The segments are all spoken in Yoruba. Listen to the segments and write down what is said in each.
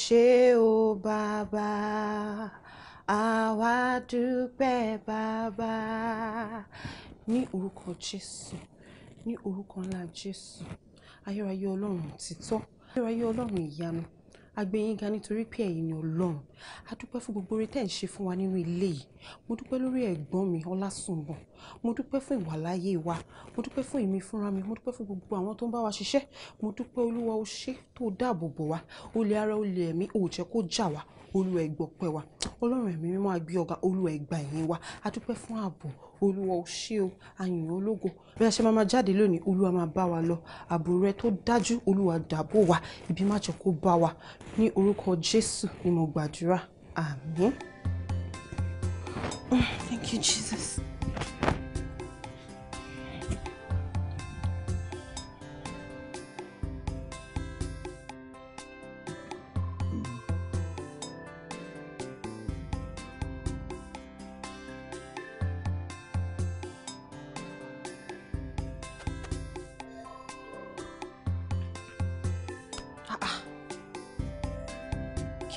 ṣé o bàbá àwa dúpẹ́ bàbá ní orúkọ jésù ní orúkọ ńlá jésù ayérayé ọlọ́run títọ́ ayérayé ọlọ́run ìyanu agbẹ̀yìnga nítorí pé ẹ̀yin ni ọlọ́run a dúpẹ́ fún gbogbo oore tẹ́ ń ṣe fún wa nínú ilé yìí mo dúpẹ́ lórí ẹ̀gbọ́n mi ọlásùnbọ̀n mo dúpẹ́ fún ìwàláyé wa mo dúpẹ́ fún èmi fúnra mi mo dúpẹ́ fún gbogbo àwọn tó ń bá wa ṣiṣẹ́ mo dúpẹ́ olúwa o ṣé tó dáàbò bò wá olè ara olè ẹ̀mí òòjẹ́ kó jà wá olúwa ẹ gbọpẹ́ wa ọlọ́run ẹ̀mí mímọ́ agbé ọ̀gá olúwa ẹ gba wa a fún ààbò olúwa ò ṣé o àyìn ológo bí a ṣe máa jáde lónìí olúwa máa bá wa lọ ààbò rẹ tó dájú olúwa dàbò wa ibi má jẹ́ kó bá wa ní orúkọ jésù ni mo gbàdúrà àmín. Thank you, Jesus.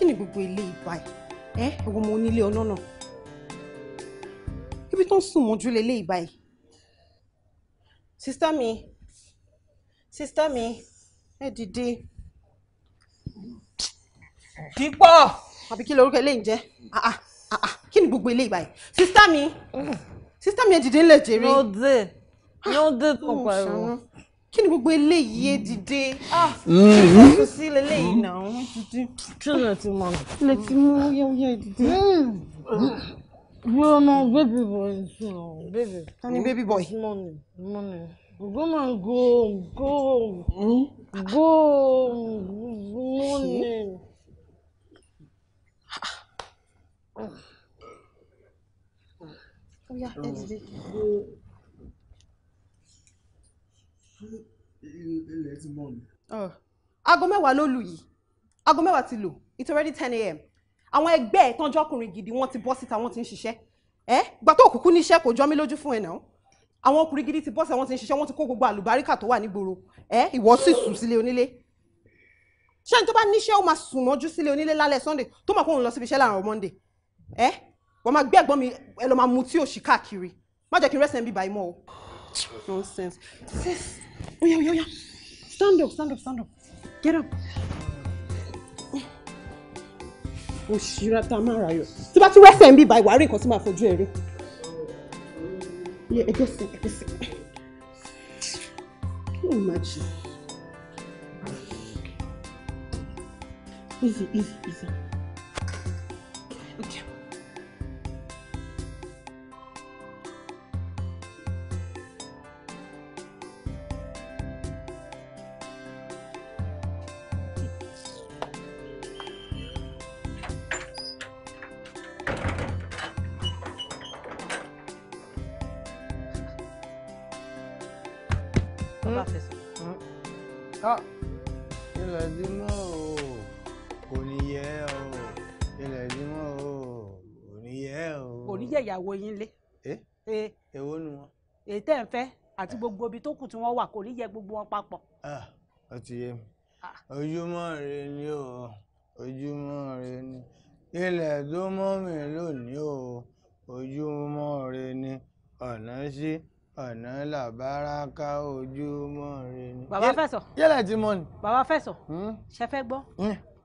ni gbogbo ilé ìbá ẹ ẹwọ ọmọ onílé ọlọ́nà ibi tó ń sùn mọ́jú lé ìbá ẹ sista mi sista mi ẹ dìde dípọ̀ àbí kí lorúkọ eléyìí jẹ́ ah, ah, ah, kí ni gbogbo ilé ìbá ẹ sista mi sista mi ẹ dìde ńlẹ̀ jèrè. yóò dé yóò dé tó pariwo kí ni gbogbo eléyìí dìde ah mm-hmm. kí sí eléyìí mm-hmm. náà wọn ti di tílẹ̀ ti mọ̀ tílẹ̀ ti mú yẹ́wúyẹ́ dìde. gbóná mm-hmm. baby boy baby. tani baby boy. money money. goma go go go money. ó yá ẹ dìde ilẹ̀ ti mọ̀ ni. aago mẹ́wàá ló lù yìí aago mẹ́wàá ti lù it's already ten a.m. àwọn ẹgbẹ́ ẹ̀ tán jọkùnrin gidi wọ́n ti bọ́ síta wọ́n ti ń ṣiṣẹ́ ẹ gbà tó òkùnkùn níṣẹ́ kò jọ mí lójú fún ẹ náà àwọn ọkùnrin gidi ti bọ́ síta wọ́n ti ń ṣiṣẹ́ wọ́n ti kó gbogbo àlùbáríkà tó wà nígboro ẹ ìwọ sì sùn sílé onílé ṣé ní tó bá níṣẹ́ ó máa sùn mọ́jú sílé onílé lálẹ́ sunday tó máa kó òun lọ síbi iṣẹ́ láàárọ̀ monday ẹ wọ́n máa gbé ẹ̀gbọ́n mi ẹ lọ máa mutí òṣì káàkiri má jẹ́ kí n rẹ́sẹ̀ ń bíbá imọ́ o. Nonsense. Sis. Oh yeah, oh yeah, yeah. Stand up, stand up, stand up. Get up. Òṣìṣẹ́ ta máa ra yọ. Tí bá tún wẹ́sẹ̀ ń bí ìbá ìwárí nǹkan tí máa fojú ẹ̀ rí. Yẹ ẹgbẹ́ sí Easy, easy, easy. àti gbogbo ibi tó kù tí wọ́n wà kò ní yẹ gbogbo wọn papọ̀. ó ti yé ojúmọ́ rẹ ni o ojúmọ́ rẹ ni ilẹ̀ tó mọ́ mi lónìí o ojúmọ́ rẹ ni ọ̀nà sí ọ̀nà làbáraka ojúmọ́ rẹ ni. bàbá fẹsọ. yálà tí mo ní. bàbá fẹsọ. Hmm? ṣe fẹ́ gbọ́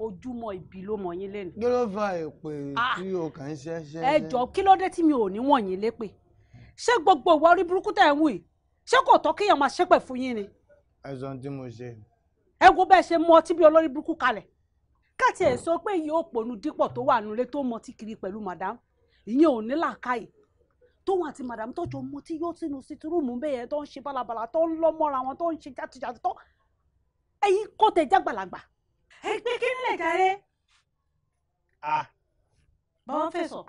ojúmọ́ ibi ló mọ yín lẹ́nu. kí ló fa èpè tí o kàn ń ẹ jọ kí ló dé tí mi ò ní wọ̀nyí lépè ṣé gbogbo ìwà orí burúkú tẹ̀ ń wù yìí ṣé kò tọ́ kéèyàn máa ṣépè fún yín ni. ẹ̀sán tí mo ṣe. ẹ wo bẹ́ẹ̀ ṣe mu ọtí bí olórí burúkú kalẹ̀ káàtì ẹ̀ hmm. sọ pé ìyẹn òpònú dípọ̀ tó wà nulẹ̀ tó mu ọtí kiri pẹ̀lú madam ìyẹn ò ní làákàyè tóun àti madam tọ́jú ọmọ tí yóò sínú sítúrúùmù bẹ́ẹ̀ yẹn tó ń ṣe balabala tó ń lọ́ mọ́ra wọn tó ń ṣe jàtijàti tó ẹ̀yin kò tẹ̀ jágbàlagbà. ẹ pé kí nílẹ̀ jàre. Ah. bọ́n fẹ̀sọ̀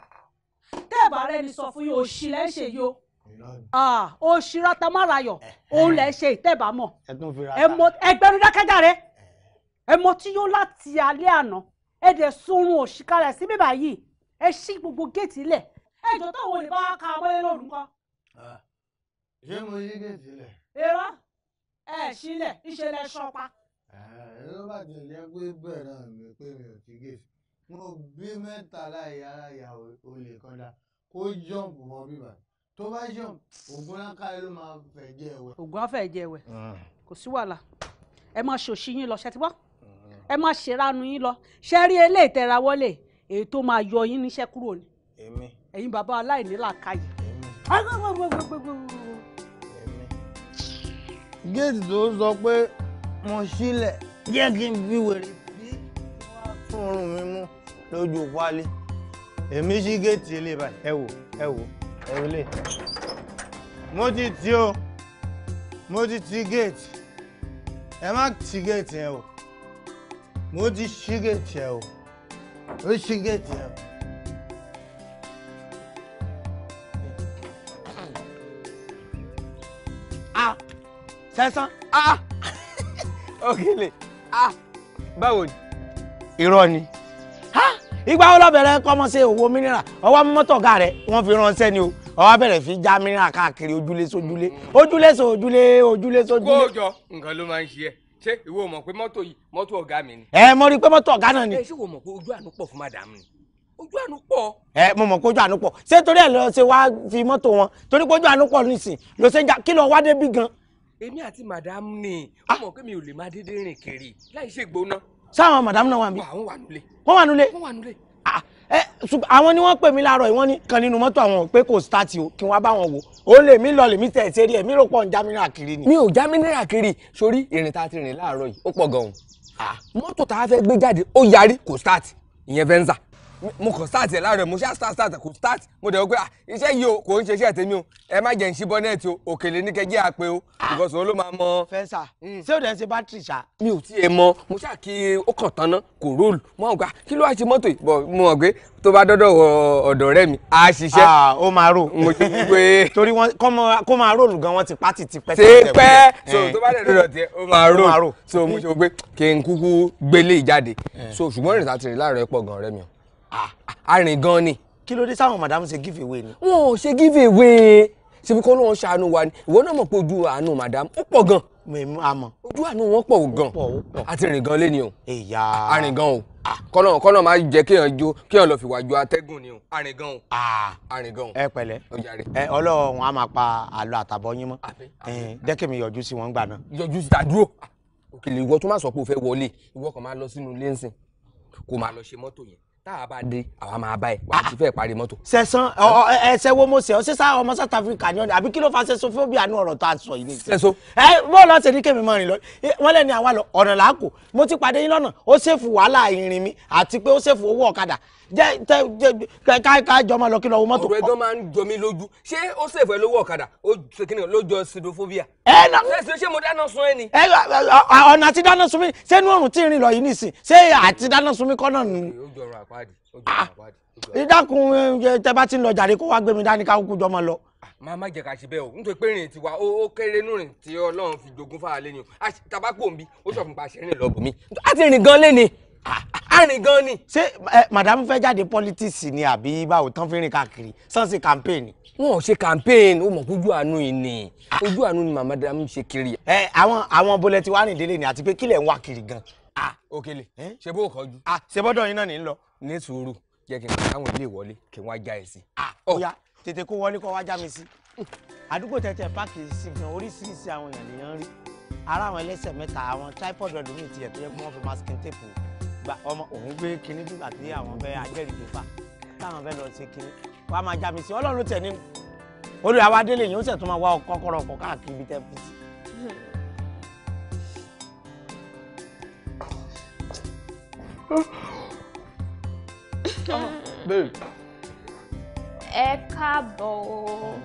tẹ́ẹ̀ bá rẹ́ni sọ fún yín òṣìlẹ̀ ṣèyí o òṣìrà tamarayọ òun lẹ ṣe ìtẹ́bà mọ̀ ẹgbẹ́rún dákẹ́jà rẹ ẹmọ tí yóò láti alẹ́ àná ẹ dẹ̀ sunrun òṣìkàrẹ̀ sí bíbá yìí ẹ ṣí gbogbo géètì lẹ̀ ẹ jọ tó wò lè bá ka abọ́lé lóru kan. ṣé mo yí géètì lẹ̀. irọ́ ẹ sílẹ̀ ìṣẹ̀lẹ̀ ṣọpa. ẹ̀rọ bá ti jẹ́ pé bẹ́ẹ̀ náà mi pé mi ò ti géètì mo bí mẹ́tàlá ìyára ìyàwó olè kan dá kó jọ̀ǹpù mọ́ bíbá yìí tó bá yàn ògùn lákàáyé ló máa fẹ́ jẹ ẹ̀wẹ̀. ògùn á jẹ ẹ̀wẹ̀ mm. kò sí wàhálà ẹ máa ṣòṣì yín lọ ṣe ti bọ́ mm. ẹ máa ṣèrànù yín lọ ṣe rí eléyìí tẹra wọlé èyí tó máa yọ yín níṣẹ́ kúrò ni ẹ̀yin bàbá aláìní làákàyè. géètì tó sọ pé mo sílẹ̀ jẹ́ kí n fi wèrè bí fún oorun mi mú lójú wálé èmi ṣí géètì ilé báyìí ẹ wò ẹ wò òrùlé mo ti ti o mo ti ti géètì ẹ má ti géètì yẹn o mo ti ṣí géètì yẹn o ó ṣí géètì yẹn o. sẹ́sán ah Òkèlè ah ni. irọ́ ni ìgbà wo lọ́bẹ̀rẹ̀ kọ́mọ ṣe owó mínírà ọwọ́ mọ́tò ọ̀gá rẹ̀ wọ́n fi ránṣẹ́ ni o ọwọ́ bẹ̀rẹ̀ fi já mínírà káàkiri ojúlé sójúlé ojúlé sójúlé ojúlé sójúlé. kó o jọ nǹkan ló máa ń ṣe ẹ ṣé ìwọ mọ̀ pé mọ́tò yìí mọ́tò ọ̀gá mi ni. ẹ mo rí i pé mọ́tò ọ̀gá náà ni. ẹ ṣé wo mọ̀ pé ojú àánú pọ̀ fún màdàmú ni ojú àánú pọ̀. ẹ mo mọ̀ pé ojú àánú pọ̀ ṣé torí ẹ lọ ṣe wá fi mọ́tò wọn torí pé ojú àánú pọ̀ nísìn ló ṣe ń jà kí lọ wá débi gan. èmi àti màdàmú ni ah! ó mọ̀ pé mi ò lè máa dédé rìn kiri láì ṣègbóná sáwọn madam náà wà níbí. àwọn wà nulẹ̀. wọ́n wà nulẹ̀. wọ́n wà nulẹ̀. Ah, eh, àwọn ni wọ́n pè mí láàárọ̀ ìwọ́n ní kan nínú mọ́tò àwọn pé kò start o kí wọ́n bá wọn wò ó lè mí lọ lè mí tẹ̀ ṣeré ẹ̀ mí rò pọ̀ ń já mi rà kiri ni. mi ò já mi rà kiri sórí ìrìn tá a ti rìn láàárọ̀ yìí ó pọ̀ gan-an. Ah. mọ́tò tá a fẹ́ gbé jáde ó yarí kò start ìyẹn venza mo kàn start ẹ̀ láàárọ̀ mo ṣá start start kò start mo dẹ̀ wọ́n pé ah, iṣẹ́ yìí o kò ń ṣe iṣẹ́ tèmi o ẹ má jẹ́ ń ṣí bọ́nẹ́ẹ̀tì o òkèlè ní kẹjẹ́ àpè o because òun ló máa mọ. fẹsà ṣé o dẹ̀ ṣe bátìrì ṣá. mi ò tiẹ̀ mọ mo ṣáà kí ó kàn tán náà kò róòlù mo àwọn gbà ah, kí ló wá ṣe mọ́tò yìí bọ̀ mo mọ̀ pé tó bá dọ́dọ̀ ọ̀dọ̀ rẹ mi a ṣiṣẹ́. Ah, ó máa rò mo ti pé. torí kó máa róòlù gan wọn ti pátì ti pẹ́ tẹ́lẹ̀ pẹ́ so eh. tó bá dẹ̀ dọ́dọ̀ tiẹ̀ ó máa rò so mo ṣe pé kí n kúkú gbélé ìjáde e eh. so ṣùgbọ́n ìrìnsà ti rìn láàárọ̀ ẹ̀ pọ̀ gan ọ̀rẹ́ mi o arìn gan ni. kí ló dé sáwọn madam ṣe give away ni. wọn ò ṣe give away ṣebí kọ́ lóun ṣàánú wa ni ìwọ náà mọ̀ pé ojú àánú madam ó pọ̀ gan. mẹ́mú àmọ́. ojú àánú wọn pọ̀ gan àti rìn gan léni o. èyà arìn gan o kọ́nà kọ́nà máa jẹ́ kéèyàn jó kéèyàn lọ́ọ́ fi wá ju atẹ́gùn ni o arìn gan o. arìn gan o. ẹ pẹ̀lẹ́ ẹ ọlọ́run wọn a máa pa àlọ àtàbọ̀ yín mọ́ dẹ́kẹ̀mí yọjú sí wọn gbà náà. yọjú sí ta dúró òkèlè ìwọ tó má sọ pé o fẹ́ wọlé ìwọ kan máa lọ sínú ilé ńsìn kó máa lọ ṣe mọ́tò yẹn tá a bá dé àwa máa bá ẹ wà á ti fẹ́ parí mọ́tò. sẹ̀sán ẹ̀sẹ̀ wo mo sẹ̀ ọ́ sísá ọmọ South Africa ni ọ̀dà àbí kí ló fa sẹ̀sọ fóbíà ní ọ̀rọ̀ tó a sọ yìí ní. sẹ̀sọ. ẹ bọ́ọ̀ lọ sẹ́ni kẹ́mi mọ́ rìn lọ wọ́n lẹ́ni àwa lọ ọ̀nà làákò mo ti pàdé yín lọ́nà ó ṣèfù wàhálà ìrìn mi àti pé ó ṣèfù owó ọ̀kadà jẹ jẹ ká ká jọ máa lọ kí lọ wo mọ́tò. ọ̀rọ̀ ẹ̀dán máa ń jọ mí lójú ṣé ó ṣèfẹ́ lówó ọ̀kadà ó ṣe kí ni ló jọ sidophobia. ẹ na ṣe ṣe mo dáná sun ẹ ni. ẹ ọ̀nà àti dáná sun mi ṣé inú ọ̀run tí ń rìn lọ yìí nìsín ṣé àti dáná sun mi kọ́ náà nù. ó jọrọ àpáàdì ó jọrọ ah, àpáàdì ìdákun tẹ bá ti ń lọ jàre kó wá gbé mi dání káwọn kójọ máa lọ. màá ah, má jẹ ká ṣe bẹ́ẹ̀ o nítorí pé rìn tiwa ó kéré nù rìn tí ọlọ́run fi jogún fára lẹ́yìn o ah, tàbá pò ń bí ó sọ fún pa ṣe rìn lọ́bù mi. a ti rìn gan lẹ́ni arìn gan ni. ṣé madam fẹ́ jáde politics ni àbí báwo tán fi rìn káàkiri sàn ṣe campaign. wọn ò ṣe campaign ó mọ̀ kójú àánú yìí ni ah. ojú àánú ni màmá dàmú ṣe kiri. ẹ àwọn àwọn bọlẹtì wa rìn délé ni àti pé kílẹ̀ ń wá kiri gan. ah Okele ṣe bó kọjú. ah ṣe bọ́dọ̀ yín náà ní lọ. ní sùúrù jẹ́ kí n kọ́ àwọn ilé ìwọlé kí n wá já ẹ̀ sí. ah ọ̀ya tètè kó wọlé kó wá já mi sí. àdúgbò tẹ̀tẹ̀ páàkì sí gan oríṣiríṣi àwọn èèyàn lèèyàn rí ara àwọn ẹlẹ́sẹ̀ mẹ́ta àwọn tripod ọ̀dùnmí tiẹ̀ tó yẹ kí wọ́n fi gba ọmọ òun gbé kinní dùgbà tí àwọn fẹ́ ajẹ́rìí fà táwọn fẹ́ lọ sí kinní wà máa já mi sí ọlọ́run tẹ̀ ní orí àwa délé yìí ó sì tún máa wá kọ́kọ́rọ́ ọkọ̀ káàkiri ibi tẹ́ fi sí. Ẹ káàbọ̀ o.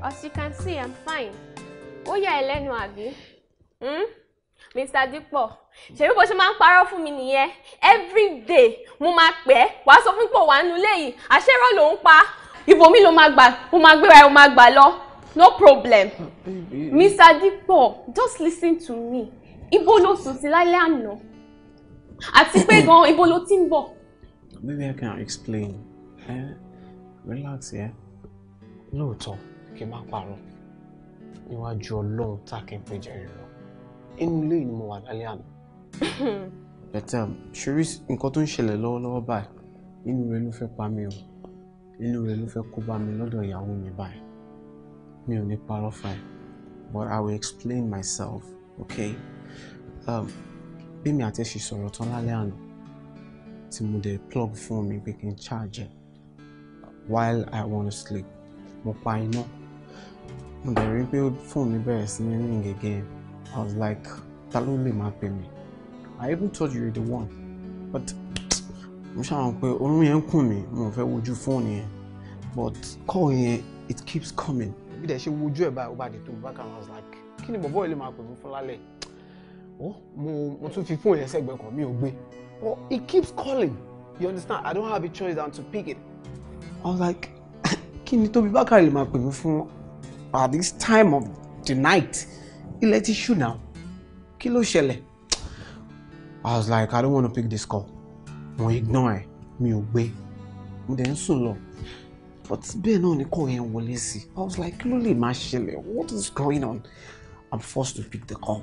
As you can see, I'm fine. Ó yà ẹ́ lẹ́nu àbí? Hmm? Mr. Dípọ̀ ṣèbí bó ṣe máa ń parọ́ fún mi nìyẹn everyday mo máa pẹ́ wàá sọ fún pò wà nínú ilé yìí àṣẹ́rọ̀ ló ń pa ìbò mi ló máa gbà mo máa gbéra ẹ̀ mo máa gbà lọ no problem Mr. Dípọ̀ just listen to me ibo ló sùn sí lálẹ́ àná àti pé gan ibo ló ti ń bọ̀. maybe I can explain eh? relax yeah? lóòótọ́ kí n má parọ́ níwájú ọlọ́run tá a kì í pè jẹ́rìí lọ inú ilé yìí ni mo wà lálẹ́ àná. bẹ̀tẹ̀ um, ṣorí nǹkan tó ń ṣẹlẹ̀ lọ́wọ́lọ́wọ́ báyìí inú rẹ ló fẹ́ pa mí o inú rẹ ló fẹ́ kó bá mi lọ́dọ̀ ìyàwó mi báyìí mi ò ní parọ́ fún ẹ but I will explain myself okay um, bí mi àti ẹ ṣe sọ̀rọ̀ tán lálẹ́ àná tí mo dẹ̀ plug fún mi pé kí n charge while I wanna sleep mo pa iná mo dẹ̀ rí pé fóònù mi bẹ̀rẹ̀ sí ní ring again. I was like, Talole máa pè mí. I even told you the one. But mo ṣàwọn pé orun yẹn ń kùn mí, mo fẹ́ wojú fóònù yẹn. But call yẹn, it keeps coming. Bí dẹ̀ ṣe wojú ẹ̀ báyìí, ó bá dé tó back and I was like, kí ni bọ̀bọ̀ ilé máa pè mí fún Oh, mo mo tún fi fóònù yẹn sẹ́gbẹ̀ẹ́ kan mi ò gbé. But it keeps calling. You understand? I don't have a choice than to pick it. I was like, kí ni Tóbi Bákàrè lè máa pè mí fún at this time of the night? ilẹ̀ ti ṣù náà kí ló ṣẹlẹ̀ i was like i don't wanna pick this call mo ignore ẹ mi ò gbé mo dẹ̀ ń sùn lọ but bẹ́ẹ̀ náà ni kò yẹn wọlé sí i was like kí ló lè máa ṣẹlẹ̀ what is going on i'm forced to pick the call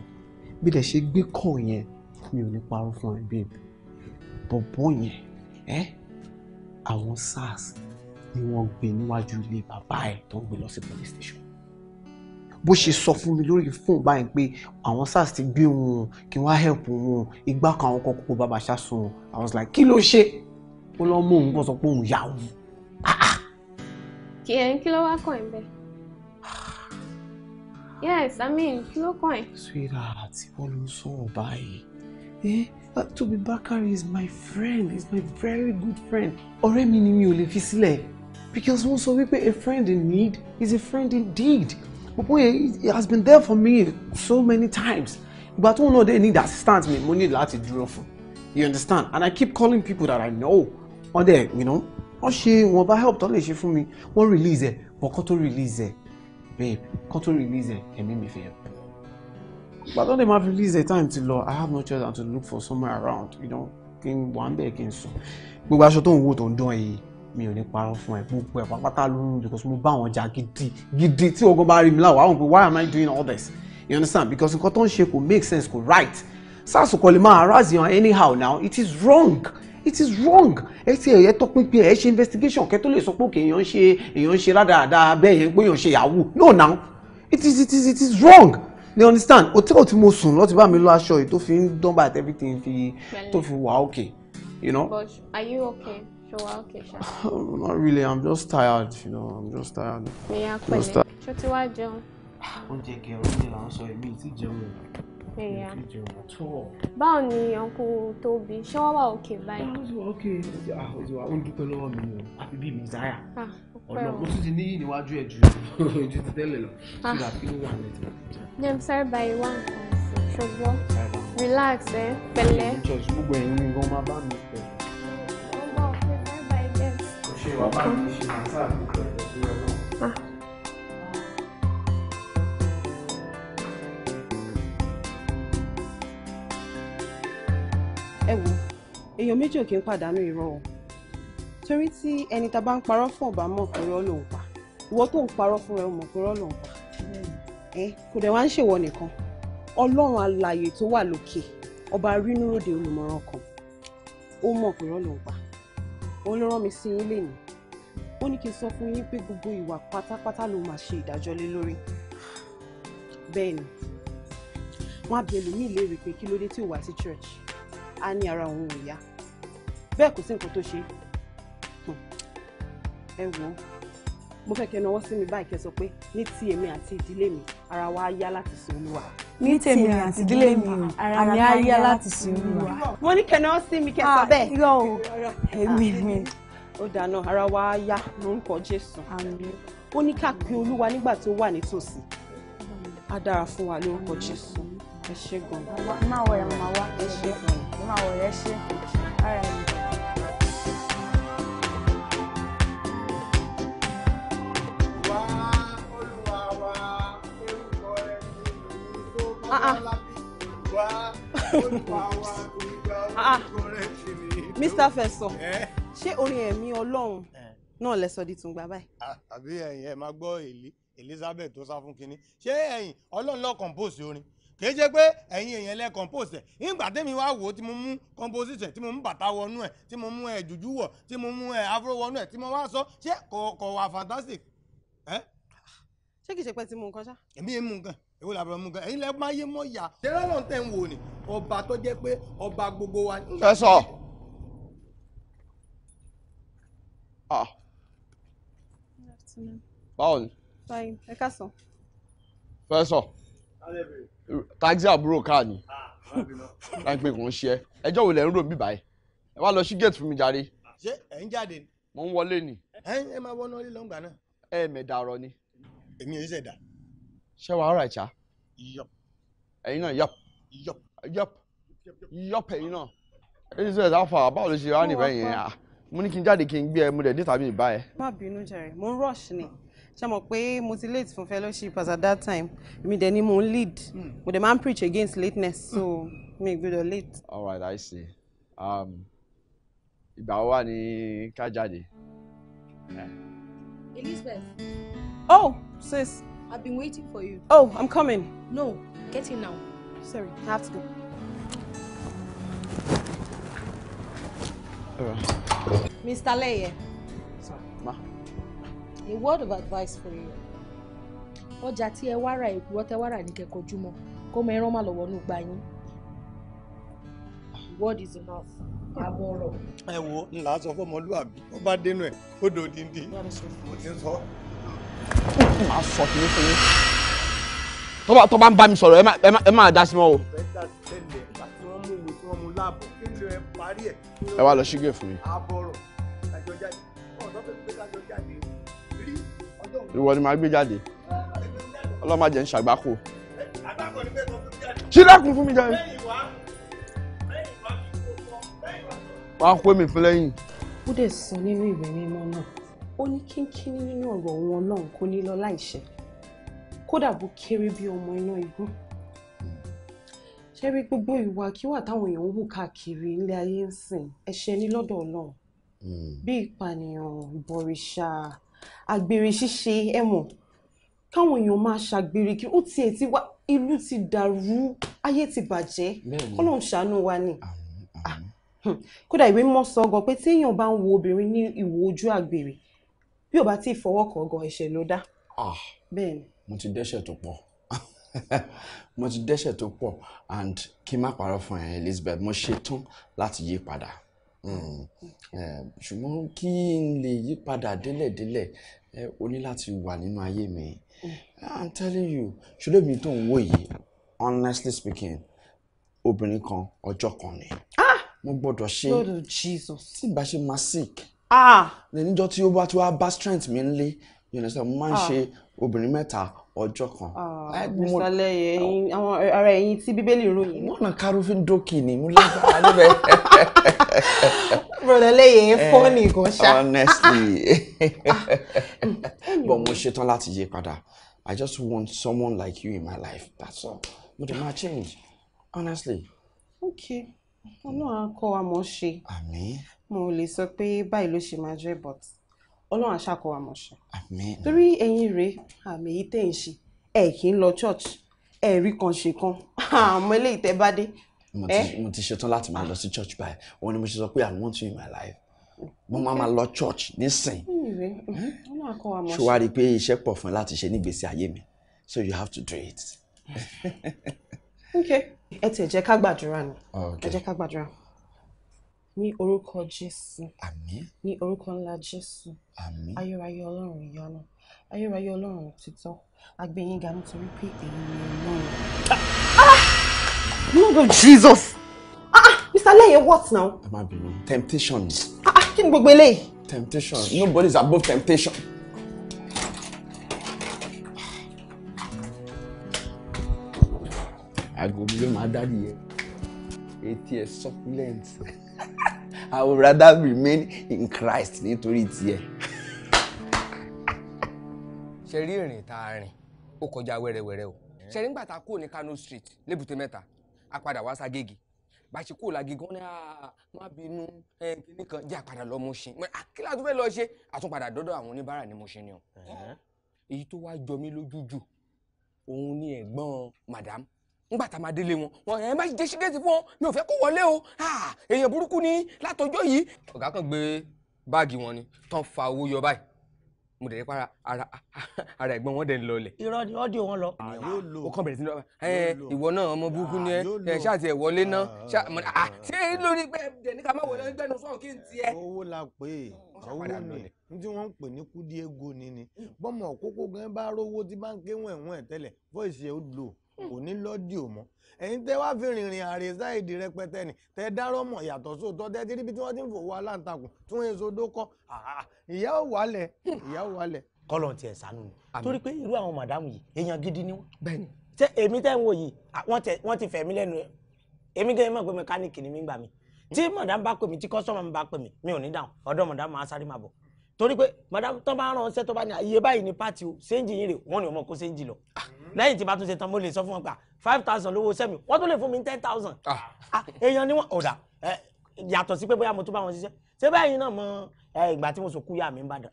bí dẹ̀ ṣe gbé call yẹn mi ò ní parọ́ fún ẹ babe bọ̀bọ̀ yẹn ẹ́ àwọn sars ni wọ́n gbé níwájú ilé bàbá ẹ̀ tó ń gbé lọ sí police station bó ṣe sọ fún mi lórí fóun báyìí pé àwọn sars ti gbé wọn kí wọ́n á help wọn igbá kan àwọn kan kókó bàbá ṣáṣun i was like kí ló ṣe ó lọ́ mú òun kó sọ pé òun yà wù. Ah, ah. kí ẹ kí ló wá kàn ẹ́ bẹ́ẹ̀. yes i mean kí ló kàn ẹ́. sweetheart wọ́n ló ń sọ̀rọ̀ báyìí. Eh? Uh, Tobi Bakari is my friend is my very good friend ọ̀rẹ́ mi ni mi ò lè fi sílẹ̀ because wọ́n sọ wípé a friend in need is a friend indeed gbogbo it has been there for me so many times ìgbà tóun náà dey need assistance Me, mo need láti dúró fún you understand and i keep calling people that i know wọn dẹ you know wọn ṣe wọn bá help tó lè ṣe fún mi wọn release ẹ but kó tó release ẹ babe kó tó release ẹ ẹ̀mí mi fẹ́ help ìgbà tó lè máa release ẹ time ti lọ i have no choice than to look for somewhere around you know kí n wà ń bẹ̀ kí n sùn gbogbo aṣọ tó ń wò tó ń dán ẹ yìí mi ò ní parọ́ fún ẹ gbogbo ẹ pápátá lóru because mo bá àwọn jà gidi gidi tí ogun bá rí mi láwọ àwọn pé why am I doing all this you understand because nǹkan tó ń ṣe kò make sense kò right sars kò lè máa harass yan anyhow now it is wrong it is wrong ẹ ti ẹ tọpinpin ẹ ṣe investigation kẹ tó lè sọ pé òkè èèyàn ń ṣe èèyàn ń ṣe rádaràda bẹ́ẹ̀ yẹn pé èèyàn ń ṣe yahoo no now it is it is it is wrong you understand hotel tí mo sùn lọ́ọ́ ti bá mi lọ aṣọ yìí tó fi ń dán bá everything fi tó fi wà okay you know. but are you okay ṣe wà ah, okay ṣá. not really i'm just tired you know i'm just tired. ẹ̀yà pẹ̀lẹ́ ṣó ti wá jẹun. oúnjẹ gẹ̀rọ ni là ń sọ èmi ti jẹun o. ẹ̀yà báwo ni ọkọ tóbi ṣé wọ́n wà okay báyìí. Ah, ó ti wà okay ah, ó ti wà ó ń dúpẹ́ lọ́wọ́ mi o àfi bíi mizaya ọ̀nà mo tún ti níyì níwájú ẹ̀ ju ojú ti tẹ́lẹ̀ lọ síra kí ló wà lẹ́tọ̀. dem sáré báyìí wá nǹkan ṣùgbọ́n relax ẹ eh, pẹ̀lẹ́. ìjọsìn gbogbo ẹ̀yin ni wọ́n máa bá mi pẹ̀lú. Ah. wo èèyàn méjì ò kí ń pàdánù irọ́ o torí tí ẹni tá a bá ń parọ́ fún ọba mọ̀ pé irọ́ ló ń pa ìwọ tó ń parọ́ fún rẹ mọ̀ pé irọ́ ló ń pa ẹ kò dẹ̀ wá ń ṣèwọ nìkan ọlọ́run alààyè tó wà lókè ọba rínú ròde olùmọ̀ràn kan ó mọ̀ pé irọ́ ló ń pa òun ló rán mi sí yín lénìí ó ní kí n sọ fún yín pé gbogbo ìwà pátápátá ló máa ṣe ìdájọ́ lé lórí bẹ́ẹ̀ ni wọ́n á bi ẹlòmíì léèrè pé kí ló dé tí ò wá sí church á ní ara òun ò yá bẹ́ẹ̀ kò sí nǹkan tó ṣe hmm. ẹ wò ó mo fẹ́ kẹ́ náwó sí mi báyìí kẹ́ sọ pé ní ti èmi àti ìdílé mi ara wa á yá láti sin olúwa. ní tèmi àti ìdílé mi ara mi á yá láti sin olúwa. mo ní kẹ́ náwó sí mi kẹ́ sọ ah, bẹ́ẹ̀. irọ́ o ah. èmi mi. Ọ dáná ara wa á yá lórúkọ jésù ó ní ká olúwa nígbà tó wà nítòsí á dára fún wa lórúkọ jésù ẹ ṣé gan. máa wọ ẹ̀ máa wá ẹ ṣé gan. máa wọ ẹ̀ ṣe ara ẹ̀. Mr. Ah, ah. ah, Fẹ̀sọ̀. ṣé orin ẹ̀mí ọlọ́run eh. náà lẹ sọ di tùǹgbà báyìí. Ah, àbí ẹ̀yin ẹ máa gbọ́ èlé Elizabeth tó sá fún kínní ṣé ẹ̀yin ọlọ́run ló compose orin kì í ṣe pé ẹ̀yin èèyàn lẹ compose ẹ̀ nígbà tẹ́mi wá wò ó tí mo mú composition tí mo mú bàtà wọnú ẹ̀ tí mo mú ẹ̀ eh, jùjú wọ̀ tí mo mú ẹ̀ eh, afro wọnú ẹ̀ tí mo wá sọ ṣé kò kò wà fantastic. ṣé kìí ṣe pé ti mú nǹkan ṣá. èmi yẹn mú nǹkan èwo la bẹ mú nǹkan ẹ̀yin lẹ máa yé mọ́ yá. ṣé lọ́nà tẹ̀ ń wò ni ọba tó jẹ́ pé ọba gbogbo wa. fẹ́ sọ. Ah. Good afternoon. Báwo ni? Báyìí, ẹ káàsán. Fẹ́sọ̀. Taxi àbúrò káà ni. Láìpẹ́ kò ń ṣe ẹ́. Ẹjọ́ wo lẹ̀ ń rò bí báyìí? Ẹ wá lọ sí gate fún mi jàre. Ṣé ẹ̀ ń jáde ni? Mo ń wọlé ni. Ẹ máa wọnú ilé lọ́ngbà náà. Ẹ mẹ̀dà ọ̀rọ̀ ni. Èmi ò ṣẹ̀dá. Ṣé wàá rà ìṣá? Yọp. Ẹ̀yin náà yọp. Yọp. Yọp. Yọp ẹ̀yin náà. Ẹ ti sọ ẹ̀ sáfà, báwo ló ṣe wá níbẹ̀ yẹn? mo ní kí n jáde kí n gbé ẹ mo dẹ̀ dé tàbí ìbá ẹ. má bínú jàre mo rush ni ṣe mọ̀ pé mo ti late for fellowship as at that time èmi dẹ̀ ni mo ń lead hmm. mo dẹ̀ máa ń preach against lateness so mi ò gbọdọ̀ late. all right i see um, ìgbà wo wà ní ká jáde. Eh. Elizabeth. oh sis. I've been waiting for you. oh I'm coming. no get in now. sorry I have to go. Mr. Leye. Sir, ma. A word of advice for you. Ọjà ti ẹ wá ra èkúrọ́ tẹ wá rà ní kẹkọ̀ọ́júmọ́ kó Word is enough. Ẹ wo ńlá sọ fọmọlúwàbí, ó bá dénú ẹ̀, ó dò díndín. sọ. Màá sọ kìíní fún yín. Tó bá mi sọ̀rọ̀, ẹ má dá sí o. ẹ wá lọ ṣígè fún mi. ìwọ ni màá gbé jáde ọlọ́mà jẹ́ ń ṣàgbákò. ṣílẹ̀kùn fún mi jáde. wàá pè mí fún lẹ́yìn. ó dẹ̀ sọ nínú ìwé mímọ́ náà ó ní kínkínní nínú ọ̀rọ̀ wọn náà kò ní lọ láìṣẹ kódà bó kéré bí ọmọ iná igun ṣé rí gbogbo ìwàkiwà táwọn èèyàn ń hù káàkiri ilé ayé ń sìn ẹ̀ṣẹ̀ ní lọ́dọ̀ Ọlọ́run hmm. bí ìpànìyàn ìbọ̀rìṣà àgbèrè ṣíṣe ẹ̀mọ̀ káwọn èèyàn máa ṣàgbèrè kí ó tiẹ̀ ti wá ìlú ti dàrú ayé ti bàjẹ́ Ọlọ́run ṣàánú wa ni ah, hmm. kódà ìwé mọ́ sọ gan pé tí èèyàn bá ń wo obìnrin ní ìwò ojú àgbèrè bí ò bá tí ì fọwọ́ kàn gan ẹ̀ṣẹ̀ ló dá. Ah. bẹ́ẹ̀ ni. mo ti dẹ́ṣẹ̀ tó pọ̀ mo ti dẹ́ṣẹ̀ tó pọ̀ and kí n má parọ́ fún ẹ Elizabeth mo ṣetán láti yí padà hmm. eh, ṣùgbọ́n kí n lè yí padà délẹ̀délẹ̀ o ní láti wà nínú ayé mi hmm. i'm telling you ṣùgbọ́n èmi tó ń wò yìí honestly speaking obìnrin kan ọjọ́ kan ni ah! mo gbọ́dọ̀ ṣe tí ìbá ṣe máa sick lẹ́níjọ́ ah! tí ó bá tí wàá bá strength mi ń lé yẹn lẹ́sẹ̀ mo máa ń ah. ṣe obìnrin mẹ́ta ọjọ́ kan. Ah, ìsàlẹ̀ ẹ̀yìn àwọn ara ẹ̀yìn tí bíbélì ròyìn. wọ́n náà kárúfin dókì ni mo lágbára níbẹ̀. brother lẹ́yìn fọ́ọ̀nì gan ṣá. Eh, honestly ah, mm, but mo ṣetán láti yí padà i just want someone like you in my life that's all mo dey ma change honestly. okay ọlọ́run akọ wa mọ̀ ṣe. àmín. mo lè sọ pé báyìí ló ṣe máa jẹ́ but ọlọ́run àṣàkọ wa mọ̀ ṣe. torí ẹ̀yin rèé àmì èyí tẹ̀ ń ṣe ẹ̀ kì í lọ church ẹ̀ rí kan ṣe kan àmọ́ eléyìí tẹ́ bá dé. mo ti ṣetán láti máa lọ sí church báyìí wọn ni mo ṣe sọ pé i want you in my life mo máa ma lọ church nísìn hmm? ṣé wàá rí i pé iṣẹ́ pọ̀ fún ẹ láti ṣe nígbésí ayé mi so you have to do it. ok ẹ tiẹ̀ jẹ́ ká gbàdúrà ni ẹ jẹ́ ká gbàdúrà ní orúkọ jésù àmín ní orúkọ ńlá jésù àmín ayérayé ọlọ́run ìyanu ayérayé ọlọ́run òtítọ́ agbẹ̀yìn ga nítorí pé èyí ni ọlọ́run. Ah! Ah! lord of jesus ah, ah mr leye what now. ẹ má temptation ni. ah kí ni gbogbo eléyìí. temptation nobody is above temptation. aago mi ló máa dárí yẹn etí succulent. I would rather remain in Christ nítorí tiẹ̀. ṣe rí ìrìn tá a rìn ó kọjá wẹ́rẹ́wẹ́rẹ́ o ṣe rí ńgbà tá a kúrò ní Kano Street lébùté mẹ́ta a padà wá ságége bá a ṣe kúrò lági gan ni a má bínú kíní kan jẹ́ àpadà lọ mo ṣe kí láti fẹ́ lọ ṣe àtúnpadà dọ́dọ̀ àwọn oníbàárà ni mo ṣe ni o èyí tó wá jọ mí lójú jù òun ni ẹ̀gbọ́n madam ngbà tá a máa délé wọn wọn ẹ má jẹ ṣígẹ́tì fún wọn mi ò fẹ́ kó wọlé o èèyàn burúkú ni látọjọ́ yìí. ọ̀gá kan gbé báàgì wọn ni tán fa owó yọ báyìí mo dẹ̀ para ara ẹ̀gbọ́n wọn dẹ̀ ń lọlẹ̀. irọ́ ni ọ́dí wọn lọ. ó kàn bẹ̀rẹ̀ sí ní ọba ẹ ìwọ náà ọmọ burúkú ni ẹ ṣáàtì ẹ wọlé náà ṣé lórí pé ẹ ní ká má wọlé gbẹnu sọ̀rọ̀ kí n tiẹ̀. owó la pè owó ni n tí wọ́n ń pè ní kúdí ni ni bọ́mọ̀ kókó gan bá rówó tí bá ń ké wọ̀n tẹ́lẹ̀ fọ́ ìṣe ó lò kò hmm. ní lọ́dì ò mọ́ ẹ̀yin tẹ́ wá fi rìnrìn àrè sáìdì rẹpẹtẹ nì tẹ́ dárọ́ mọ̀ yàtọ̀ sóòótọ́ tẹ́ tíríbi tí wọ́n ti ń fòwò aláǹtakùn tí wọ́n èso dókọ́ ìyá ò wálẹ̀ hmm. ìyá ò wálẹ̀. kọ́lọ̀ tiẹ̀ sànú ni torí pé irú àwọn màdámù yìí èèyàn gidi ni wọ́n. bẹ́ẹ̀ni. ṣé èmi tẹ́ ń wò yìí wọ́n ti fẹ̀mí lẹ́nu ẹ̀ èmi gẹ́gẹ́ mọ̀ pé mẹkáníìkì ni mí gbà mí tí màdám bá pè mí tí kọ́sọ́mà bá pè mí mi ò ní dáhùn ọ̀dọ̀ màdám máa sáré máa bọ̀ torí pé màdám tó bá ránṣẹ́ tó bá ní iye báyìí lẹ́yìn tí bá tún ṣe tán mo lè sọ fún wọn pa ah, five thousand lówó sẹ́mi wọ́n tún lè fún mi ten thousand ah. Ah, èèyàn ni wọ́n ọ̀dà yàtọ̀ sí pé bóyá mo tún bá wọn ṣiṣẹ́ ṣé báyìí náà mọ ìgbà tí mo sọ kúyà mi ń bàdàn.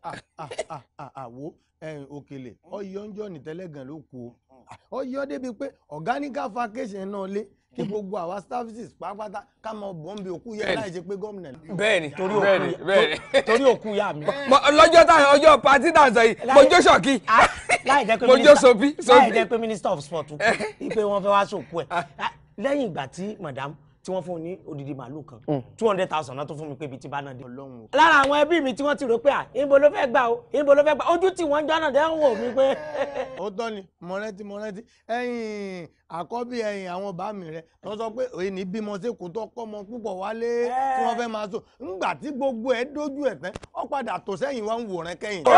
àwo òkèlè ọyọ ń jọ nìtẹ́lẹ̀ gan ló kú o ọyọ débi pé ọ̀gáníkà fakẹ́sẹ̀ náà lé kí gbogbo àwa services pápátá ká mọ bọ́ǹbì òkú yẹ láì jẹ́ pé gómìnà. bẹ́ẹ̀ni torí òkú bẹ́ẹ̀ni torí òkú yà mí. lọ́jọ́ táwọn ọjọ́ pati náà sọ yìí mojó ṣọ̀kí mojó sobi. láì jẹ́ pé minister of sport kú ipe wọn fẹ́ wá sókú ẹ̀ lẹ́yìn ìgbà tí madam tí wọ́n fún un ní odidi màálù kan mm. two hundred thousand náà tó fún mi pé ibi tí bá náà dé ọlọ́run o. lára àwọn ẹbí mi tí wọ́n ti rò pé à ìbò ló fẹ́ gbà o ìbò ló fẹ́ gbà ojú tí wọ́n ń jọ́nà dẹ́ ń wò mí pé. ó tọ́ ni mo rántí mo rántí ẹ̀yin àkọ́bí ẹ̀yin àwọn bá mi rẹ̀ tó sọ pé èyí ní bímọ sí kò tó kọ́ ọmọ púpọ̀ wálé tí wọ́n fẹ́ máa sọ ńgbà tí gbogbo ẹ̀ dójú ẹ̀ tán ó padà tò sẹ́yìn wá ń wòran kẹ́yìn. ó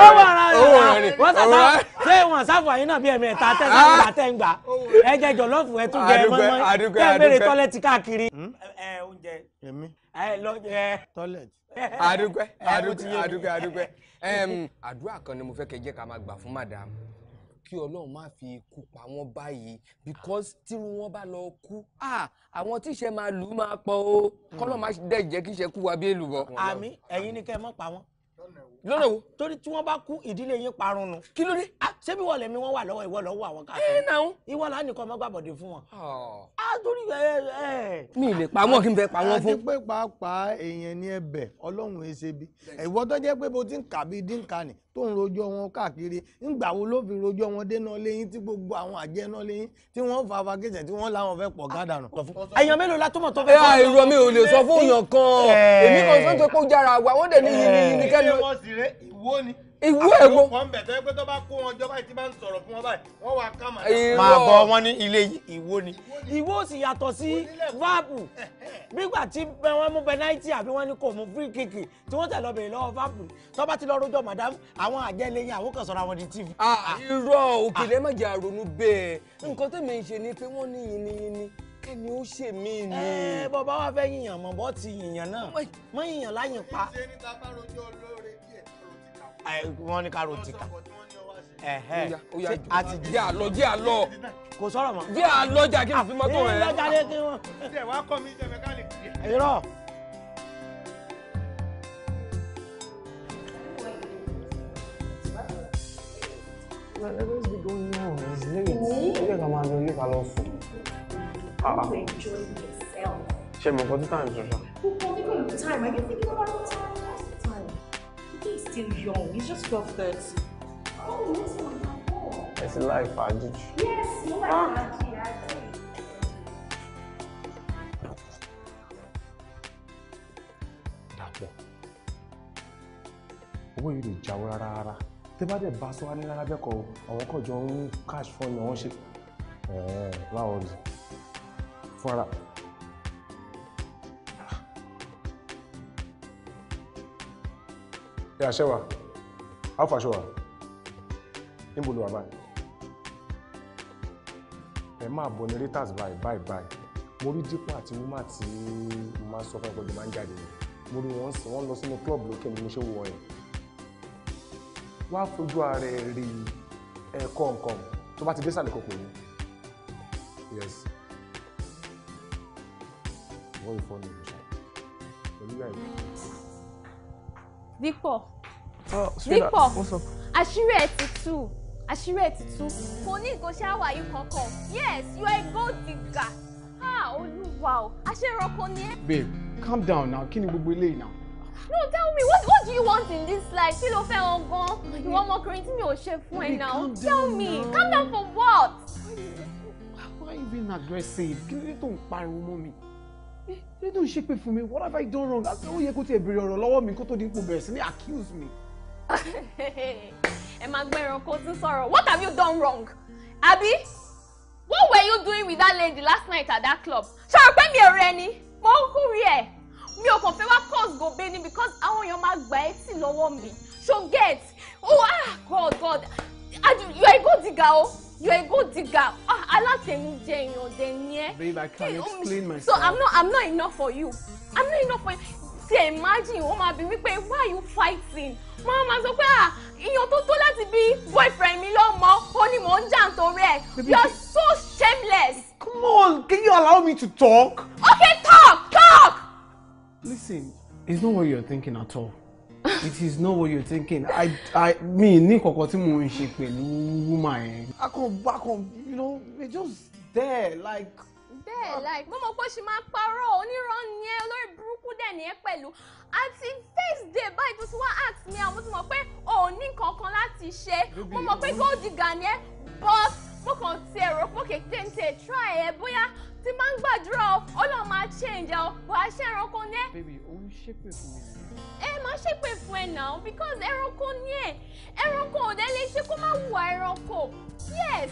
wòran rẹ̀ wọ́n sàtà ṣé wọ́n sáfù àyín náà bí ẹ̀mí ẹ̀ta tẹ́sán gbà tẹ́ ń gbà ah! ẹ jẹ jọ̀lọ́fù ẹ tún jẹ mọ́mọ́ tẹ́ ń bèrè tọ́lẹ́tì káàkiri. Hmm? ẹ oúnjẹ. èmi. ẹ lọ́jẹ. toilet. adúpẹ́ adúpẹ́ adúpẹ́ adúpẹ́ àdúrà kan ni mo fẹ́ kẹ́ jẹ́ ká máa gbà fún madam kí ọlọ́run má fi ikú pa wọ́n báyìí because tírú wọn bá lọ kú àwọn tíṣe máa lù ú máa pọ̀ o kọ́lọ́ má dẹ̀ jẹ́ kíṣe kú wa bí èlùbọ́. àmín ẹ̀yin ni kẹ́ ẹ pa wọ́n lọ́nà wo torí tí wọ́n bá kú ìdílé yín parun nu kí ló dé ah, ṣebí wọ́n lẹ́mí wọ́n wà lọ́wọ́ ìwọ lọ́wọ́ àwọn káàkiri eh, ìwọ là nìkan ọmọ gbàbọ̀dé fún wọn. a ah. ah, torí ẹ eh, ẹ. Eh, mi lè pa wọn kí n fẹ́ pa wọn fún. àti pé pàápàá èèyàn ní ẹbẹ ọlọ́run èsè bí ìwọ tó jẹ́ pé bó ti ń kà bí dínkà ni tó ń rojọ́ wọn káàkiri ńgbà wo ló fi rojọ́ wọn dénà lẹ́yìn tí gbogbo àwọn àjẹná lẹ́yìn tí wọ́n fa fagẹ́sẹ̀ tí wọ́n láwọn fẹ́ pọ̀ gádà nù. èèyàn mélòó la túmọ̀ tó fẹ́ sọ. ẹ irọ́ mi ò lè sọ fún èèyàn kan èmi kan sọ́ńtò pé ó jára wa wọ́n dẹ̀ ní yìnyín ní kẹ́lẹ́ rẹ ìwọ ni. ìwọ ẹ wo. àwọn ọ̀pọ̀ ẹ̀ pé tó bá kó wọn jọba ìtì bá ń sọ̀rọ̀ fún wọn báyìí wọ́n wá ká màá. màá bọ wọn ní ilé ìwọ ni. ìwọ sì yàtọ̀ sí vapu nígbà tí wọ́n mú bẹnáìtì àbí wọ́n ní kò mú free kick tí wọ́n tẹ̀lé ọbẹ̀ lọ́wọ́ vapu tó bá ti lọ rojọ́ madam àwọn àjẹ́ lẹ́yìn àwọn kan sọ̀rọ̀ àwọn di tv. irọ́ òkèlè má jà ronú bẹ́ẹ̀ ah. nǹkan tẹ̀mí ń ṣe ni pé wọ́n ní yìnyín kẹ́ni ó ṣe mí ni. ẹ eh, bọ́ bá wá fẹ́ yìnyàn mọ̀ bọ́ ti yìnyàn náà mọ̀ yìnyàn láyìn pa. ṣé níta bá rojọ́ lórí wọ́n ní ká ro tìka a ti jẹ́ àlọ́ jẹ́ àlọ́ kò sọ̀rọ̀ mọ́ jẹ́ àlọ́ jà kí n fi mọ́tò rẹ̀. ìrọ̀ jáde kí wọ́n. ṣe wàá kọ́ mi ṣe mẹkáníìkì. irọ́. ṣe mọ̀ for two times ṣoṣo. two times are you thinking about the time still young. He's just twelve thirty. Oh, listen, oh. It's life, Ajit. Yes, life, ah. Ajit. owó yìí lè jáwó rárá rárá tẹ bá dẹ̀ bá sọ wá ní rárá bẹ́ẹ̀ kọ́ àwọn kọ̀ọ̀jọ́ ń cash fún ọyàn wọn ṣe ẹ̀ẹ́d fúnra ẹ àṣẹwà alfa àṣẹwà níbo ló wà báyìí ẹ máa bọ̀ ní reuters báyìí báyìí báyìí mo rí dípò àti wúmà tí mo máa ń sọ fún ẹ pé mo máa ń jáde yẹn mo rí wọn sìn wọn lọ sínú club lókè ni mo ṣe wọ wá fojú ara ẹ rí ẹ̀kọ́ nǹkan tó bá ti dé sàlẹ̀ kò pè mí yes wọ́n ìfọ́nù ìṣá olúyà ìlú. Victor oh, Victor àṣírí ẹ ti tú àṣírí ẹ ti tú kò ní nǹkan ṣe àwàyí kankan yes you are a gold digger ah olúwa o aṣèrànkan ni ẹ. babe calm down now kí ni gbogbo eléyìí now. No, tell me, what, what do you want in this life? Kí ló fẹ́ wọn gan? Ìwọ ọmọkùnrin tí mi ò ṣe fún ẹ náà. Tell me, now. calm down for what? Why, are you being aggressive? Kí ló dé tó ń pariwo mọ́ mi? ló dùn ṣe pé fún mi what have I done wrong àti ó yẹ kó tiẹ̀ béèrè ọ̀rọ̀ lọ́wọ́ mi kó tó di ipò bẹ̀rẹ̀ sí ní accuse me. ẹ máa gbọ́ ẹranko tí ń sọ̀rọ̀ what have you done wrong àbí what were you doing with that lady last night at that club ṣọ̀rọ̀ pé mi ò rẹ ni mo ń kúrì ẹ̀ mi ò kàn fẹ́ wá cause gòbe ni because àwọn èèyàn máa gbà ẹ́ tì lọ́wọ́ mi so get oh ah god god you are a good digger o you a gold digger ah alátẹnujẹ èèyàn dẹ ni ẹ. babe i can explain myself. so i'm not i'm not enough for you i'm not enough for you ti imagine ó máa bi wípé why are you fighting Mama? So where pé ah èèyàn tó tó boyfriend mi lọ́mọ ó ní mò ń You're so shameless. come on can you allow me to talk. okay talk talk. listen it's not what you're thinking at all it is not what you are thinking i i me, ni kankan tí mo ń ṣe pẹ̀lú woman yẹn. a kàn bá kàn you know we just there like. bẹ́ẹ̀ like mo mọ̀ pé ṣe máa parọ́ onírọ́ ni ẹ olórí burúkú dẹ̀ ni ẹ pẹ̀lú àti first day báyìí tó ti wá ask mi àwọn tó mọ̀ pé òun ní kankan láti ṣe mo mọ̀ pé gold digger ni ẹ but mo kàn ti ẹ̀rọ pé kékeré ń tẹ̀ try ẹ bóyá tí máa ń gbàdúrà ọlọ́run ṣe ìjà o wàá ṣe ẹranko ní ẹ. baby o ń ṣépè fún mi. ẹ má ṣépè fún ẹ náà because ẹranko ní ẹ ẹranko ò dé lè ṣe kó má wùwà ẹranko yes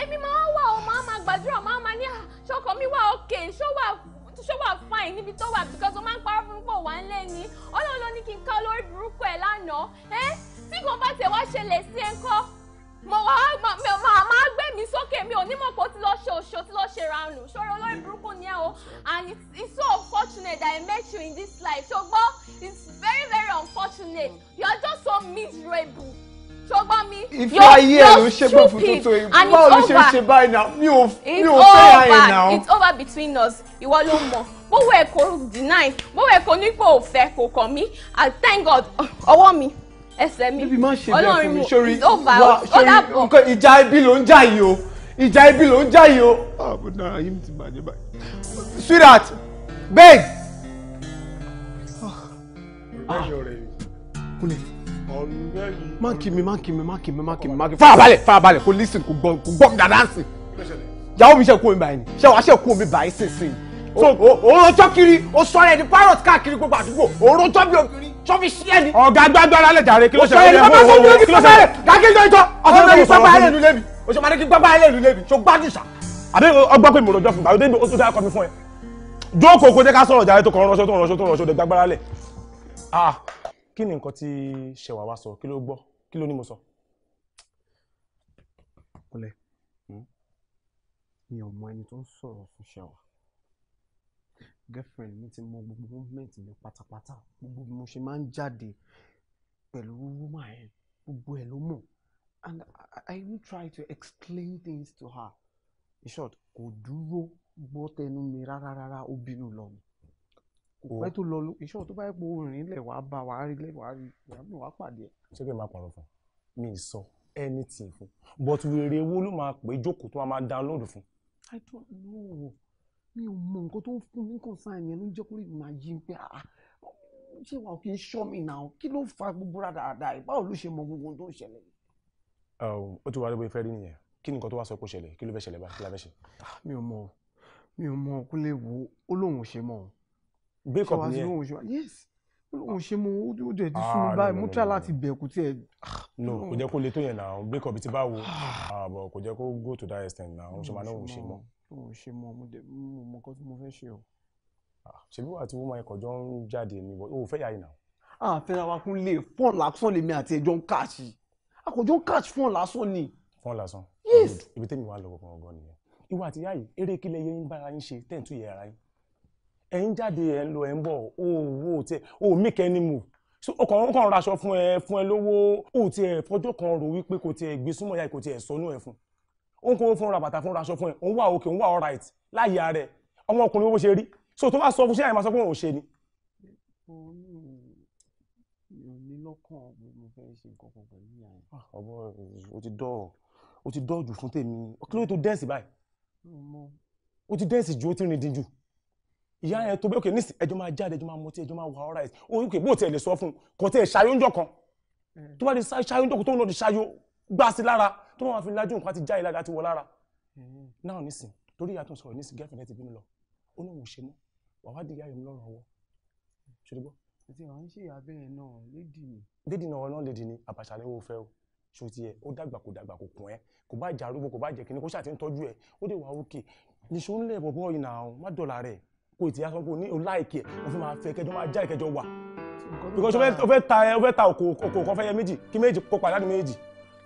èmi máa wà ó máa máa gbàdúrà máa máa ní ah, ṣọkọ mi wà òkè ṣó wà ṣó wà fine níbi tó wà because o máa ń parọ́ fún pò wá ńlẹ̀ ni ọlọ́run ló ní kí n ká lórí burúkú ẹ̀ lánàá ẹ tí kò bá tẹ̀ wá ṣẹlẹ̀ sí ẹ ńkọ́ mo wá màmá gbé mi sókè mi ò ní mọ̀ pé ó ti lọ ṣe òṣò ti lọ ṣe ranù ṣòro olórí burúkú ni ẹ o and it's, it's so unfortunate that I met you in this life ṣùgbọ́n it's very very unfortunate you are just so miserable ṣùgbọ́n mi ìfẹ́ ayé ẹ̀ ló ṣe pé fún tó tó báwo ló ṣe ń ṣe báyìí náà mi ò mi ò fẹ́ ayé náà. it's over between us ìwọ ló mọ̀ bówó ẹ kò deny bówó ẹ kò ní pé òfẹ kò kàn mí and thank God ọwọ́ mi ẹsẹ̀ mi ọlọ́run mi sori wa sori nǹkan ìjà ibi ló ń jà yìí o ìjà ibi ló ń jà yìí o. ààbò náà yìí ti bàjẹ́ báyìí. sweetheart babe. Ah. Ah. kúnlẹ̀ má kí mi má kí mi má kí mi má kí mi má kí mi farabalẹ̀ farabalẹ̀ kò listen kò gbọ́ kò gbọ́ dada sí. ìyàwó mi ṣe kú omi báyìí ni ṣé wàá ṣe kú omi báyìí sísìn. so òun rojọ́ kiri o sọ ẹ̀ ní káàkiri gbogbo àdúgbò òun rojọ́ bí obìnrin sọ́fi sí ẹni. ọ̀gá gbàgbára lẹ̀ jàre kí ló ṣe wọlé ọ̀hún ọ̀hún ọ̀hún kí ló ṣe wọlé gàkí ló ìjọ ọ̀sán lórí gbàgbá ayé ìlú lẹ́bi oṣù máa ní kí gbàgbá ayé ìlú lẹ́bi ṣó gbádùn sá. àbí ọgbọ́n pé mòròjọ́ fún gbàgbé débi oṣù tó kọ́ mi fún ẹ. jókòó kó jẹ́ ká sọ̀rọ̀ jàre tó kàn ránṣọ́ tó ránṣọ́ tó ránṣọ́ dé gbàgbára lẹ̀. ah kí ni nǹkan tí ṣẹ̀wà wa sọ kí ló gbọ́ kí ló ní mo sọ. kúnlẹ̀ mi ò mọ ẹni tó ń sọ̀rọ̀ fún ṣẹ̀wà girlfriend mi ti mọ gbogbo movement mi pátápátá gbogbo bí mo ṣe máa ń jáde pẹ̀lú woman yẹn gbogbo ẹ̀ ló mọ̀ and I even try to explain things to her in short kò dúró gbọ́ tẹnu mi rárá rárá ó bínú lọ mi kò oh. pẹ́ tó lọ in short tó bá yẹ pé orin ilẹ̀ wàá bá wàá rí ilẹ̀ wàá rí ìyá mi wàá pàdé ẹ̀. ṣé kí n máa pàrọ̀ fún un mi ì sọ anything fún but wèrè wo ló máa pè é jókòó tó máa download fún. I don't know mi ò mọ nǹkan tó ń fún mi nǹkan sáà yẹn ló ń jẹ́ kó lè máa yí pé ah, ah, ṣé wàá kì í ṣọ́ mi náà kí ló fa gbogbo rádaràda ẹ̀ báwo ló ṣe mọ gbogbo ohun tó ń ṣẹlẹ̀ yìí. Oh, ó ti wá lóbo ìfẹ́ rí nìyẹn kí ni nǹkan tó wá sọ pé ó ṣẹlẹ̀ kí ló fẹ́ ṣẹlẹ̀ báyìí kí la fẹ́ ṣe. Ah, mi ò mọ mi ò mọ kó lè wo ó lóun ṣe mọ. break up nìyẹn yes ó lóun ò ṣe mọ ó dẹ̀ ti sún mi báyìí mo try láti bẹ̀ kú tí ẹ. no kò jẹ́ kó le tó yẹn náà break up ti bá wo kò jẹ́ kó go to that extent náà ó ṣe máa náà ò ṣe mọ́ mo ṣe mọ mo dé mo mọ nǹkan tí mo fẹ́ ṣe o. ṣèlú àti wọ́n máa ẹ̀kọ́ jọ ń jáde ni o fẹ́ yà ìnà. a fẹ́ra wa kún lè fọ́n lásán lèmi àti ẹjọ́ ń káàṣì a kò jọ ń káàṣì fọ́n lásán ni. fọ́n lásán ibi tẹ́mi wà lọ́wọ́ gan-an nìyẹn ìwọ àti ìyá yìí eré kílẹ̀ yẹn ń bára yín ṣe tẹ́ǹtù yẹn ara yín ẹ̀ ń jáde ẹ̀ ń lọ ẹ̀ ń bọ̀ o wo tẹ o make any move so ọkàn ọkàn raṣọ fún ẹ fún ẹ lówó o tiẹ̀ fọjọ́ kan rò wípé kò tiẹ̀ gbé súnmọ́ ìyá kò tiẹ̀ sọnù ẹ fún un ó ń kó fún ra bàtà fún ra aṣọ fún ẹ òun wà òkè òun wà alright láyé ara ẹ ọmọkùnrin owó ṣe rí so tó bá sọ fún ṣé àyè máa sọ pé òun ò ṣe ni. lọ́kàn mo fẹ́ ṣe nǹkan kan pẹ̀lú ìyá yẹn. Ah, ọ̀bọ o ti dọ́ o ti dọ́ jù fún tèmi kí ló tó dẹ́ǹsì báyìí. o ti dẹ́ǹsì ju o ti rìn dín jù. ìyá yẹn tó bẹ́ẹ̀ ok nísì ẹjọ́ máa jáde ẹjọ́ máa mọtí ẹjọ́ máa wà ọ́ra ẹ̀ o ok bó tiẹ̀ lè sọ fún un kò tẹ̀ ṣayó ńjọ kan eh. tó bá di ṣayó ńjọ kan tó ń lọ di ṣayó gbá sí lára tó wọn fi lájú nǹkan ti já ìlàgà ti wọ lára hmm. náà nísìn torí ìyá tó ń sọ̀rọ̀ nísìn gẹ́fìnẹ́ ti bínú lọ ó ní òun ṣe mọ́ wàá dìyà yìí lọ́rùn ọwọ́ ṣùgbọ́n. àti àwọn ń ṣe abẹ́ ẹ̀ náà lédi ni. lédi náà náà lédi ni àbàṣà ni ó fẹ́ o ṣó ti yẹ ó dàgbà kò dàgbà kò kùn ẹ́ kò bá jà arúgbó kò bá jẹ́ kínní kó ṣàti ń tọ́jú ẹ̀ ó dé wà ókè níṣó ń lẹ̀ bọ̀bọ̀ yìí náà má dọ̀là rẹ̀ kó ìtì yá sọ pé o láìkì ẹ̀ o fi máa fẹ́ kẹjọ máa já ìkẹjọ wà. because o fẹ́ ta o fẹ́ ta òkò kan fẹ́ yẹ méjì kí méjì kó pàdánù méjì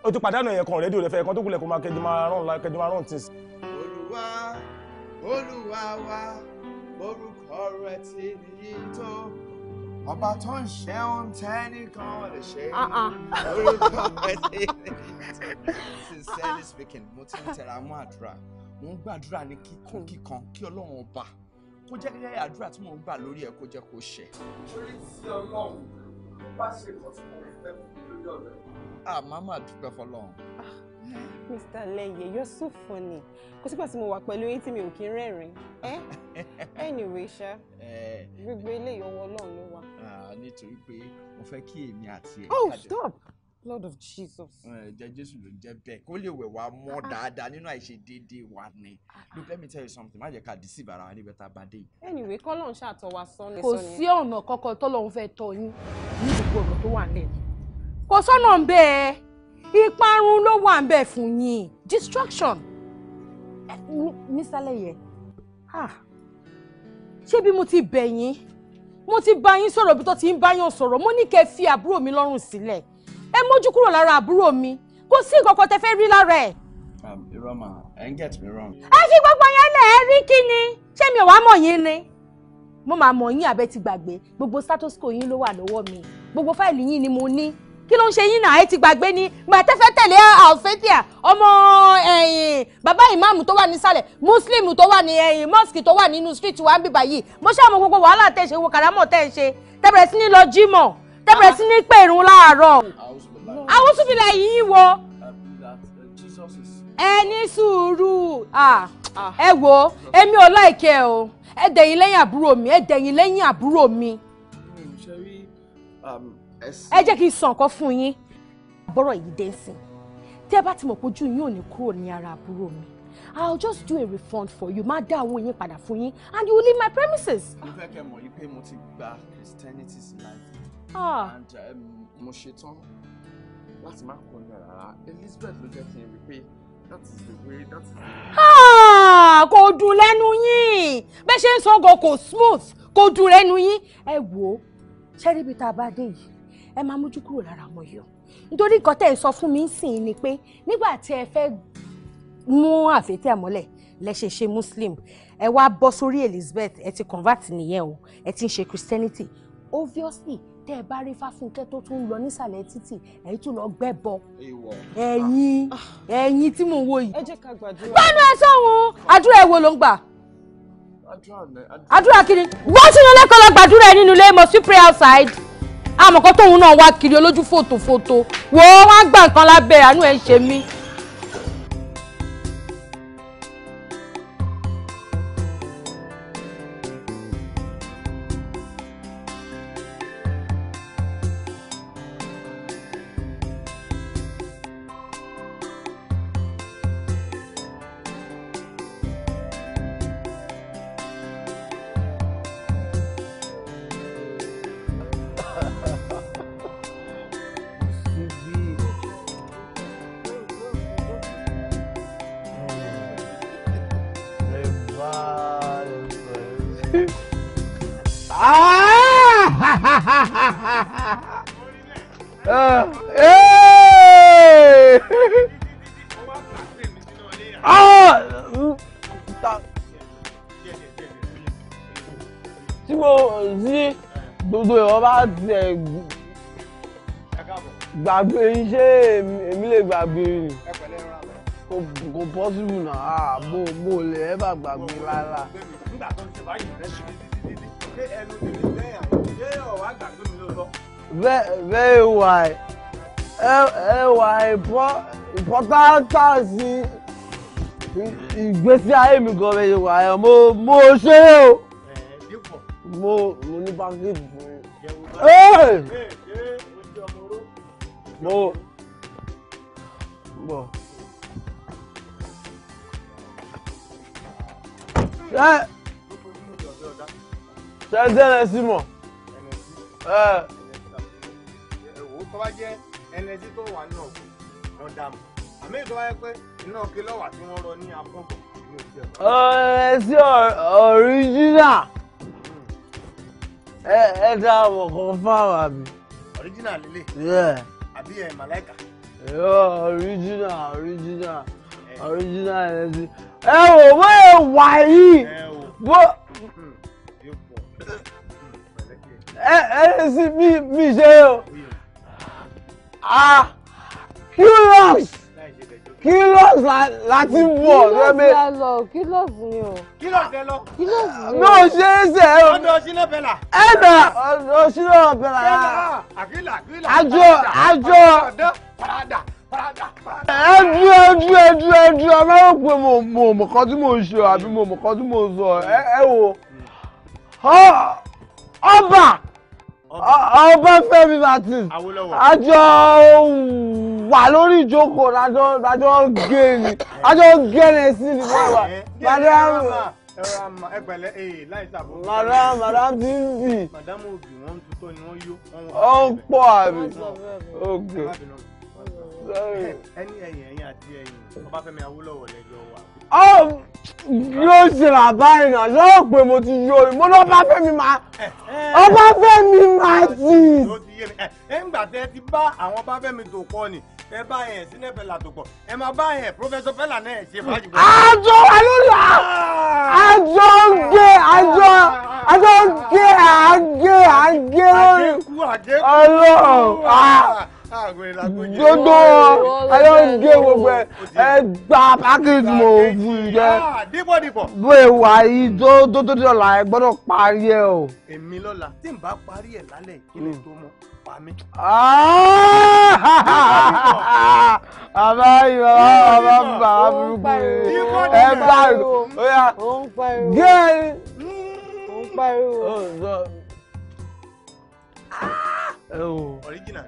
o ti pàdánù ẹ̀yẹ̀ kan rẹ́díò rẹ̀ fẹ́ ẹ̀kan tó kulẹ̀ kó máa kẹjọ máa rán la kẹjọ máa rán tìǹsì. olúwa olúwa wa orúkọ rẹ ti níyì tó ọba tó ń ṣe ohun tẹ́nìkan lè ṣe orúkọ rẹ ti níyì tó sincerely speaking mo ti ń tẹra mọ́ àdúrà mo ń gbàdúrà ní kíkan kíkan kí ọlọ́run ọba kó jẹ́ kí àdúrà tí mò ń gbà lórí ẹ̀ kó jẹ́ kó ṣẹ. torí tí ọlọ́run bá ṣe nǹkan tí mo fẹ́ lórí ọ̀rẹ́ ah Mama, màmá dúpẹ́ fọlọ́run. Ah, Mr. Leye you're so funny kò sígbà tí mo wà pẹ̀lú yín tí mi ò kí ń rẹ́rìn ẹ́ eh? anyway ṣá eh. gbogbo ilé ìyọwọ́ ọlọ́run ló wà. Ah, nítorí pé mo fẹ́ kí èmi àti ẹ̀ oh stop Lord of Jesus. Eh, jẹ Jésù ló ń jẹ bẹ́ẹ̀ kó lè wẹ̀ wá mọ́ ah. dáadáa nínú àìṣe déédéé wa ni look let me tell you something má jẹ́ ká deceive ara wa níbi tá a bá dé. anyway kọ́lọ́n ṣàtọ̀ wa sọ́ni sọ́ni. kò sí ọ̀nà kankan tọ́lọ́run fẹ́ tọ́ yín ní gbogbo ọ̀rọ̀ tó wà lẹ́yìn kò sọ́nà ń bẹ́ ẹ ìparun ló wà ń bẹ̀ fún yín distraction nísàlẹ̀ yẹ ṣé bí mo ti bẹ̀ yín mo ti bá yín sọ̀rọ̀ bí tó ti ń bá yín sọ̀rọ̀ mo ní kẹ́ fi àbúrò mi lọ́rùn sílẹ̀ ẹ mójú kúrò lára àbúrò mi kò sí nǹkan tẹ fẹ́ rí lára ẹ̀. Um, irọ́ ẹ ń get me wrong. ẹ fi gbogbo yẹn lẹ̀ ẹ́ rí kí ṣé mi ò wá mọ̀ yín ni mo máa mọ̀ yín àbẹ́ ti gbàgbé gbogbo status quo yín ló wà lọ́wọ́ mi gbogbo fáìlì yín ni mo ní kí ló ń ṣe yín náà ẹ ti gbàgbé ni gbàtẹ́fẹ́ tẹ̀lé àfẹ́tíà ọmọ bàbá ìmáàmù tó wà nísàlẹ̀ muslim tó wà ní mosque tó wà nínú street wa ń bíbá yìí mo ṣàmù gbogbo wàhálà tẹ̀ ṣe wo kàrámọ̀ tẹ̀ ṣe tẹ̀bẹ̀rẹ̀ sí ní lọ jímọ̀ tẹ̀bẹ̀rẹ̀ sí ní pèrún láàárọ̀ àwọn yìí wọ ẹ sùúrù ẹ wo èmi ò láìkẹ́ o ẹ dẹ̀yìn lẹ́yìn àbúrò mi ẹ dẹ̀yìn lẹ́yìn àbúrò mi ẹ jẹ́ kí n sọ nǹkan fún yín bọ́rọ̀ yìí dé sí tẹ́ bá ti mọ̀ pé ojú yín ò ní kúrò ní ara àbúrò mi i'll just do a refund for you má dá owó yín padà fún yín and you will leave my premises. mo fẹ́ kẹ́ mọ̀ yí pé mo ti gba christianity life ah. and um, mo ṣetán láti má kọ́ ní rárá elizabeth ló jẹ́ kí n rí pé that is the way that is the way. Ah, kò dùn lẹ́nu yín bẹ́ẹ̀ ṣe ń sọ gan kò smooth kò dùn lẹ́nu yín ẹ wò ó ṣẹ́ríbi tá a bá dé yìí ẹ máa mójú kúrò lára ọmọ yìí o nítorí nǹkan tẹ́ ẹ sọ fún mi sìn ni pé nígbà tí ẹ fẹ́ mú àfẹ́tẹ́ àmọ́lẹ̀ lẹ́sẹ̀ ṣe muslim ẹ wá bọ́ sórí Elizabeth ẹ ti convert nìyẹn o ẹ ti ń ṣe Christianity obviously tẹ́ ẹ bá rí fáfúnkẹ́ tó tún ń lọ nísàlẹ̀ títì ẹ̀yin tún lọ gbẹ́bọ ẹ̀yin ah. ẹ̀yin tí mò ń wò yìí. ẹ jẹ́ ká gbàdúrà. gbọ́dọ̀ ẹ sọ̀hún àdúrà ẹ wo ló ń gbà àdúrà kí ni wọ́n tún lọ gbàdúrà ẹ nínú ilé must you pray outside àmọ̀kọ́ tóun náà wá kiri olójú fòtòfòtò wò ó wá gbà nǹkan lábẹ́ àánú ẹ̀ ń ṣe mí gbàgbé iṣẹ́ èmi lè gbàgbé ni kò pọ́sibù náà mo mo lè ẹ́ bá gbàgbé rárá. bẹ́ẹ̀ àná ṣé ọ̀wá gbàgbé mi ló very why ẹwà ìpọ́tàtàsí ìgbésí ayé mi gan bẹ́ẹ̀ wà ẹ̀ mo mo ṣe é o mo mo ní báńkì fún mi. No. Bọ̀. Eh. Ṣé ṣe jẹ́ ẹnẹsí mọ̀? Eh. Ẹ̀wò tó bá jẹ́ ẹnẹsí tó wà náà lọ dàmú. Àmì ìjọba yẹ pé iná òkè lọ́wà tí wọ́n rọ ní eh, hmm. Yeah àbí ẹ̀ màláìkà. yọ original original original energy ẹ wò bó ẹ wà yìí bó ẹ ẹ lè sí bí ṣe o ah curious kilos láti bọ̀ lẹ́mẹ̀. kilos lọ kilos ni o. kilos tẹ lọ. kilos ni o. No, ṣe é ṣe o. ọdọ ṣílẹ̀ bẹ̀là. ẹ̀dà ọdọ ṣílẹ̀ bẹ̀là. àkìlà àkìlà. àjọ àjọ. parada parada parada. ẹjú ẹjú ẹjú ẹjú ọmọ yóò pé mo mo mọ kan tí mo ń ṣe àbí mo mọ kan tí mo ń sọ ẹ wo ọba. Ah, Ọbáfẹ́mi Martins àjọ wà lórí ìjókòó lájọ gé ni àjọ gé ni sí ni mo wà eh, madam madam madam ti ń bì. madam òbí wọn ń tutọ́ ni wọ́n yó. ó ń pọ̀ àbí ògè. ẹni ẹ̀yìn ẹ̀yìn àti ẹ̀yìn Ọbáfẹ́mi Awólọ́wọ̀ lẹ́jọ́ wa. Oh, yóò ṣe bàbá ìrìnà lọ́wọ́ pé mo ti yọ ìmọ̀ náà bá fẹ́ eh, eh. mi máa ọba fẹ́ mi máa tì. ẹ ń gbà tẹ ti bá àwọn bá fẹ́ mi tó kọ́ ni ẹ bá yẹn sílẹ̀ fẹ́lá tó pọ̀ ẹ máa bá yẹn pọ́fẹ́sọ fẹ́lá náà ṣe fàájì. àjọ àlùlà àjọ ń gé àjọ àjọ ń gé àgé àgé lórí ọlọ́run gbogbo ayọ́ǹgé gbogbo ẹ gba package mo fún jẹ ah, bóyá wà yí tó tó tó dọ̀là ẹ gbọ́dọ̀ parí ẹ o. èmi lọ́la tí n bá parí ẹ̀ lálẹ́ ìkíni hmm. tó mọ̀ pa mí. bàbá yìí bàbá bàbá bàbá burúkú ẹ bá o yà gẹ́ẹ́. ó ń pariwo original.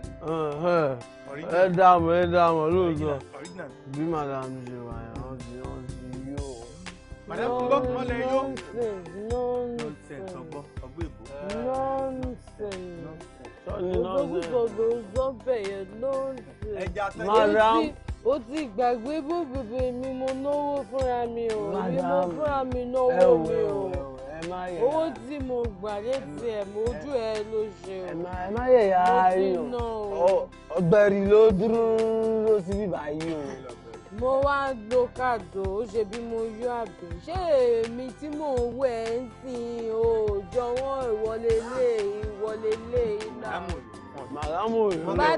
ẹ dá mọ̀ ẹ dá mọ̀ lóòótọ́ bí madam ṣe wà yẹn wọ́n ti wọ́n ti yó. madam ń gbọ́ kí wọ́n lè yó. nonsense ọgbọ́ ọgbọ́ èbó. nonsense. sọ́ni eh. nonsense. gbogbo sọ́bẹ̀ nonsense. madam ó ti gbàgbé bó bèbè mi mo náwó fúnra mi o èmi mo fúnra mi náwó mi o owó tí mo gbà létí ẹ̀ mo ojú ẹ ló ṣe o ẹ má yẹ̀yà ayò ọgbẹ́rì ló dúró ló ti bí báyìí o. mo wá ń lo ó ṣe bí mo yọ àbẹ ṣé èmi tí mò ń wẹ̀ ẹ́ ń sìn o jọ̀wọ́ ìwọlé lé ìwọlé lé iná màlámù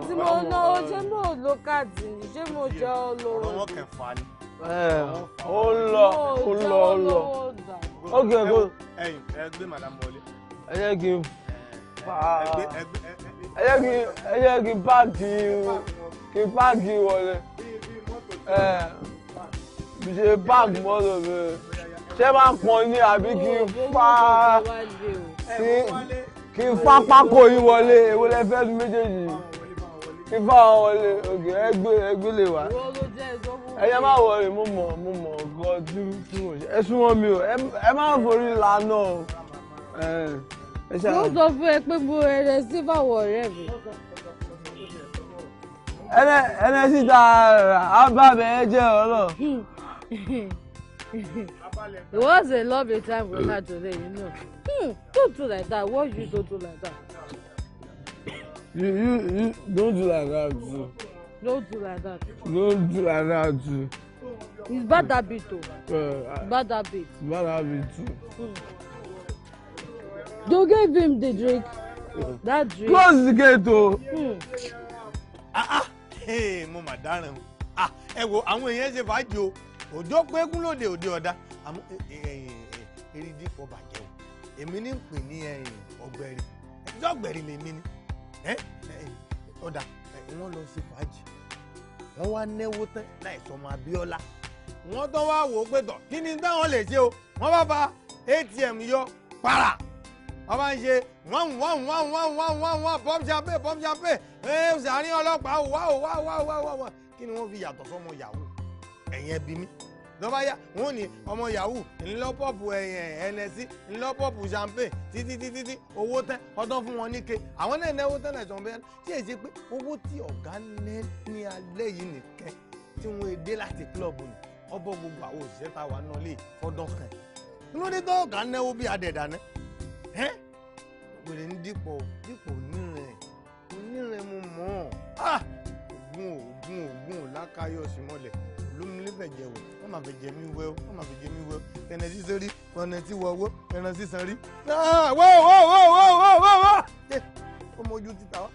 tí mo náwó ṣé mo lo káàdì ni ṣé mo jẹ́ olówó. ọ̀rọ̀ wọn kẹfà ni. ó lọ ó lọ ó lọ ok go. ẹyin ẹ gbé madam wọlé. ẹ yẹ kí n fa ẹ yẹ ah. kí ẹ yẹ kí páàkì kí páàkì wọlé. ẹ bí ṣe páàkì mọ́tò mi ṣé máa pọn ní àbí kí n fa kí n fa pákó yín wọlé èwo lẹ lu méjèèjì ah ti bá wọn ẹgbẹ ẹgbẹ lè wá. ẹyẹ má wọrí mo mọ mo mọ gan tí tí mo ẹ súnmọ́ mi o ẹ má forí lànà o. mo sọ fún ẹ pé mo rẹ sí fáwọn ọ̀rẹ́ mi. ẹnẹ síta abábẹ jẹ ọlọ. It was a lovely time we had today, you know. Hmm, don't do like that. What you don't do like that? You, you, you, don't do like that. Too. Don't do like that. Don't do like that. Too. It's bad habit, too. bad habit. Bad habit, too. give him the drink. That drink. Close the gate, oh. Mm. Ah, ah. Hey, Ah, ẹ wo àwọn èèyàn ṣe fàájì o. Òjò pé kún lóde òde ọ̀dà. Àmọ́ eridi kò bàjẹ́ o. Èmi ní pè ní ẹ̀yìn ọ̀gbẹ̀rì. Ẹ̀jọ̀ lèmi ni. ọ̀dà wọ́n lọ sí fàájì wọ́n wá náwó tán láì sọmọ Abíọ́lá wọ́n tán wá wò ó pé tọ̀ kí ni táwọn lè ṣe o wọ́n bá ba ATM yọ para wọ́n bá ń ṣe wọ́n wọ́n wọ́n wọ́n wọ́n wọ́n wọ́n pọ́m ṣapẹ́ pọ́m ṣapẹ́ ẹ̀ ṣàárín ọlọ́pàá wá wá wá wá wá wá kí ni wọ́n fi yàtọ̀ sọ́mọ yàwó ẹ̀yin ẹbí mi lọ́ba yá wọn ò ní ọmọ yahoo ńlọ́pọ̀pù ẹ̀nẹ́sí eh, ńlọ́pọ̀pù champagne títí títí tí owó tẹ́ ọdún fún wọn níke àwọn náà náwó tẹ́lẹ̀ sọ̀n bẹ́ẹ̀ tí èyí ṣe pé owó tí ọ̀gá lẹ́ ní alẹ́ yìí nìkẹ́ tí wọ́n èdè láti kílọ̀bù ni ọbọ̀ gbogbo àwọn òṣìṣẹ́ tá a wà náà lè fọ́dún kan lórí tó ọ̀gá náwó bí adẹ̀dà ná ẹ́ wèrè ní dípò dípò onírẹ̀ onírẹ̀ mo mọ̀ ọ́ ah! ògùn ògùn ògùn làkàyọ̀ sí mọ́lẹ̀ olómìnirẹ́fẹ̀jẹ̀ wò wọ́n máa fi jẹ mí wẹ́ o wọ́n máa fi jẹ mí wẹ́ o ẹnẹ sí sórí ọ̀nà tí wọ́n wọ́ ẹran sísan rí. wọ́ọ̀ wọ́ọ̀ wọ́ọ̀ wọ́ọ̀ wọ́ọ̀ wọ́ọ̀ wọ́ọ̀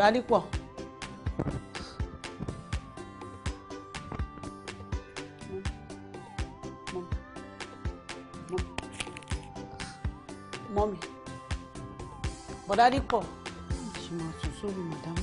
Ọ̀làdípọ̀. mọ́mì bọ̀dá dípọ̀ ṣùgbọ́n sùn sórí màdámù.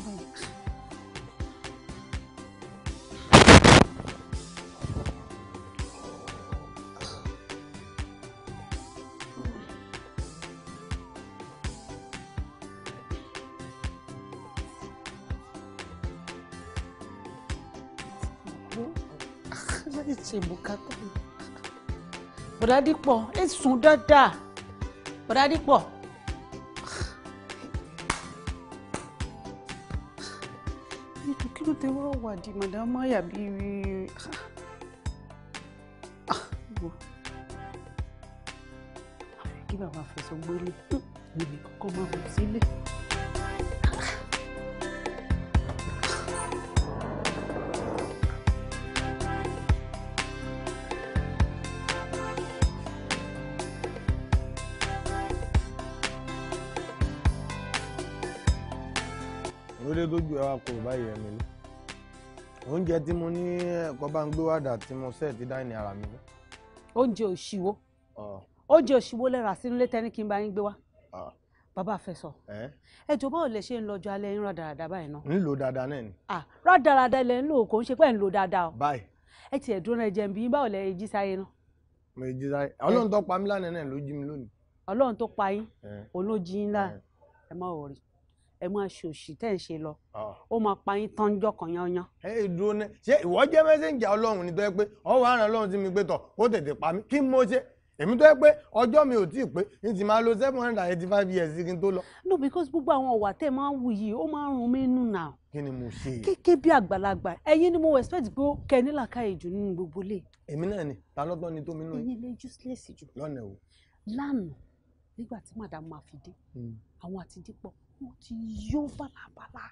ṣe bùkátà mi bọ̀dá dípọ̀ ẹ sùn dáadáa bọ̀dá dípọ̀. ètò kí ló tẹ wá wà di madam maya bí rí ah, i. kí bàbá fẹsọ̀ gbélé hm, níbi oúnjẹ tí mo ní ẹ̀kọ́ bá ń gbé wàdà tí mo sẹ́ẹ̀ ti dáìní ara mi. oúnjẹ òṣìwò ah. oúnjẹ òṣìwò lẹ́ra sínú ilé tẹ́ni kí n bá yín gbé wá ah. bàbá àfẹsọ eh? ẹ jọ báwo lẹ ṣe ń lọjọ alẹ́ ń rà dáradára báyìí náà. ń lò dáadáa náà ni. à rà dáradára lẹ ń lò kò ń ṣe pé ń lò dáadáa o. báyìí. ẹ tiẹ̀ dúró náà jẹun báwo lẹ jí sáyé náà. mo jí sáyé ọlọ́run tó pa mí lánàá náà ló jí mi lónìí. ọlọ́run tó pa yín eh. òun ló jí yín lá eh. ẹ má wọrí ẹ máa ṣe òṣì tẹ́ ń ṣe lọ ah. ó máa pa yín tán jọ kan yányán. ẹ dúró ní ṣé ìwọ jẹ́ mẹsẹńjà Ọlọ́run ni tó yẹ pé ọwọ àràn Ọlọ́run ti mi pé tọ ó tètè pa mí kí mo ṣe èmi tó yẹ pé ọjọ́ mi ò tí ì pé n ti máa lo seven hundred and eighty five years kí n tó lọ. no because gbogbo àwọn ọ̀wà tẹ́ ẹ máa ń wù yìí ó máa ń run mí nù náà. kí ni mo ṣe. kéèké bí àgbàlagbà ẹ̀yin ni mo expect pé kẹ ní làákàyè jù nínú gbogbo lè. èmi náà ni ta lọ́tọ́ ni tó mi nù. ẹ̀yin lè useless jù. lọ́nà o. lánàá nígbà tí màdàmú máa fi dé hmm. àwọn àti dípọ̀ Hmm. wọ́n ti yó bàlàbàlà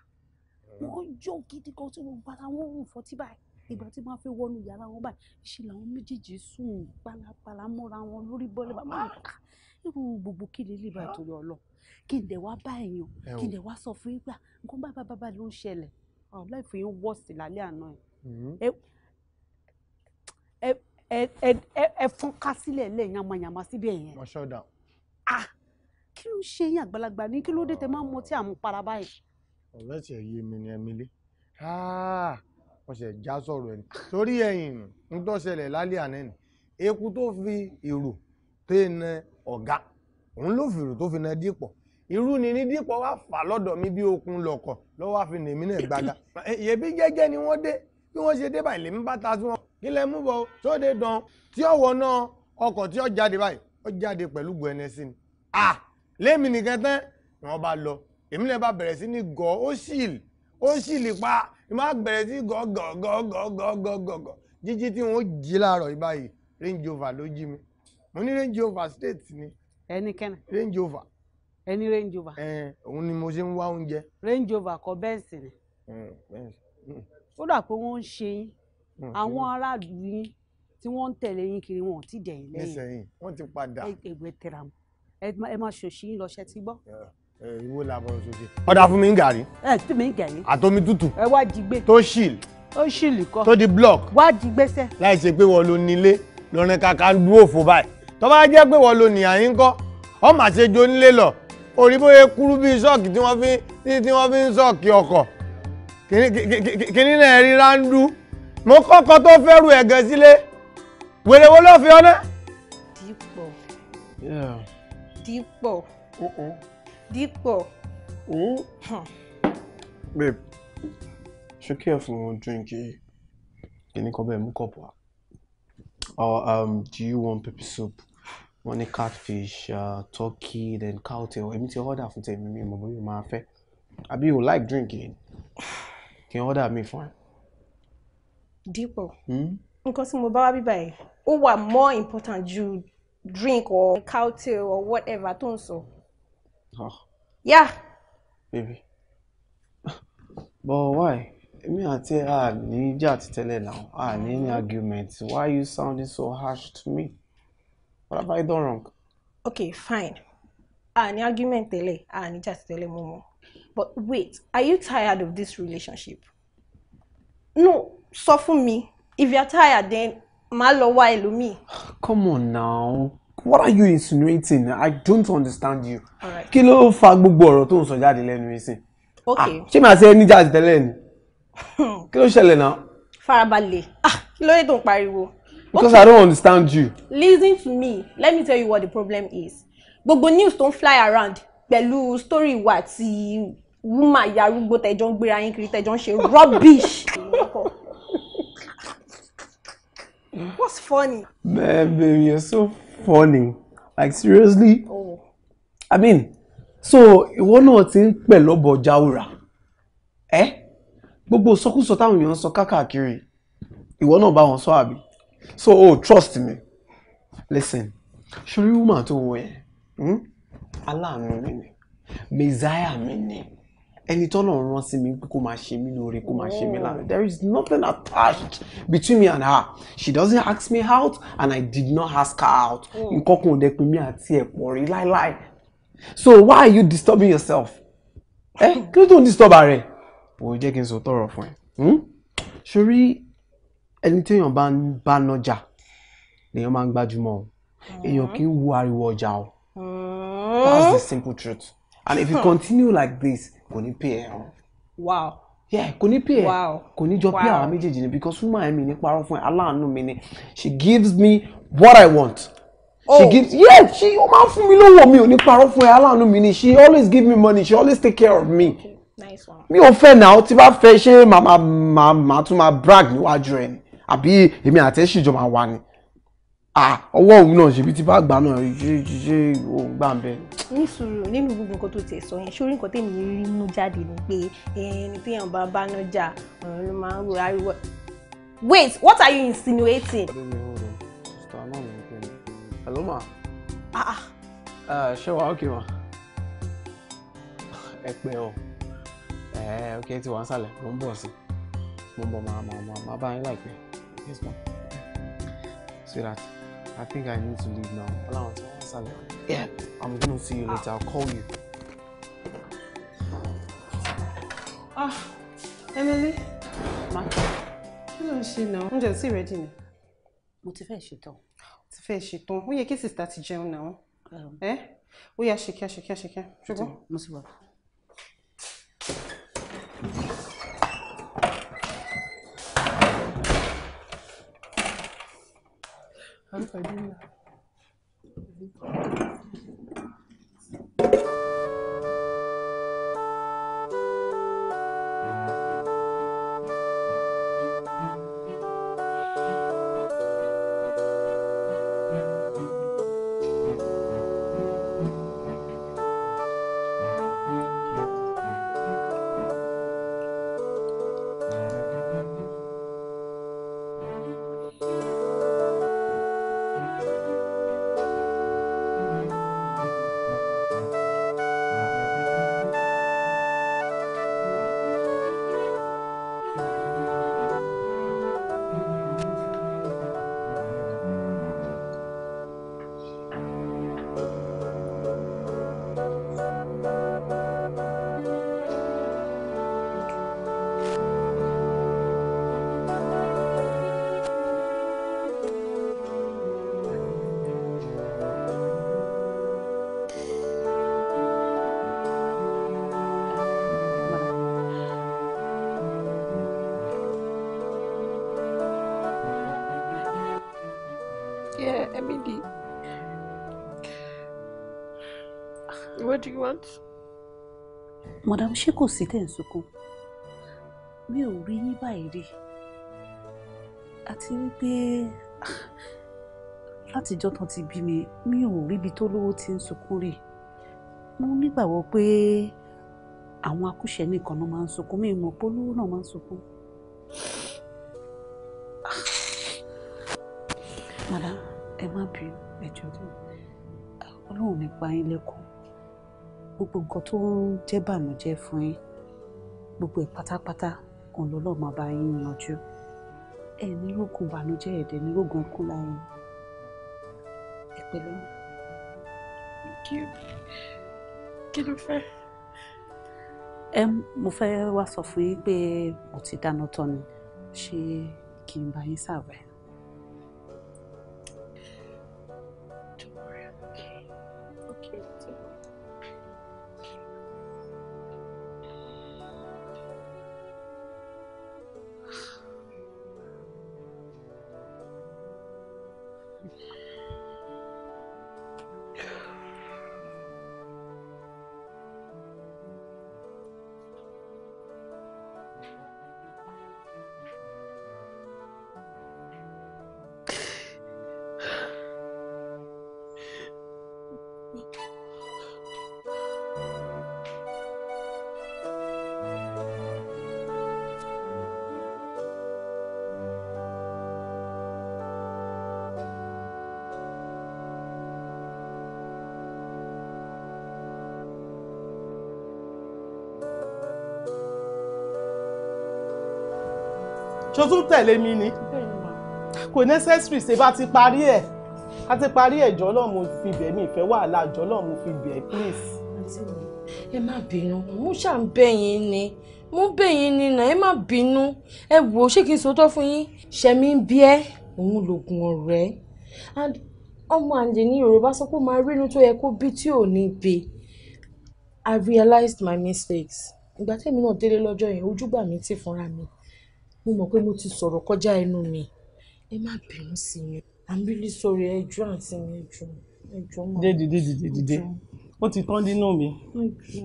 wọ́n yó gidi kan tí wọ́n bára wọn rùn fọtí báyìí ìgbà tí wọ́n fi wọnú yàrá wọn báyìí ṣe làwọn méjèèjì sùn pálapàla mọ́ra wọn lórí bọ́lẹ̀ bàbá mi ká irú gbogbo kí lè lè bá torí ọlọ kí n dẹ̀ wá bá èèyàn kí n dẹ̀ wá sọ fún yín gbà ah, nǹkan bá bàbá bá ló ń ṣẹlẹ̀ ọ̀hún láì fún yín wọ̀ sí lálẹ́ àná ẹ̀ hmm. ẹ fọ́nká sílẹ̀ lẹ́yìn yamayama síbẹ̀ yẹn. wọ́n ṣọ́dà. ah kí ló ń ṣe yín àgbàlagbà ní kí ló dé tẹ máa ń mọtí àmupara báyìí. ọ̀rẹ́ tiẹ̀ yé mi ni Emily wọ́n ah, ṣe já sọ̀rọ̀ ẹni torí ẹ̀yìn ń tó ṣẹlẹ̀ lálẹ́ àná ni eku tó fi èrò tó na ọ̀gá òun ló fèrò tó fi na dípọ̀ irú ni ní dípọ̀ wá fà lọ́dọ̀ mi bí okun lọ̀kọ̀ lọ́wọ́ àfi nèmi náà gbága ìyẹ̀bí jẹ́jẹ́ ni wọ́n dé bí wọ́n ṣe dé báyìí lèmi bá ta sí wọn kí lẹ mú bọ̀ sóde dán tí ọ̀wọ́ náà ọkọ̀ tí ó jáde báyìí ó jáde pẹ̀lú gbẹ̀nẹ́sì ni ah! lémi nìkan tán ni wọ́n bá lọ èmi lè bá bẹ̀rẹ̀ sí ní gọ́ ó sì ó sì lè pa ìmọ̀ àgbẹ̀rẹ̀ sí gọ́ gọ́ gọ́ gọ́ gọ́ gọ́ gọ́ gọ́ jíjí tí wọ́n jí láàárọ̀ ìbáyìí range over ló jí mi mo ní range over state ni. ẹni kẹ́nà. range over. ẹni range over. ẹ òun ni mo ṣe ń wá oúnjẹ. range over kọ bẹ́ẹ̀sì ni. Hmm. ó dà pé wọ́n ń ṣe yín hmm, àwọn aráàlú yín tí wọ́n ń tẹ̀lé yín kiri wọn ò tí ì dẹ̀yìn lẹ́yìn. ẹgbẹ́ tẹ̀ra mọ́ ẹ máa ṣòṣì yín lọ́sẹ̀ tí gbọ́. ìwọ làbọ̀ ṣòṣì. ọ̀dà fún mi ń gàrí. ẹ fún mi ń gàrí. àtomi tútù. ẹ wá jí gbé. tó ṣìl. ó ṣìl kọ. tó di block. wá jí gbèsè. láì ṣe pé wọ́n ló nílé lọ́rin kàkà ń dúró fò báyìí. tó bá jẹ́ pé wọ́n ló nìyà yín kọ́ ọmọ àṣejò nílé lọ orí bóyá kúrú bíi sọ́ọ̀kì tí wọ́n fi tí wọ́n fi ń sọ́ọ̀kì ọkọ̀ kìnní náà rí ráńdú mo kọ́kọ́ tó fẹ́ ru ẹ̀gẹ́ sílé wèrè wo ló fi ọ́nà. dípò. Dípọ̀. Uh-uh. Babe, ṣé kí ẹ fún dírìnkì kìíní kan bẹ́ẹ̀ mú kọ̀pù wá? Or um, do you want pepper soup? Wọ́n ní catfish, uh, turkey, then cow tail. Èmi ti order fún tèmi mi mọ̀ bóyá máa fẹ́. Àbí you like drinking? Kí n order mi fún ẹ? Dípọ̀, hmm? nǹkan tí mo bá wá bíbá yìí, ó wà more important ju drink or cow tail or whatever tó ń sọ. Ah. yá. baby but why èmi àti ẹ à ní ìjà títẹ́lẹ̀ náà à ní any argument why are you sounding so harsh to me what have I done wrong. okay fine à ní argument tẹ́lẹ̀ à ní ìjà títẹ́lẹ̀ mọ́ mọ́ but wait are you tired of this relationship? no sọ fún mi if you are tired then màá lọ wá ẹlòmíì. come on now what are you insinuating i don't understand you. kí ló fa gbogbo ọ̀rọ̀ tó ń sọ jáde lẹ́nu yìí sìn. Ah, ok ṣé màá ṣe ẹni jáde tẹ́lẹ̀ ni kí ló ṣẹlẹ̀ náà. farabalẹ̀ ah kí ló dé tó ń pariwo. because okay. i don't understand you. listen to me let me tell you what the problem is gbogbo news tó ń fly around pẹ̀lú story ìwà àti wúmà yarúgbó tẹ̀jọ́ ń gbéra yín kiri tẹ̀jọ́ ń ṣe rubbish. What's funny? Man, baby, you're so funny. Like, seriously? Oh. I mean, so, ìwọ náà ti ń pẹ̀ lọ́bọ̀ eh Ẹ́ gbogbo sọkúsọ táwọn èèyàn ń so kaka ìwọ náà bá wọn sọ àbí. So, oh, trust me. Listen, ṣorí woman tó wọ yẹn, hmm? aláàánú mi ni, messiah mi ẹni tọ́lọ̀ rán sí mi pé kó máa ṣe mí lóore kó máa ṣe mí láre mm. there is nothing attached between me and her she doesn't ask me out and I did not ask her out mm. nǹkan kan ò dẹ́ pé mi àti ẹ̀ pọ̀ rí láíláí so why are you disturbing yourself ẹ eh? kí ló tó ń disturb ààrẹ ò jẹ́ kí n sọ tọrọ fún ẹ hmm? sórí ẹni tí èèyàn bá ń bá nájà lèèyàn máa ń gbájúmọ́ o èèyàn mm. kì í wo ariwo ọjà o that's the simple truth and if you continue like this kò ní pay ẹ wow yeah kò ní pay ẹ kò ní jọ pay àwọn méjèèjì ni because woman mi ní parọ́ fún ẹ aláàánú mi ni she gives me what i want. Oh. she gives yeah she ó máa ń fún mi lówó mi ò ní parọ́ fún ẹ aláàánú mi ni she always give me money she always take care of me. Nice one. mi ò fẹ́ náà tí bá fẹ́ ṣe màmá màmá tún máa brag níwájú ẹ ni àbí èmi àti ẹ ṣìjọba wa ni. Ah, ọwọ́ òun náà ṣèbí tí bá gbà náà ṣe ṣe òun gbà ń bẹ. ní sùúrù nínú gbogbo nǹkan tó ti sọ yẹn sórí nǹkan tèmi rí mú jáde ni pé ẹni téèyàn bá bá náà jà ọ̀run ló máa ń ro ariwo. wait what are you insinuating. hello ma. Ah, ah. ṣé wàá òkè wa ẹ pẹ ọ ẹ ok ti wà ń sàlẹ̀ mo ń bọ̀ sí mo ń bọ̀ máa máa máa bá yín láìpẹ́ yes ma. See that. I think I need to leave now. Allowance, yeah. I'm gonna see you later. I'll call you. Ah, oh, Emily. Ma, You don't see now. I'm just ò tí ì rẹ́dì ni. Mo ti fẹ́ ṣetán. Ti fẹ́ ṣetán. Ó yẹ kí sista ti jẹun náà. Um. Ẹ ó yá ṣèkíá ṣèkíá ṣèkíá. Ṣùgbọ́n. Mo bien. madam ṣé kò sí tẹ̀ ń sunkún mi ò rí yín báyìí rí àti wípé látijọ́ tán ti bí mi mi ò ríbi tó lówó ti ń sunkún rí mo nígbàgbọ́ pé àwọn akúṣẹ̀ nìkan náà máa ń sunkún mi ìmọ̀ polówó náà máa ń sunkún. madam ẹ má bínú ẹ ọlọ́run nípa yín lẹ́kọ̀ọ́ gbogbo nǹkan tó ń jẹ́ bànújẹ́ fún yín gbogbo ẹ̀ pátápátá òun lọ́lọ́ máa bá yín yanjú ẹ̀ ní rògùn bànújẹ́ ẹ̀dẹ̀ ní rògùn ikú láyé ẹ pẹ̀lú. kí ló fẹ́. ẹ mo fẹ́ wá sọ fún yín pé mo ti dáná tán ni ṣé kí n bá yín sàwẹ̀. ṣo tún tẹ̀lé mi ni kò necessary ṣe bá ti parí ẹ̀ a ti parí ẹ̀ jọ́ náà mo fi bẹ̀ mí ìfẹ́ wàhálà jọ́ náà mo fi bẹ̀ please. ẹ má bínú mo ṣáà ń bẹ̀ yín ni mo ń bẹ̀ yín ni nà ẹ má bínú ẹ wò ó ṣé kí n sòótọ́ fún yín ṣẹ̀mí ń bí ẹ́ òun lògùn ọ̀rẹ́ ọmọ àlè ní yorùbá sọ pé máa rínú tó yẹ kó bí tí ò ní bí i realized my mistakes ìgbà tẹ́mi náà délé lọ́jọ́ yẹn ojú bà mí tì fúnra mi mo mọ̀ pé mo ti sọ̀rọ̀ kọjá ẹnu mi ẹ má bínú sí mi i'm really sorry ẹjọ́ àti mi ẹjọ́ ẹjọ́ mọ̀. dédé dédé dédé dé ó ti tán nínú mi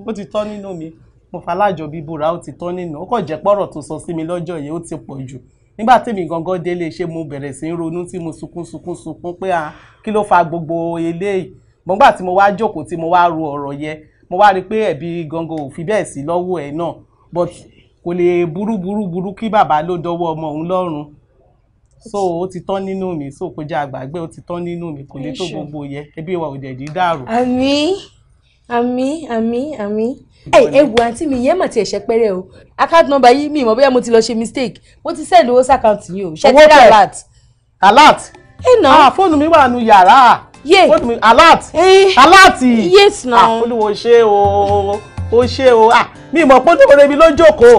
ó ti tán nínú mi mo falájọ bíbúra ó ti tán nínú ó kàn jẹ́ pọ̀rọ̀ tó sọ sí mi lọ́jọ́ yẹn ó ti pọ̀ jù nígbà tèmi gangan délé ṣé mo bẹ̀rẹ̀ sí í ronú tí mo sunkún sunkún sunkún pé ah kí ló fa gbogbo eléyìí gbọ̀ngbà tí mo wá jókòó tí mo wá ro ọ̀rọ̀ yẹn mo wá rí i pé ẹ̀bi gangan ò fi bẹ́ẹ̀ sí lọ́wọ́ ẹ̀ náà but kò lè burú burú burú kí bàbá ló dọwọ́ ọmọ òun lọ́rùn so o ti tán nínú mi so kò jẹ́ àgbàgbé ó ti tán nínú mi kò lè tó gbogbo yẹ ẹbí wa ò dẹ̀ dí dàrú. àmín àmín àmín àmín ẹ ẹ wo àǹtí mi yẹn mà ti ẹ̀ṣẹ̀ pẹ́rẹ́ o account number yìí mi ìmọ̀ bóyá mo ti lọ ṣe mistake mo ti send owó sí account yìí o ṣe ti alert. alert. ẹ nà. ah fóònù mi wà nù yàrá. yé fóònù mi alert. Eh. alert. yes na. Ah, àfolúwo ṣe o o ṣe o à ah, mi mọ̀ pé lóore mi ló jókòó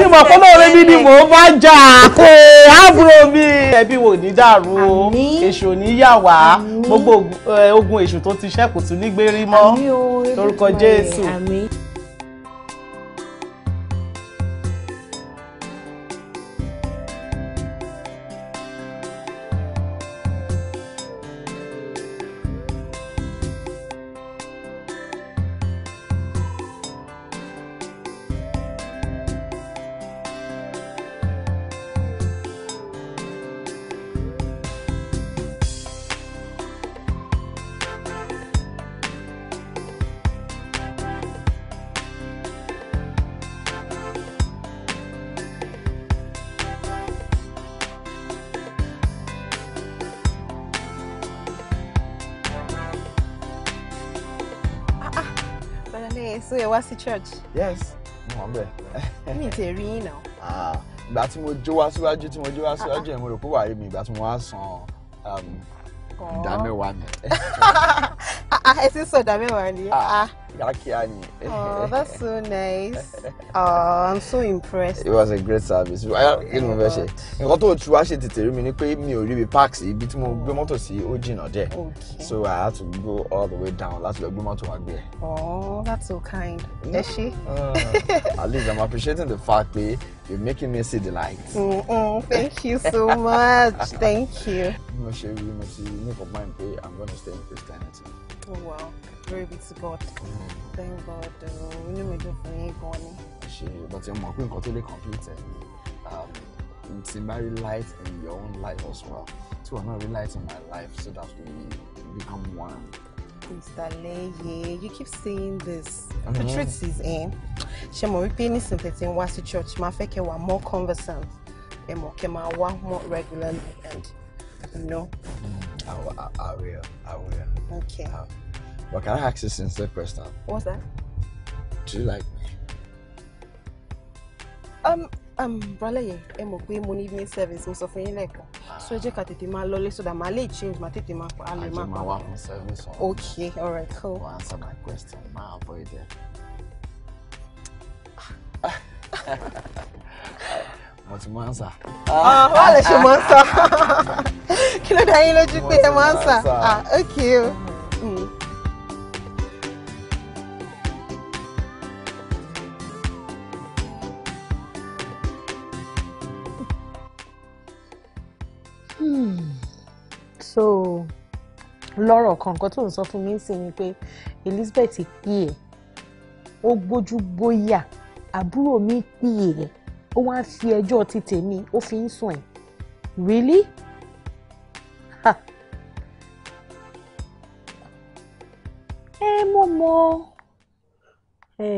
mi mọ̀ pé lóore mi ni mò ń bá jà kó àbúrò mi. ẹbí wo ní dàrú o èṣù ní yà wá gbogbo eh, ogun èṣù tó ti ṣẹ́kù tún nígbèrí mọ́ lórúkọ Jésù. wá church. yes mo wà bẹ́ẹ̀. mi tè rí yín Ah, ìgbà tí mo jó wá síwájú tí mo jó wá ah, ah. síwájú ẹ̀ mo rò pé wàá rí mi ìgbà tí mo wá san um, ìdámẹ́wàá mi. Ah, ẹ ti sọ ìdámẹ́wàá ni. Yakiani. Oh, that's so nice. Oh, I'm so impressed. It was a great service. Kí ni mo fẹ́ ṣe? Nǹkan tó tu wá ṣe tètè rí mi ni pé mi ò rí ibi park sí ibi tí mo So I had to go all the way down láti lọ gbé mọ́tò Oh, that's so kind. Ẹ ṣé. Uh, at least I'm appreciating the fact that you're making me see the light. Mm -mm, thank you so much. thank you. Mo ṣe rí mo ti ní for mind pé I'm gonna stay in Christianity. Oh, wow glory be to God thank God We mi dùn fún for gan ni. ṣe bàtí ọmọ pé nǹkan tó lè complete ẹ um, ti máa light in your own life as well tí wọn náà rí light in my life so that we become one. Mr. Leye, you keep saying this. Mm -hmm. The truth is, eh, ṣe mọ̀ wípé nísìnyí tètè ń wá sí church, máa fẹ́ kẹ́ more conversant, ẹ mọ̀ kẹ́ máa more regularly and you know. Mm, I, will, I will. Okay. I um, But can I ask you a sincere question? What's that? Do you like me? Um, um, Bralaye, ẹ mọ̀ pé mo ní service, mo sọ fún yín lẹ́ẹ̀kan. Ah. So ẹ jẹ́ ká tètè máa lọlé so that màá lè change, màá tètè máa pa, a lè máa pa. Àjọ máa service Okay, all right, cool. You answer my question, máa avoid it. Mo ti mọ answer. Ah, Wọ́n lè ṣe mọ answer. Can I dá yín What pé ẹ answer? Ah, okay lọ́rọ̀ kan nǹkan tó ń sọ fún mi sí ni pé Elizabeth pè é ó gbójú gbóyà àbúrò mi pè é ó wá fi ẹjọ́ ti tèmi ó fi ń sùn ẹ̀ really ha Eh, mọ̀ mọ́ ẹ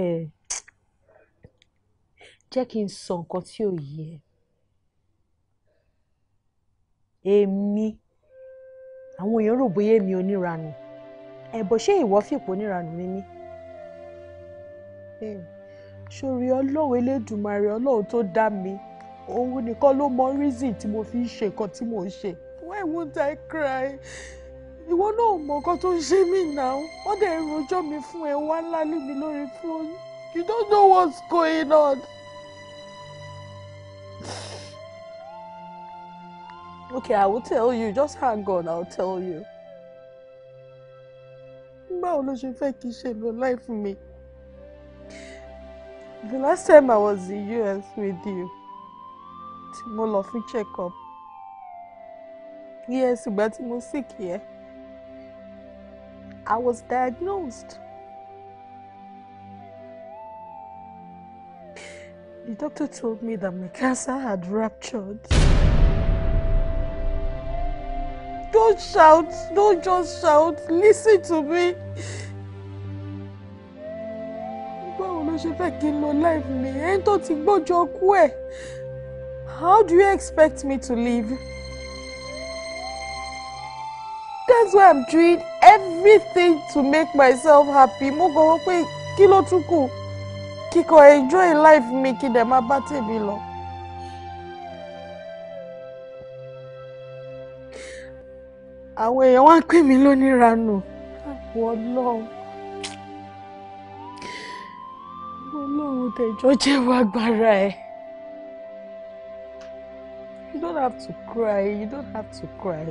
jẹ́ kí n sọ nǹkan tí ò yẹ èmi. E àwọn èèyàn rò bóyá èmi oníranù ẹbọ ṣé ìwọ fìpò oníranù mi mí. sori ọlọ́run elédùnmarè ọlọ́run tó dá mi òun nìkan ló mọ reason tí mo fi ń ṣe nǹkan tí mò ń ṣe why won't I cry ìwọ náà mọ nǹkan tó ń ṣe mí náà wọ́n dẹ̀ rojọ́ mi fún ẹ wá lálẹ́ mi lórí fóònù you don't know what's going on. Okay, I will tell you. Just hang on, I'll tell you. Báwo ló ṣe fẹ́ kí ṣe lo life mi? The last time I was in US with you, tí mo lọ fún check-up. Yes, ìgbà tí mo sick yẹn, I was diagnosed. The doctor told me that my cancer had ruptured. Don't shout. Don't just shout. Listen to me. Báwo ló ṣe fẹ́ kí n lo life mi? Ẹni tó ti gbọ́jọ kú ẹ̀. How do you expect me to live? That's why I'm doing everything to make myself happy. Mo gbọ́ pé kí ló tún kù? Kíkọ́ enjoy life mi kí dẹ̀ máa bá tèmi lọ. àwọn èèyàn wá ń pè mí lóníranù àpò ọlọ́run ọlọ́run tẹ̀jọ́ jẹ́wọ́ agbára ẹ̀. You don't have to cry. You don't have to cry.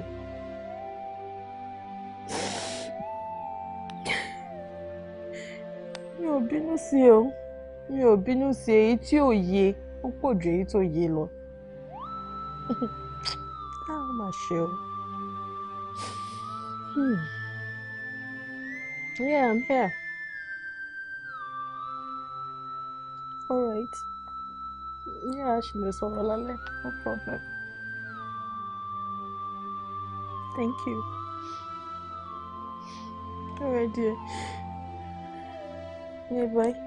mi ò bínú sí o mi ò bínú sí èyí tí ò yé ó pọ̀ ju èyí tó yé lọ. ká ah, má ṣe Hmm. Yeah, I'm here. Alright. Yeah, she knows what I'll No problem. Thank you. Alright, dear. Yeah, bye.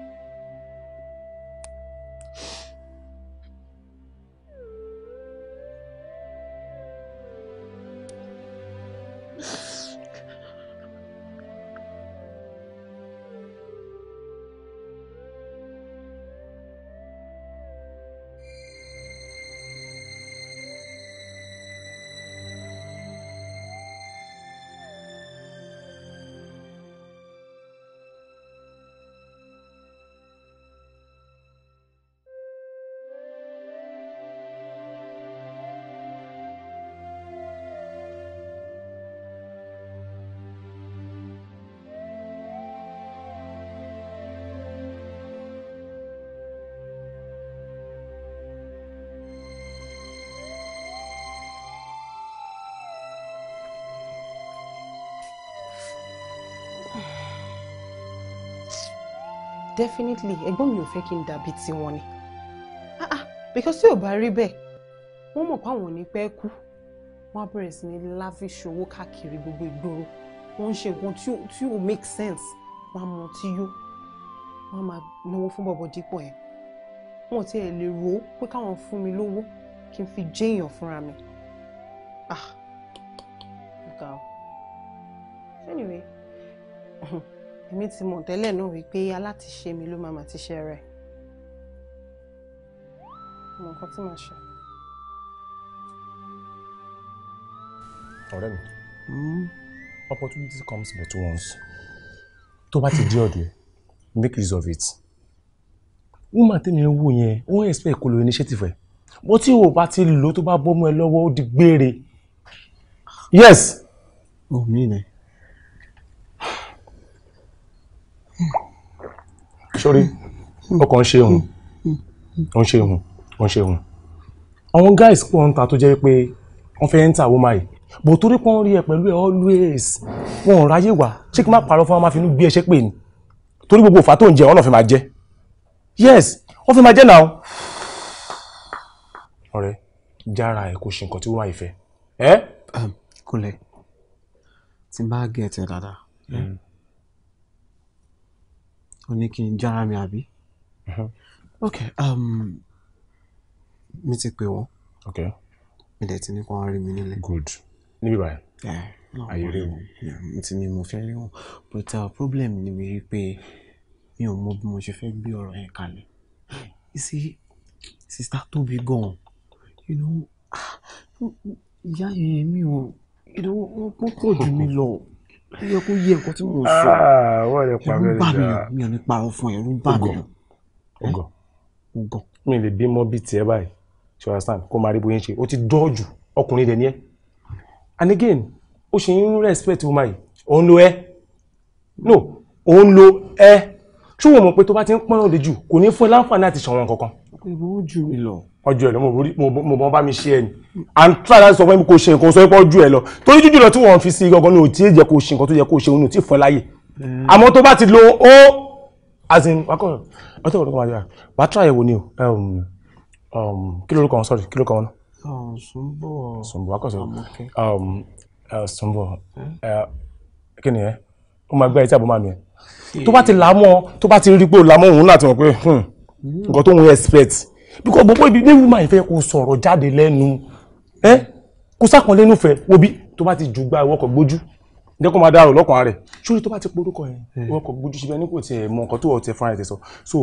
definitely ẹ̀gbọ́n mi ò fẹ́ kí n dàbí tiwọn ni ah ah because tí ò bá rí bẹ́ẹ̀ wọ́n mọ̀ pé àwọn ò ní pẹ́ kú wọ́n á bẹ̀rẹ̀ sí ní lavish owó káàkiri gbogbo ìgboro wọ́n ń ṣe nǹkan tí ò make sense wọ́n á mọ tí yó wọ́n á máa náwó fún bọ̀bọ̀ dípò ẹ̀ wọ́n ti ẹ̀ lè rò ó pé káwọn fún mi lówó kí n fi jẹ́yàn fúnra mi ah look out anyway èmi ti mọ̀ tẹ́lẹ̀ náà wípé alátiṣe mi ló máa máa ti ṣe rẹ̀ mọ nǹkan tí màá ṣe. ọ̀rẹ́ mi hmm? opportunity comes but once tó bá ti dé ọ̀dọ̀ make use of it woman tẹ́mi ń wò yẹn ó ń expect kó lo initiative ẹ̀ bó tí o bá ti lò tó bá bọ́ mọ́ ẹ lọ́wọ́ ó di gbére yes. omi oh, ni. sórí ọkàn ń ṣe hùn ń ṣe hùn ń ṣe hùn àwọn guys pọ̀ ń ta tó jẹ́ pé wọ́n fẹ́ ń ta àwọn máa yìí bò torí pọ́n rí ẹ pẹ̀lú ẹ always wọn ò ráyè wá ṣé kí n má parọ́ fún wa máa fi inú gbé ẹṣẹ́ pè ní torí gbogbo òfà tó ń jẹ wọn náà fi máa jẹ yes wọ́n fi máa jẹ náà. ọ̀rẹ́ jára ẹ̀ kò ṣe nǹkan tí wọ́n máa ìfẹ́. kúnlẹ̀ ó ní kí n jára mi àbí. Uh-huh. ok um, mi ti pè wọ́n. ok mi dẹ̀ ti ní kó wọ́n rí mi nílé. good níbí báyìí. ayé rí wọn. mo ti ní mo fẹ́ rí wọn but uh, problem ni mi rí pé mi ò mọ bí mo ṣe fẹ́ gbé ọ̀rọ̀ yẹn kalẹ̀ you see sister, tóbi gan-an you know ah, ìyá yẹn mi ò you know wọ́n pọ̀ jù mí lọ ó yẹ kó yé nǹkan tí mò ń sọ ah, ẹ̀rù bà mí mi ò ní parọ́ fún ẹ̀rù bà mí ọgọ ọgọ. mi lè bímọ bíi tiẹ̀ báyìí ṣe wàá sàn kó máa rí bóyá ṣe ó ti dọ́ọ̀jù ọkùnrin dẹ̀ ni ẹ́ and again ó ṣe ń respect woman yìí òun lo ẹ́ no òun lo ẹ́. Eh ṣé wọn mọ̀ pé tó bá ti ń pọ́n lóde jù kò ní fún ẹ láǹfààní àti ṣọ̀wọ́n kankan. ìbò jù mí lọ. ọjọ́ ẹ lọ mo mọ bá mi ṣe ẹ ni à ń tíra láti sọ fún mi kò ṣe nǹkan sọ pé ọjọ́ ẹ lọ torí jújù lọ tí wọ́n fi sí gangan ní òtí èjẹ kò ṣe nǹkan tó yẹ kó ṣe òun ní òtí fún ẹ láyè. Hmm. àmọ́ tó bá ti lo ó as in wákọ̀ ọtí ìwọ̀n tó máa yára wàá tíra yẹ̀wò ni o um, um, kí lórúkọ wọn sọ̀rọ̀ kí lórúkọ wọn náà. Sùnbọ̀ Sùnbọ̀ akọ̀sọ̀ Sùnbọ̀ kí ni ẹ ó máa gbá ẹ tí àbọ̀ máa mi ẹ tó bá ti lámọ́ tó bá ti rí pé o lámọ́ òun láti mọ̀ pé hmm, nǹkan tó ń expect because gbogbo ibi ní woman ìfẹ́ kò sọ̀rọ̀ jáde lẹ́nu ẹ kò sákan lẹ́nu fẹ́ obi tó bá ti jù gba ìwọ́kọ̀ gbójú jẹ́ kó máa dárò lọ́kàn rẹ̀ sórí tó bá ti porúkọ yẹn hmm. ìwọ́kọ̀ gbójú ṣe fẹ́ ní kò tiẹ̀ mọ nǹkan tó ọ̀ tiẹ̀ fúnra ẹ̀ tẹ̀ sọ so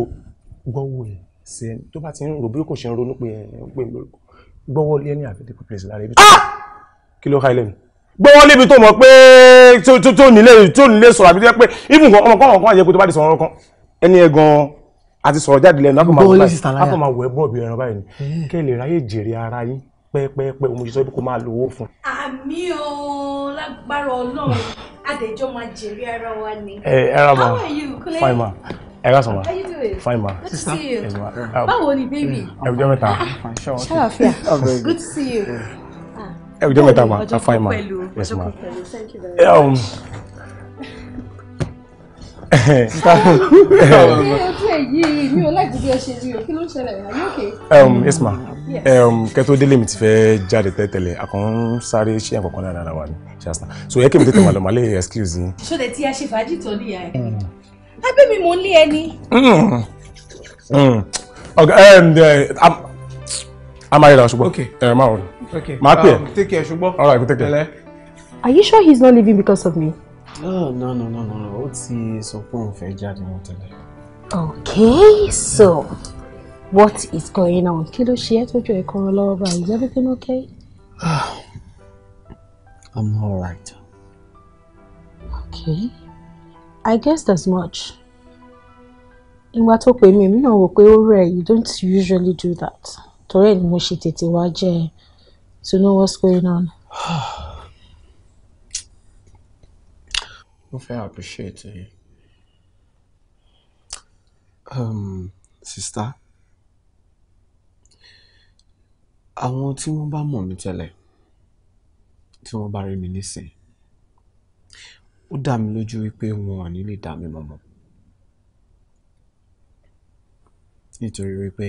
gbọ́wọ́ ẹ̀ sẹ́ni tó bá ti ń rò bí kò ṣe ń ronú pé ẹ̀ ń pè mí lórúkọ gbọ́wọ́ lẹ́ni àfẹ́dẹ́pẹ́ pèsè lára ibi tó ah! kí ló ká ilé mi gbọ́wọ́ lébi tó mọ̀ pé tó nílé tó nílé sọ̀rọ̀ àbí tó yẹ pé even ọmọ kan ọ̀kan àyẹ̀kú tó bá di sọ̀rọ̀ kan ẹni ẹ̀ gan-an àti sọ̀rọ̀ jáde lẹ́nu àpò máa wọ ẹbọ ọ̀bì ẹran báyìí ni eh. kẹ́ lè ráyè jèrè ara yín pẹ́ẹ́pẹ́ẹ́pẹ́ òun ṣiṣẹ́ bí máa lówó fún. àmì o lágbára ọlọ́run àtẹjọ máa jèrè ara eh, ẹ ẹ ra ma fine ma ẹ ká sọ ma fine ma báwo ni baby. ẹ jẹ́ mẹ́ta. ṣàlàfíà good to see you ẹ ò jẹ́ mẹ́ta ma a fa ìmọ̀ yes ma. Um, sísá mi ò láì dúdú ẹ ṣe rí o kí ló ń ṣẹlẹ̀ are you okay. Um, yes ma um, kẹ́tọ́ délé mi ti fẹ́ jáde tẹ́tẹ̀lẹ̀ àkàn ń sáré ṣé àkọ́kọ́ náà náà wà ní ṣáṣá so yẹ kí mi tètè màlọ́ màlẹ́ excuse yín. ṣọdẹ tí a ṣe fàájì tó níyà ẹ mm. abẹ́mi mò ń lé ẹni. ọ̀gá mm. mm a máa yẹra ṣùgbọ́n ẹ máa wọlé máa pè ẹ um, take care ṣùgbọ́n all right take care. are you sure he's not leaving because of me. no no no no no ó ti sọ pé òun fẹ́ jáde wọn tẹ́lẹ̀. okay so what is going on kí ló ṣe ẹ́ tójú ẹ̀ kọ́rọ́ lọ́wọ́ báyìí is everything okay. I'm all right. Okay. I guessed as much. Ìgbà tó pè mí, èmi náà wò pé ó rẹ̀ you don't usually do that torí ẹ̀ ni mo ṣe tètè wá jẹ́ ẹ to know what's going on. mo fẹ́ appreciate ẹ. Um, sista àwọn tí wọ́n bá mọ̀ mí tẹ́lẹ̀ tí wọ́n bá rí mi nísìn ó dá mi lójú wípé wọn ò ní lè dá mi mọ̀ mọ́ nítorí wípé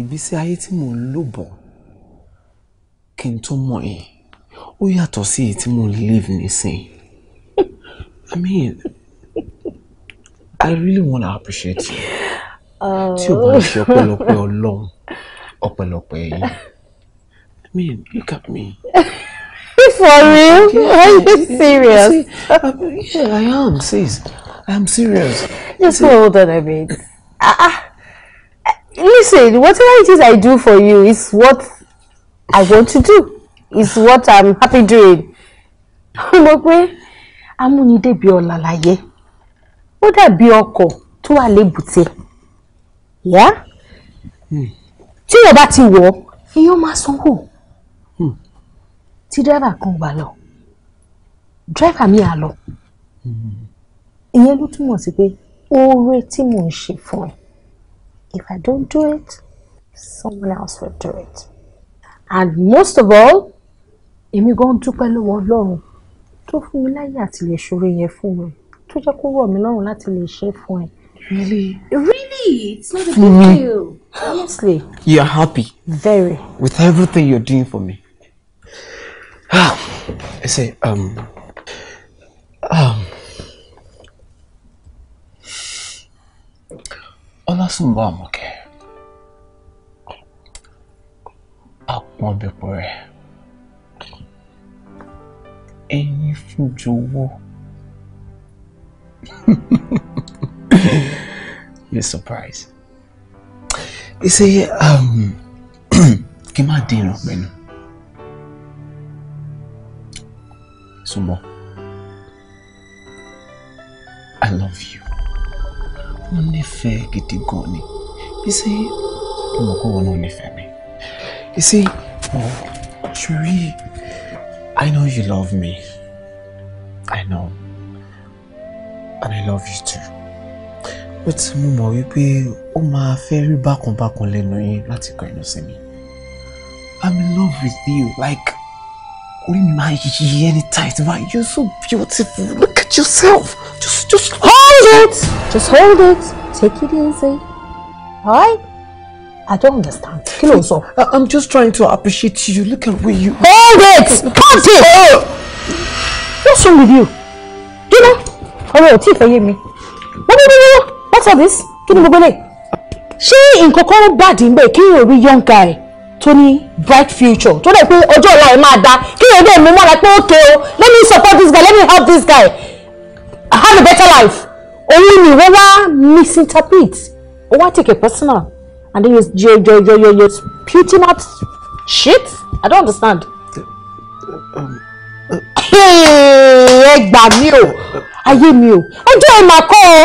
ìgbésí ayé tí mò ń lò bọ̀ kí n tó mọ̀ yẹn ó yàtọ̀ sí èyí tí mò ń live nísìnyí I mean I really wanna appreciate you tí o bá ń ṣe ọpẹ́lọpẹ́ Ọlọ́run ọpẹ́lọpẹ́ yìí I mean look at me. For real? Are you serious? See, I, yeah, I am, sis. I am serious. Just hold on a bit. Ah. ah listen whatever it is i do for you is what i want to do is what i'm happy doing mo pé amúnidébi ọ̀la láyé ó dàbí ọkọ̀ tó wà lébùté yá hmm. tí yóò bá ti wọ̀ èèyàn máa sanwó hmm. tí dẹ́rẹ́bà kan gbà lọ dẹ́rẹ́bà mi à lọ hmm. ìyẹn ló túmọ̀ sí pé oore tí mò ń ṣe fún ẹ if I don't do it, someone else will do it. And most of all, èmi gan dúpẹ́ lọ́wọ́ Ọlọ́run tó fún mi láyé àti lè ṣòro yẹn fún mi tó jẹ́ kó rọ̀ mí lọ́rùn láti lè ṣe fún ẹ. Really? Really? It's not a big deal. Honestly. You are happy. Very. With everything you're doing for me. Ah, I say, um, um, ọlásùnbọ àmọ̀kẹ́ àpọnbẹpọ rẹ ẹyin fújowó you're surprised you see um, kí n má dín irun pẹ̀lú ṣùgbọ́n I love you mo nífẹ̀ẹ́ gidi gan ni you see mo mọ̀ pé mi you see mo I know you love me I know and I love you too ó ti mú mọ̀ wípé ó máa fẹ́ rí bákanbákan lẹ́nu yín láti kọ ẹnu sí mi I'm in love with you like orí mi máa yí ẹni tight báyìí you're so beautiful look at yourself. Just hold it. Just hold it. Take it easy. Alright? I don't understand. Kí ló I'm just trying to appreciate you. Look at where you Hold it! Cut it! Oh! What's wrong with you? Do you know? Ọ̀rọ̀ ò tí ì fẹ́ yé mi. what's all this? Kí ni gbogbo lè? Ṣé nǹkan kan bàdí ń bẹ̀ young guy? Tony, bright future tó dẹ̀ pé ọjọ́ ọ̀la ẹ̀ máa da kí èdè mi mọ́ra pé let me support this guy let me help this guy have a better life òun ni wọ́n wá misinterpret ó wá take it personal and then you you you you you you spitting out shit I don't understand. ẹ gbà mí o ayé mi o ẹjọ́ ẹ máa kọ́ ọ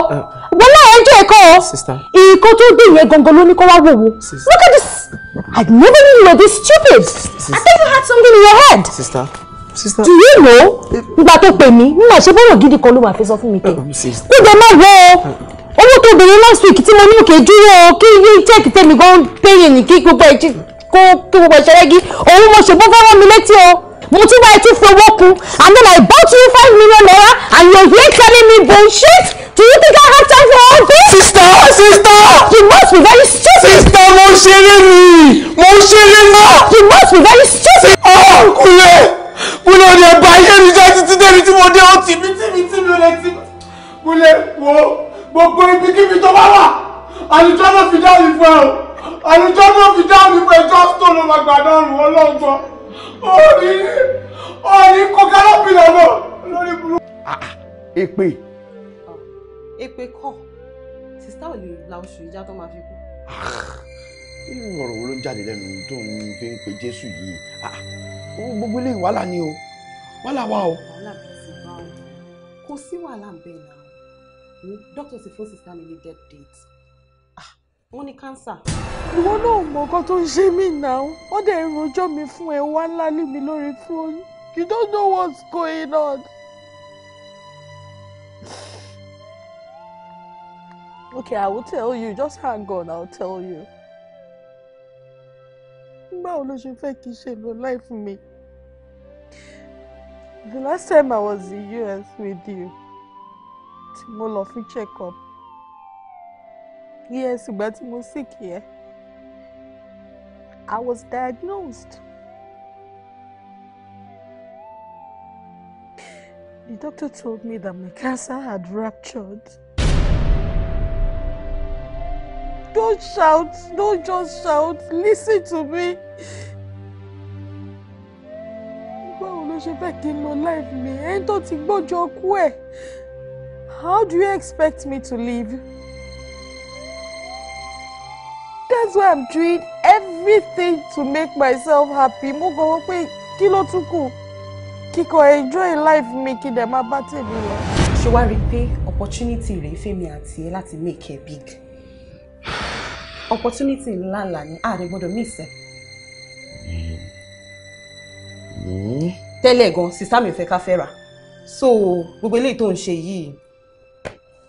wọn náà ẹjọ́ ẹ kọ́ ọ ìkó tó dé ìyẹn gangan ló kó wá wò wò look at this I never knew you were this stupid sister. I think you had something in your head. Sister do you know nígbà tó pè mí nígbà ṣe bọ́rọ̀ gidi kan ló máa fi sọ fún mi kẹ um, kó dẹ má wọ owó tó bẹ̀rẹ̀ last week tí mo ní kò dúró kí ilé check tèmi gan péye ní kí gbogbo ẹ̀ kó kí gbogbo ẹ̀ ṣẹlẹ́gì òun mo ṣe gbogbo wọn mi létí o mo tún bá ẹ tún fi owó kun and then I bought you five million naira and you here telling me bullshit do you think I have time for all this. sista sista. you must be very stupid. sista mo ṣeré mi mo ṣeré náà. you must be very stupid. ọkùnrin mo lè ọ̀nà ẹ̀bà ayé mi jẹ́ títí débi tí mo dé ó tì mí tì mí tì mí ó lè tì mí mo lè wo gbogbo ibikíbi tó bá wà àlùjọ náà fi dáhùn ìfọ ẹ o àlùjọ náà fi dáhùn ìfọ ẹ jọ́sítò ló máa gbà náà rùn ọlọ́jọ́ òní òní kókà lọ́pìnà náà lórí burú. Ah, ah, èpè. èpè kọ́ sista ò lè la oṣù ìjà tó máa fi kú ah, irú ọ̀rọ̀ wo ló ń jáde lẹ́nu tó ń fi ń pe jésù yìí gbogbo ilé ìwàhálà ni o wàhálà wa o. wàhálà mi ti bá o kò sí wàhálà ń náà doctor ti fún sista mi ní death date ah, wọ́n ní cancer. ìwọ náà mọ nǹkan tó ń ṣe mí náà wọ́n dẹ̀ ń rojọ́ mi fún ẹ wá ńlá lé mi lórí fóònù you don't know what's going on. okay i will tell you just hang on i will tell you báwo ló ṣe fẹ́ kí ṣe lo life me. The last time I was in US with you tí mo lọ fún check up yes ìgbà tí mo sick yẹ I was diagnosed. The doctor told me that my cancer had ruptured. Don't shout. Don't just shout. Listen to me. Báwo ló ṣe fẹ́ kí n lo life mi? Ẹni tó ti gbọ́jọ kú ẹ̀. How do you expect me to live? That's why I'm doing everything to make myself happy. Mo kàn wọ́n pé kí ló tún kù? Kíkọ enjoy life mi kí dẹ̀ máa bá tèmi lọ. Ṣé wàá rí i pé opportunity rèé fẹ́mi àti ẹ láti make ẹ big? opportunity ńlá ńlá ni ààrẹ gbọ́dọ̀ miss ẹ. Hmm. tẹ́lẹ̀ gan sísá mi fẹ́ ká fẹ́ rà so gbogbo eléyìí tó ń ṣe yìí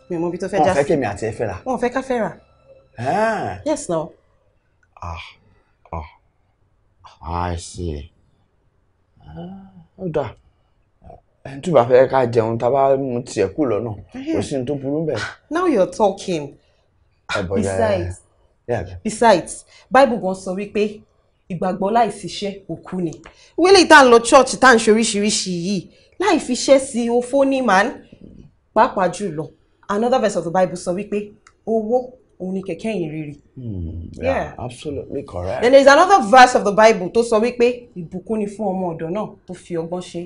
mi ò mọ ibi tó fẹ́ já sí. wọ́n fẹ́ kèmi àti ẹ fẹ́ rà. wọ́n fẹ́ ká fẹ́ rà. Ah. yes now. ah ah ah i see ah, ó dáa ẹni tó bá fẹ́ ká jẹun tá a bá mu tiẹ̀ kú lọ́nà eh, eh. kò sí ní tó burú bẹ́ẹ̀. now you're talking. besides besides bible gan sọ wípé ìgbàgbọ́ láìsí iṣẹ́ òkú ni ìwé lè tá à lọ church tá à ń ṣe oríṣiríṣi yìí láì fi iṣẹ́ sí òfò ní man pàápàá jùlọ another verse of the bible sọ wípé owó òun ni kẹ̀kẹ́ ìyìn rere. Hmm, yeah absolutely correct. then there is another verse of the bible tó sọ wípé ìbùkún ni fún ọmọ ọ̀dọ̀ náà tó fi ọgbọ́n ṣe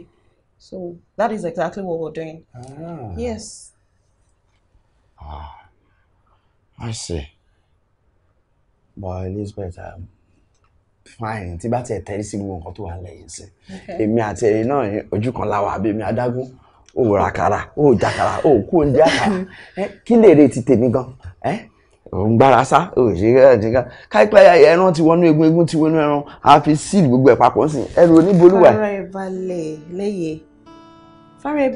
so that is exactly what we are doing. Ah. yes. ah i see but Elizabeth um, fine tí bá tiẹ̀ tẹ́lí sí gbogbo nǹkan tó wà lẹ́yìn sí èmi àti ẹ̀yin náà ojú kan láwa àbí èmi adágún ó ra kàrà ó jàkàrà ó kú oúnjẹ àkàrà kí lè retí tèmi gan òun gbára sá òṣèré ẹ̀jẹ̀ká káìpẹ́ ẹran ti wọnú egun egun ti wọnú ẹran a fi síìlì gbogbo ẹ̀ papọ̀ sí ẹrù oníbolúwa. fara ẹ balẹ̀ lẹ́yẹ fara ẹ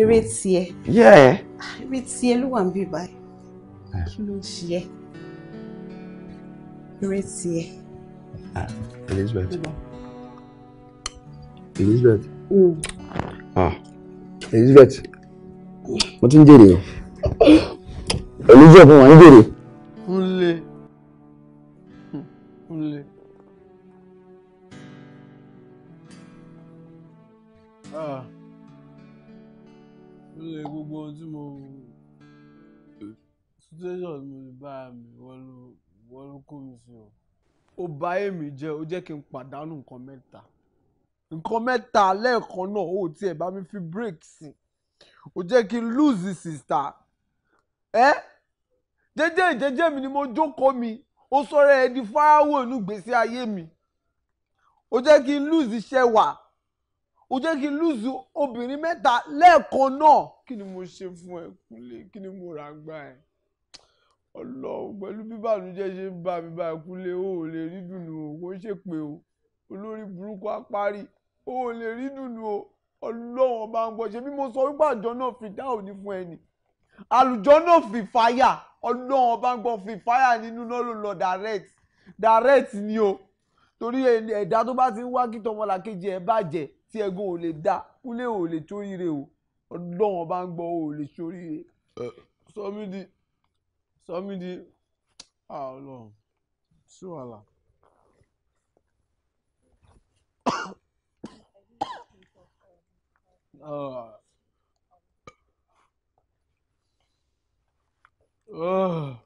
eré tiẹ̀ ah, eré tiẹ̀ ló wà ń bíbá eh. kí ló ń ṣe ẹ́ ìrètí ẹ. ah Elizabeth Elizabeth mm. ah Elizabeth mo ti ń jèrè o Elizabeth mo wà ń jèrè. ó lè ó lè. ó lè gbogbo ohun tí mo situation mi bá mi wọ́n lò wọ́n ló kó mi sí o. ó bà èmi jẹ́ ó jẹ́ kí n pàdánù nǹkan mẹ́ta nǹkan mẹ́ta lẹ́ẹ̀kan náà ó tiẹ̀ bá mi fi break sí ó jẹ́ kí n lose sista eh? jẹ́jẹ́ jẹ́jẹ́ mi ni mo jókòó mi ó sọ̀rọ̀ ẹ̀ di fáráwọ̀ inú gbèsè ayé mi ó jẹ́ kí n lose iṣẹ́ wà ó jẹ́ kí n lose obìnrin mẹ́ta lẹ́ẹ̀kan náà kí ni mo ṣe fún ẹ kúnlé kí ni mo rà gbà ẹ ọlọ́run pẹ̀lú bíbànújẹ́ ṣe ń bá mi bá ìkúlé o ò lè rí dùnú o kò ń ṣèpè o olórí burúkú apárí o ò lè rí dùnú o ọlọ́run ọba ń gbọ́ ṣe bí mo sọ wípé àjọ náà fi dá òní fún ẹni àlùjọ náà fi fáyà ọlọ́run ọba ń gbọ́ fi fáyà nínú náà ló lọ direct direct ni o torí ẹ̀dá tó bá ti ń wá kí tọmọlàkejì ẹ̀ bàjẹ́ tí ẹ̀gún ò lè dá kúlé ò lè toríire o ọlọ́run ọba ń gbọ́ ò lè toríire sọmídìí sọ mí di Ọlọ́run sí wàhálà. Oh. Oh.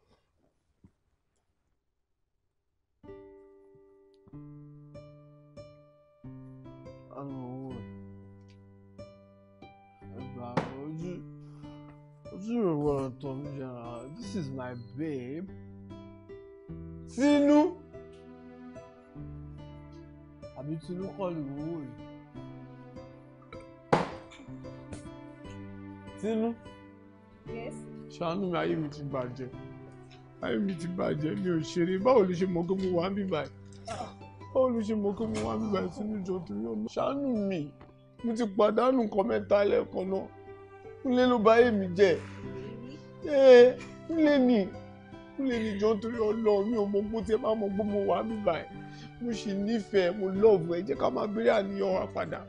Oh. jíròrò ọ̀rọ̀ tó ń yàrá this is my babe Tinu àbí Tinu kọ́ ni mo wò yìí Tinu ṣàánú mi ayé mi ti bàjẹ́ ayé mi ti bàjẹ́ mi ò ṣeré báwo ló ṣe mọ̀ pé mo wà ń bí báyìí báwo ló ṣe mọ̀ pé mo wà ń bí báyìí Tinu jọ torí ọ̀nà ṣàánú mi mo ti pàdánù nǹkan mẹ́ta lẹ́ẹ̀kan náà. Kúnlé ló bá èmi jẹ́. Eh, Kúnlé ni Kúnlé ni jọ nítorí Ọlọ́run mi ò mọ gbó tí ẹ máa mọ gbó mo wà mí báyìí. Mo sì nífẹ̀ẹ́ mo lọ́ọ̀bù ẹ jẹ́ ká máa bẹ̀rẹ̀ àníyàn wa padà.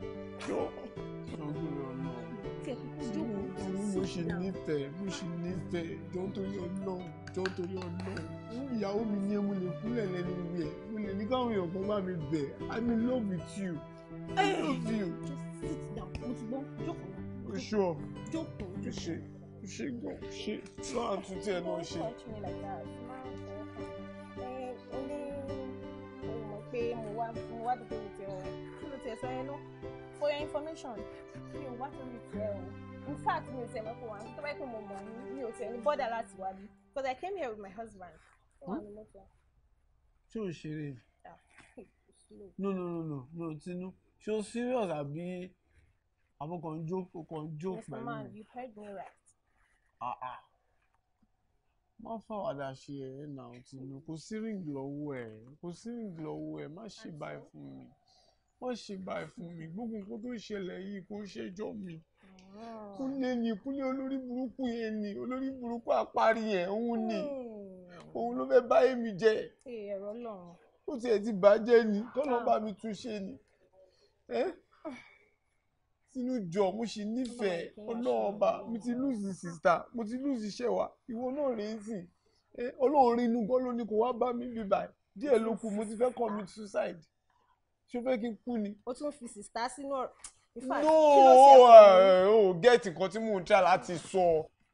Mo sì nífẹ̀ẹ́ mo sì nífẹ̀ẹ́ jọ nítorí Ọlọ́run jọ nítorí Ọlọ́run. Ìyàwó mi ní mo lè kúnlẹ̀ lẹ́nu ìwé ẹ̀ mo lè ní káwọn èèyàn kan bá mi bẹ̀ I'm in love with you. I love you. Just sit down. Mo ti gbọ́ jókòó o ṣe ọ o ṣe o ṣe gan o ṣe lọ́wọ́ àtúntì ẹ̀ náà ṣe. pé mo wá mo wá dìbò ìtẹ̀ ọ̀ kí ló tiẹ̀ sọ yẹn lọ for your information mi ò wá sórí ìtẹ̀ ọ̀ in fact mi ò tiẹ̀ mọ̀ pé wà ní tó bá pẹ́ mo mọ̀ ní mi ò tiẹ̀ ní bọ́dà láti wá bí because I came here with my husband. Hmm? ṣé o ṣeré ah, no no no no no Tinu ṣé o serious àbí àbọ̀ kàn ń jó o kàn ń jó pẹ̀lú. Mr. Man, you heard me right. Ah, ah. má fàwàdà ṣe ẹ̀ náà tìǹbù kò sí ring lọ́wọ́ ẹ̀ kò sí ring lọ́wọ́ ẹ̀ má ṣe báyìí fún mi má ṣe báyìí fún mi gbogbo nǹkan tó ṣẹlẹ̀ yìí kò ṣẹjọ́ mi mm. kúnlé ni kúnlé olórí burúkú yẹn ni olórí burúkú àparí ẹ̀ òun ni mm. òun ló fẹ́ bá èmi jẹ́ ó tiẹ̀ ti bàjẹ́ ni kọ́nà ah. bá mi tún ṣe ni. Eh? sínú ìjọ mo ṣì nífẹ̀ẹ́ oh ọlọ́ọ̀ba mo ti lùzì sista mo ti lùzì ṣẹ̀wá ìwọ náà rèé sì ọlọ́ọ̀rin inú gan ló ní wá bá mi bí báyìí díẹ̀ ló kù mo ti fẹ́ commit suicide ṣó fẹ́ kí n kú ni. o tún fi sista sínú ọ̀rọ̀ ìfà kí ló ṣe é. no eh, o get nǹkan tí mò ń try láti sọ.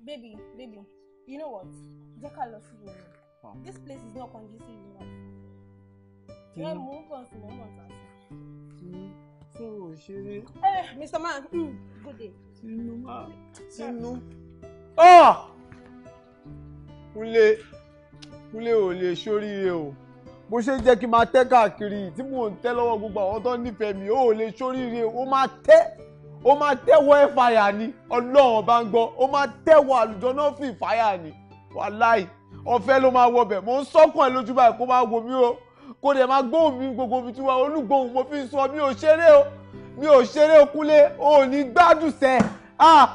baby baby you know what jẹ́ ká lọ sí ìwé ah. this place is not conducive enough. wọ́n mú kàn sí mọ́mọ́ tàbí tó o ṣeré. Eh, Mr. Man mm, good day. Tinú máa tinú. Ah! Kúnlé Kúnlé ò lè ṣoríire o bó ṣe jẹ́ kí n máa tẹ́ káàkiri tí mò ń tẹ́ lọ́wọ́ gbogbo àwọn tó nífẹ̀ẹ́ mi ò lè ṣoríire o máa tẹ́ o, máa tẹ́wọ́ ẹ̀ fàyà ni ọlọ́run bá ń gbọ́ ó máa tẹ́wọ́ àlùjọ náà fi fàyà ni wàláì ọ̀fẹ́ ló máa wọbẹ̀ mò ń sọ́kùn ẹ̀ lójú báyìí kó máa wo mí o kó dẹ̀ máa gbóhùn mi gbogbo mi tiwa olúgbóhùn mo fi ń sọ mi ò ṣeré o mi ò ṣeré o Kúnlé o ò ní gbádùn sẹ́ ah.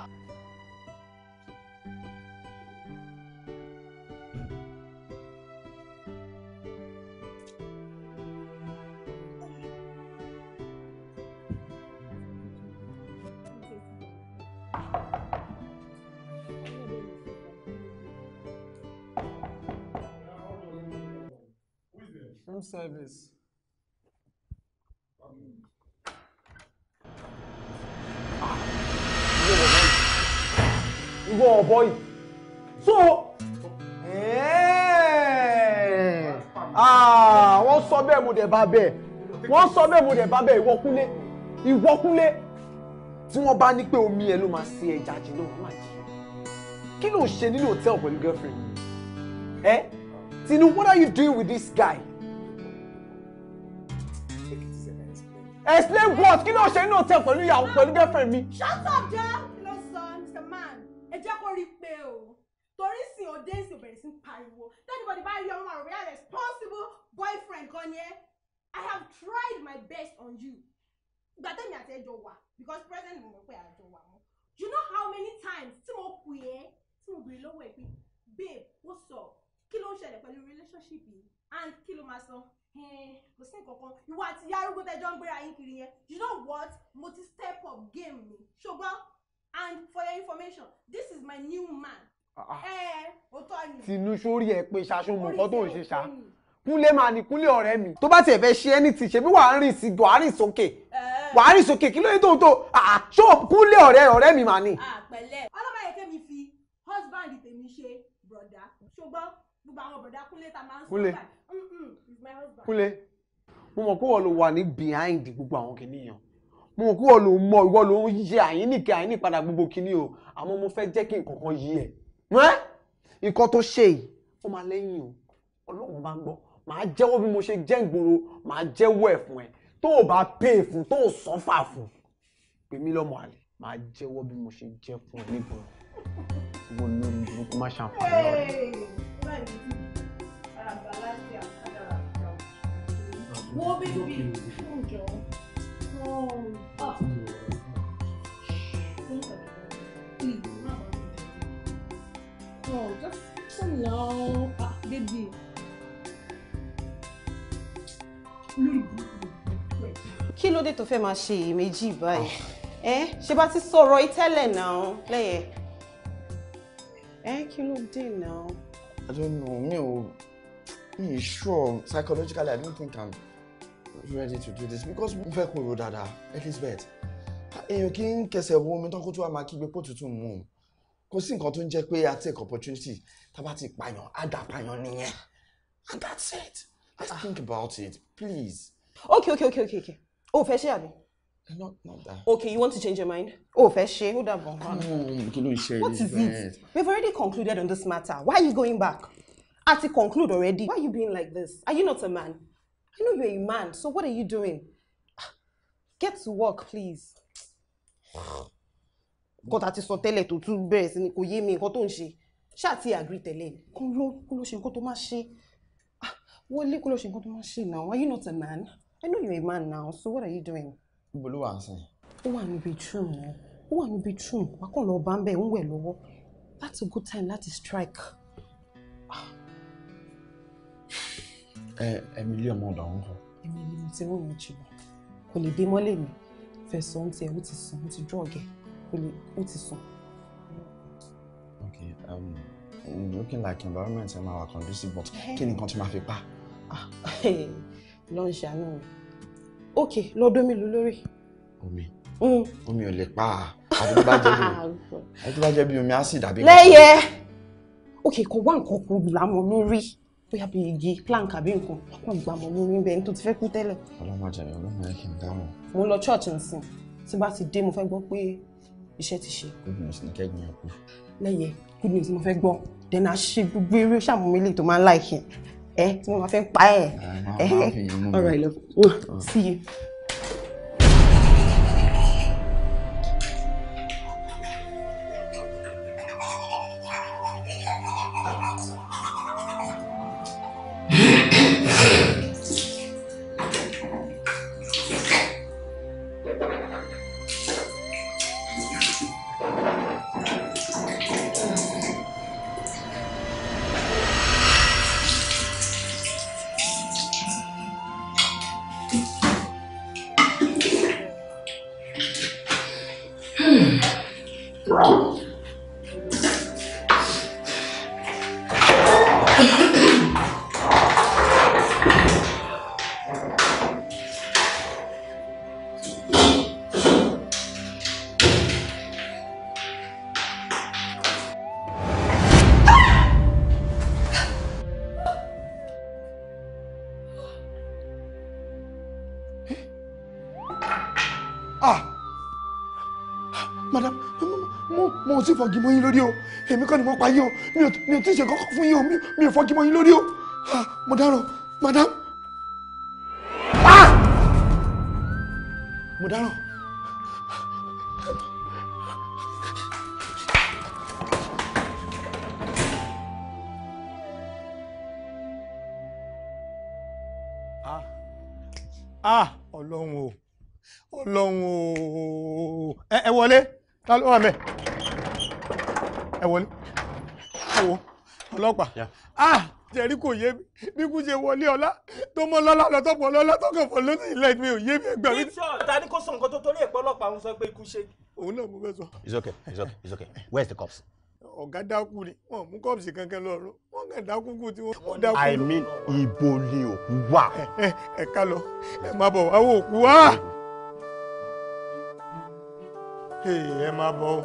Room um service. Ìwọ ọ̀bọ yìí. So eh, ah, wọ́n sọ bẹ́ẹ̀ mo dẹ̀ bá bẹ́ẹ̀. Wọ́n sọ bẹ́ẹ̀ mo dẹ̀ bá bẹ́ẹ̀ ìwọ́kúnlé. Ìwọ́kúnlé tí wọ́n bá ní pé omi ẹ̀ ló máa ṣe ẹja jù ló máa jì. Kí ló ń ṣe nínú hòtẹ́ẹ̀lì pẹ̀lú girlfriend? Ẹ eh? Tinu, what are you doing with this guy? explain what kí ló ṣe inú tẹ pẹ̀lú ìyàwó pẹ̀lú girlfriend mi. shut up jẹ́ kí ló mr man ẹ jẹ́ kó rí i pé o torí sìn ó dé ìsìn bẹ̀rẹ̀ sí pariwo tẹ́lifọ̀dì bá rí ọmọ àwọn ọ̀rẹ́ responsible boyfriend kan yẹn i have tried my best on you gbàtẹ́mi àti ẹjọ́ wà because present mi mọ̀ pé àjọ wà mọ́ you know how many times tí mo pè é tí mo bèrè lọ́wọ́ ẹ̀ pé babe what's up kí ló ń ṣẹlẹ̀ pẹ̀lú relationship yìí and kí ló máa sọ kò sí nǹkan kan ìwà àti ìyá arúgbó tẹjọ ń gbéra yín kiri yẹn you know what mo ti step up game mi ṣùgbọ́n and for your information this is my new man. Ah, ah. ẹ òótọ́ ni. tinú sórí ẹ pé ṣaṣọmọ nǹkan tó ń ṣe ṣá kúnlé máa ní kúnlé ọ̀rẹ́ mi tó bá tiẹ̀ fẹ́ ṣe anything ṣebí wàá rìn sí wàá rìn sókè wàá rìn sókè kí ló dé tó tó ah, ṣó kúnlé ọ̀rẹ́ ọ̀rẹ́ mi mà ní. àpẹlẹ ọlọ́mọyẹ̀kẹ́ mi fi husband tèmi ṣe bọ̀dá ṣùgbọ́n gbogbo àwọn bọ̀dá kúnlé ta máa ń sọ Kule, mo mọ̀ pé wọ́n ló wà ní behind gbogbo àwọn kìnìyàn mo mọ̀ pé wọ́n ló mọ ìwọ ló ń yẹ àyín nìkẹ́ àyín nípadà gbogbo kìnìyàn o àmọ́ mo fẹ́ jẹ́ kí nǹkan kan yí ẹ̀ mẹ́ nǹkan tó ṣe yìí ó máa lẹ́yìn o ọlọ́run bá ń gbọ́ màá jẹ́wọ́ bí mo ṣe jẹ́ ìgboro màá jẹ́wọ́ ẹ̀ fún ẹ tó o bá pè fún tó o sọ fà fún pèmí lọ́mọ àlè màá jẹ́wọ́ bí mo ṣe jẹ́ fún ẹ nígboro gbogbo lórí burúkú má ṣàǹfààní ọ̀rẹ́ wo bíbí ọjọ́ up. Oh, ah. Oh, just hello, ah, baby. Kí ló dé tó fẹ́ máa ṣe èméjì báyìí? Ẹ ṣe bá ti sọ̀rọ̀ ìtẹ́lẹ̀ náà lẹ́yẹ. Ẹ kí ló dé náà? I don't know, Me. ò mi sure psychologically I don't think I'm ready to do this because mo fẹ́ kúrò dáadáa Elizabeth èèyàn kì í kẹsẹ̀ wo omi tán kó tó wá máa kígbe pò tútù mú un kò sí nǹkan tó ń jẹ́ pé a take opportunity tá a bá ti pààyàn á dà nìyẹn and that's it let's think about it please. okay okay okay okay okay o fẹ́ ṣe àbí. Eh, not not that. okay you want to change your mind. o fẹ́ ṣe ó dàbọ̀ nǹkan. kí ló ń ṣe what is it we've already concluded on this matter why are you going back. a ti conclude already why are you being like this are you not a man. I know you're a man, so what are you doing? Get to work, please. Nǹkan tá a ti sọ tẹ́lẹ̀ tó tún bẹ̀rẹ̀ sí ni kò yé mi nǹkan tó ń ṣe. Ṣáà ti àgírí tẹ́lẹ̀ ni. Kó ló kó ló ṣe nǹkan tó máa ṣe. Ah, Wọlé kó ló ṣe nǹkan tó máa ṣe now. Are you not a man? I know you're a man now, so what are you doing? Ibo ló wà ń sìn? Ó wà ní bedroom náà. Ó wà ní bedroom. Wà lọ bá ń bẹ̀ ń wẹ̀ lọ́wọ́. That's a good time That is strike. Emily ọmọ ọ̀dọ̀ ọ̀hún kọ. Emily mo ti ròyìn jù lọ kò lè bímọ lèmi fẹsọ̀ ohun tiẹ̀ ó ti sùn ó ti dúrọ̀gẹ̀ kò lè ó ti sùn. Okay, um, looking like environment ẹ máa wà conducive but eh. kí ni nǹkan tí máa fi pa. Ah, lọ ń ṣàánú mi ok lọ́dún mi lù lórí. omi hmm. omi ò lè pa àti tó bá jẹ́ bí ah, àti tó bá jẹ́ bí omi á sì dàbí. lẹ́yẹ ok kò wá nǹkan kò lámọ̀ mi rí bóyá bíi igi plank àbí nǹkan wọn gbà mọ lórí ibẹ̀ ní tó ti fẹ́ kú tẹ́lẹ̀. ọlọ́mọdé ọlọ́mọdé kì í dáhùn. mo lọ church nsìn tí bá ti dé mo fẹ́ gbọ́ pé iṣẹ́ ti ṣe. good news ni kẹ́gbìn ẹ̀kú. lẹ́yẹ good news mo fẹ́ gbọ́ then a ṣe gbogbo eré ṣàmúmílì tó máa ń láìkì ẹ tí mo máa fẹ́ pa ẹ̀. ọ̀rọ̀ ìlọ see you. fọ́gi mọ́ yín lórí o èmi kọ́ ni mo pa yín o mi ò tí ì ṣe kọ́kọ́ fún yín o mi ò fọ́gi yín lórí o mo dáràn madam. mo dáràn. ah ọlọ́run o ọlọ́run o ẹ wọlé ta ló wà mẹ́ẹ̀ ẹ wọlé ẹ ah jẹ̀rí kò yé mi bí kú ṣe wọlé ọlá tó mọ lọ́lá lọ́tọ́ pọ̀ lọ́lá tó kàn fọ́ lónìí ilẹ̀ mi ò yé mi ẹgbẹ́ mi. bíṣọ̀ kò sọ nǹkan tó torí ẹ̀pọ̀ ọlọ́pàá ń sọ pé ikú ṣe. òun náà mo fẹ́ sọ. it's okay it's okay it's okay where's the cops. ọ̀gá dákú ni wọn mú kọ́ọ̀sì kankan lọ́rùn wọn kàn dákú kú tí wọ́n dákú. i mean ibo ni òkú wà. ẹ ẹ ká lọ ẹ má bọ̀ wá wò òkú wá. ẹ má bọ̀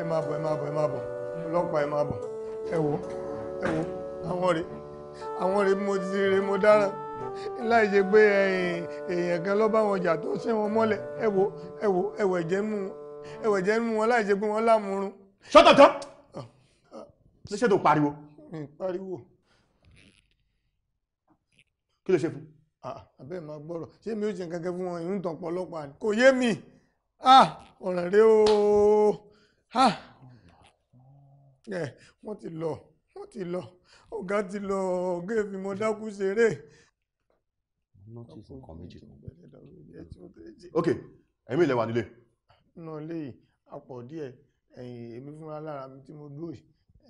ẹ má bọ̀ ẹ má bọ̀ ẹ má bọ̀ ọlọ́pàá ẹ máa bọ̀ ẹ wo ẹ wo àwọn rèé àwọn rèé mo ti rèé mo dára láì ṣe pé èèyàn kan lọ́ bá wọn jà tó ṣe wọn mọ́lẹ̀ ẹ wo ẹ wo ẹwẹ̀ jẹ́ nù ẹwẹ̀ jẹ́ nù wọn láì ṣe pé wọ́n lámùrún. sọ́tọ̀tọ̀ níṣẹ́ tó pariwo. pariwo. kí ló ṣe fún. àbẹ́ ah, máa gbọ́rọ̀ ṣé mi ò ṣe nǹkan kan fún wọn ìrúntàn pọ̀ ọlọ́pàá ni kò yé mi ah, ọ̀ràn rèé o. Ah ẹ wọ́n ti lọ wọ́n ti lọ ọ̀gá ti lọ ọ̀gá èmi mo dákú ṣeré. ok ẹ̀mí ilẹ̀ wà nílé. náà léyìí apọ̀ díẹ̀ ẹ̀yìn èmi fúnra lára mi tí mo dúró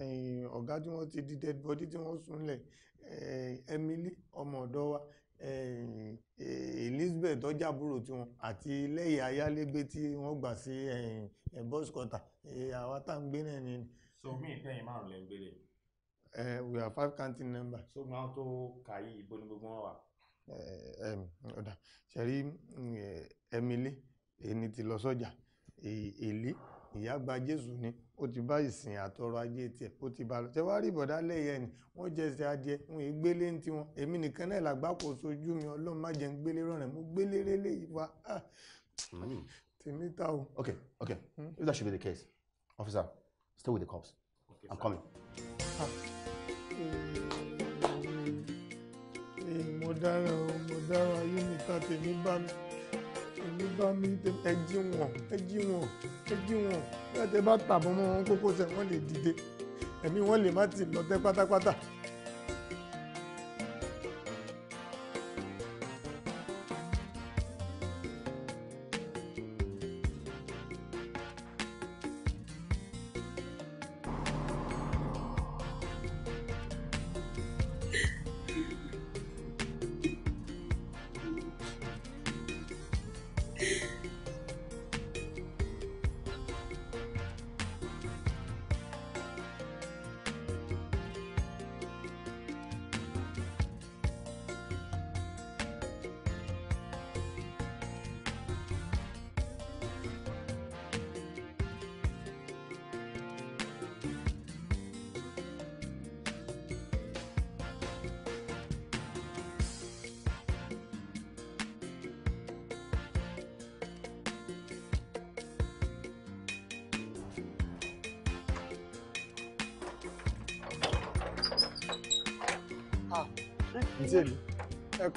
ẹ̀yìn ọ̀gá tí wọ́n ti di dead body tí wọ́n súnlẹ̀ Emily ọmọ ọ̀dọ́ wa Elizabeth ọjàbúrò tí wọn àti lẹ́yìn ayálégbé tí wọ́n gbà sí bus quarter àwa tá à ń gbé náà ni so me ìtẹ́yìn márùn lẹ́ ń béèrè. ẹ we are five counting number. so now to kà yí ibo ni gbogbo wọn wà. ẹ ẹ ọ̀dà ṣẹ̀rí ẹ̀mílé a. tí lọ sọ́jà e, èlé ìyá gba jésù ni ó ti bá ìsìn àtọrọ ajé tiẹ̀ ó ti bá lọ tẹ wá rí ìbọ̀dá lẹ́yẹ ni wọ́n jẹsẹ̀ adìẹ wọn ègbélé ń tiwọn èmi nìkan náà làgbákò sojú mi ọlọ́run má jẹ́ ah, hmm. okay okay if that should be the case officer Stay with the cops. Okay, I'm sir. coming. Ah. Eh, eh, mo o mo dára ayé mi tèmi bá mi tèmi bá mi ẹ jí wọn ẹ jí wọn bí a ti bá tàbọ̀ mọ́ wọn kókó sẹ́ wọ́n lè dìde ẹ̀mí wọn lè má ti lọ pátápátá.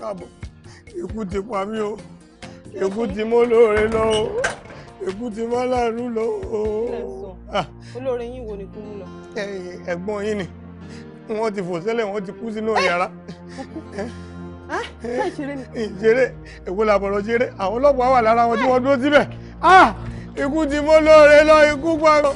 káàbọ̀ ikú ti pa mí o ikú ti mọ́ lóore lọ o ikú ti mọ́ láàrú lọ o. olóore yín wo ni kú mú lọ. ẹ̀gbọ́n yín ni wọ́n ti fò sẹ́lẹ̀ wọ́n ti kú sínú yàrá. ìṣeré èwo làbọ̀rọ̀ ṣeré àwọn ọlọ́pàá wà lára wọn tí wọ́n dúró síbẹ̀ ikú ti mọ́ lóore lọ ikú pa mí.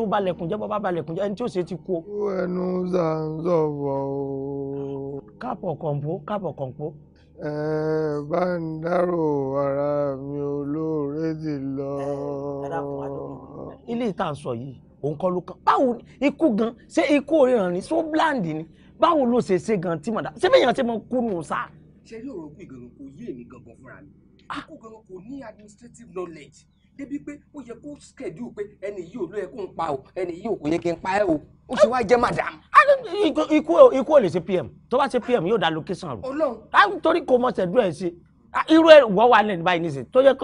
tó balẹ̀kùn jẹ́ bọ́bá balẹ̀kùn jẹ́ ẹni tí ó ṣe ti kú o. ó ẹnu zanzọ wọ o. kápọ̀ kọ̀ǹpó kápọ̀ kọ̀ǹpó. ẹ bá ń dárò ara mi olóore ti lọ. ilé ìta sọ yìí òun kọ́ ló kàn báwo ikú gan ṣé ikú òríran ni so bland ni báwo ló ṣe ṣe gan tí màdá ṣé bẹ́yàn ṣe mọ kú nù sá. ṣe yóò rọ kú ìgbàgbọ́ kò yé èmi gangan fúnra mi. Ah! kú gangan kò ní administrative knowledge débi pé ó yẹ kó schedule pé ẹni yìí ò ló yẹ kó ń pa o ẹni yìí ò kò yẹ kí n pa ẹ o ó sì wá jẹ́ madam. Ah, ikú ikú ò lè ṣe pm tó bá ṣe pm yóò da location rò. Ọlọ́run. Ah, torí kò mọ ṣẹdúrà ẹ sí ah, irú ẹ wọ wà lẹni báyìí nísìn tó yẹ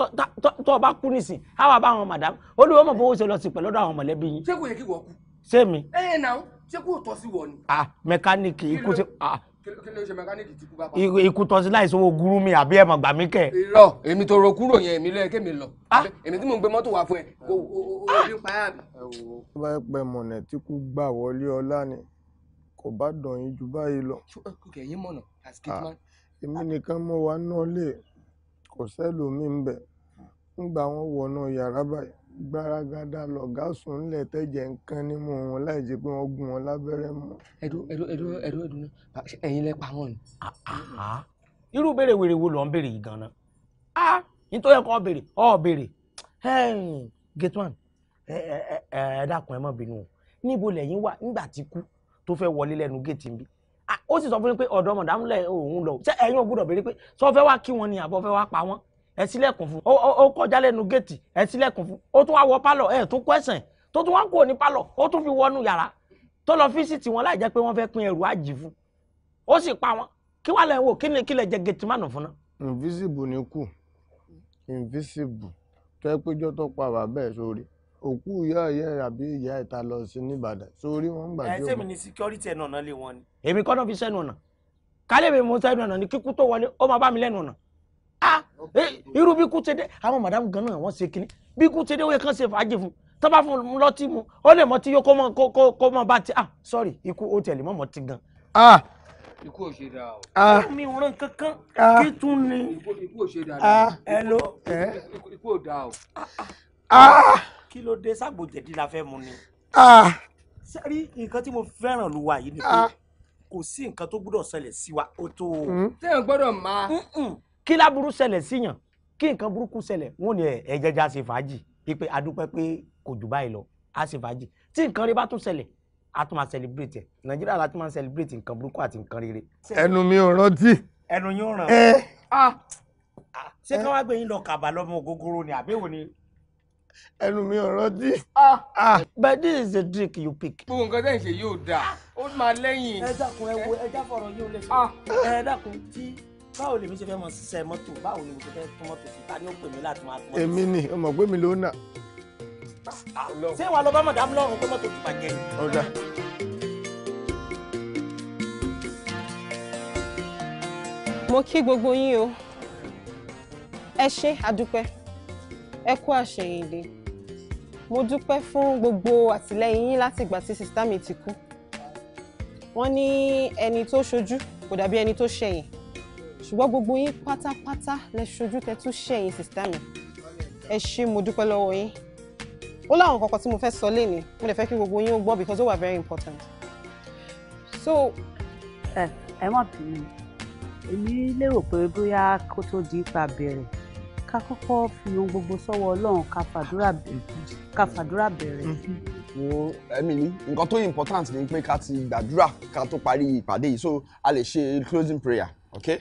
tó ọba kú nísìn àwọn àbá àwọn madam olùwọ́ mọ̀ bó ṣe lọ sí pẹ̀lú ọ̀dọ̀ àwọn mọ̀lẹ́bí yín. ṣé kò yẹ kí wọ́n kú. sẹ́mi. ẹ ẹ nà ṣé kò tọ́ sí wọ ni. ah mẹkáníìkì ikú ti ah kí ló ṣe láì sówó gúrú mi àbí ẹ̀mọ̀ gbà mí kẹ̀. irọ́ èmi tó ro kúrò yẹn èmi ló yẹ kémi lọ. Ah! èmi tí mò ń gbé mọ́tò wá fún ẹ kó o ah! bí pa á. ẹ wo tó bá pẹ mọ̀nà tí kú gbà wọlé ọlá ni kò bá dàn yín ju báyìí lọ. Ah, èmi nìkan mọ wa náà kò sẹ́lòmí-ín bẹ̀ ń gbà wọ́n wọnú yàrá báyìí gbaragada lọ̀gá sùn ńlẹ̀ tẹ̀jẹ̀ nǹkan nímú wọn láì jẹ́ pé wọ́n gún wọn lábẹ́rẹ́ mọ́. ẹ̀dùn ẹ̀dùn ẹ̀dùn ẹ̀dùn ẹ̀dùn ẹ̀yin lẹ pa wọ́n ni. irú béèrè wèrè wo lọ ń béèrè yìí gan-an a nítorí ẹ̀ kàn béèrè ọ̀ béèrè gate one ẹ dákun ẹ má bínú o níbo lẹ́yìn wà nígbà tí kú tó fẹ́ wọlé lẹ́nu gate níbi ó sì sọ fún mi pé ọ̀dọ́ mọ̀dámúlẹ̀ òun lọ ṣé ẹ̀yin ò gbọ́dọ̀ béèrè pé sọ fẹ́ wá kí wọn ni àbọ̀ fẹ́ wá pa wọ́n ẹ sílẹ̀kùn fún ó kọjá lẹ́nu géètì ẹ sílẹ̀kùn fún ó tún wá wọ pálọ̀ ẹ tún kọ ẹsẹ̀ tó tún wá kúrò ní pálọ̀ ó tún fi wọnú yàrá tó lọ fíìsìtì wọn láì jẹ́ pé wọ́n fẹ́ pín ẹrù àjì fún ó sì pa wọn kí wàá lẹ́ wò kí ni kí lẹ jẹ géètì mánà fún náà. invisible ni kù invisible tó ẹ péjọ tó pa bàbá ẹ sórí òkú ìyá ìyá àbí ìyá ìta lọ sí nìbàdàn sórí wọn gbà tí ó mọ. ẹ sẹ́mi ni security ẹ̀ náà lé wọn ni. èmi kọ́ fi sẹ́nu ọ̀nà kálẹ̀ mi mú sẹ́nu ọ̀nà ni kíkú tó wọlé ó máa bá mi lẹ́nu ọ̀nà Ah, eh, irú bí kú tẹ́dẹ́ àwọn madam gan náà wọ́n ṣe kínní bí kú tẹ́dẹ́ ó yẹ kán ṣe fàájì fún tọ́ba fún un lọ́tí mu ó lè mọtí yó kó mọ bá ti ah sorry ikú ó tẹ̀lé mọ́ mọtí gan. Ah. ikú ò ṣe dáa o. Ah. mi ò ràn kankan kí tún ni. ikú ò ṣe dáa o. ẹ ló. ikú ò dáa o. kí ló dé ságbòjẹ̀dí la fẹ́ mu ni. sẹ́rí nǹkan tí mo fẹ́ràn ló wà yìí ni pé kò sí nǹkan tó gbọ́dọ̀ ṣẹlẹ̀ sí wa ó tó. tẹ́ ẹ̀ hmm? gbọ́dọ̀ máa kí láburú ṣẹlẹ̀ síyàn kí nǹkan burúkú ṣẹlẹ̀ wọn ò ní ẹ̀jẹ̀jẹ̀ àṣẹ fàájì pípé adúpẹ́ pé kò jù báyìí lọ àṣẹ fàájì tí nǹkan rí bá tún ṣẹlẹ̀ a tún máa celebrate ẹ̀ nàìjíríà la tún máa celebrate nǹkan burúkú àti nǹkan rere. ẹnu mi ò rántí. ẹnu yóò ràn án. Ah. Ah. ṣé ká gbé yín lọ kàbà lọ́mọ ògógóró ni àbí òní. ẹnu mi ò rántí. Ah. but this is the drink you pick. gbogbo nǹkan tẹ̀ ń ṣe yóò dáa ó máa lẹ́yìn. ẹ dákun ẹ wo ẹ jáfọ̀rọ̀ yóò lè ẹ dákun tí báwo lèmi ṣe fẹ́ mọ ṣiṣẹ́ mọ́tò báwo ni mo ṣe fẹ́ tún mọ́tò sí ta ni ó pè mí láti máa tún mọ́tò. èmi ni ọmọ gbé mi ló nà. ṣé wàá lọ bá mọ̀dàmú lọ́rùn pé mọ́tò ti bàjẹ́ yìí. mo kí gbogbo yín o ẹ ṣé adúpẹ́ ẹ kú àṣeyìnde mo dúpẹ́ fún gbogbo àtìlẹ́yìn yín láti ìgbà tí sista mi ti kú wọ́n ní ẹni tó ṣojú kò dàbí ẹni tó ṣẹ̀yìn ṣùgbọ́n gbogbo yín pátápátá lẹ ṣojú tẹ tún ṣẹ̀yìn sìstá mi ẹ ṣé mo dúpẹ́ lọ́wọ́ yín ó láwọn kankan tí mo fẹ́ sọ lénìí mo lè fẹ́ kí gbogbo yín ó gbọ́ because ó wà very important so. ẹ ẹ má bínú èmi lérò pé bóyá kó tó di ipa bẹ̀rẹ̀ ká kọ́kọ́ fi ohun gbogbo sọ́wọ́ ọlọ́run ká fàdúrà bẹ̀rẹ̀ ká fàdúrà bẹ̀rẹ̀. wo Emily nǹkan tó important ni pé ká ti gbàdúrà ká tó parí ìpàdé yìí so a lè ṣe closing prayer okay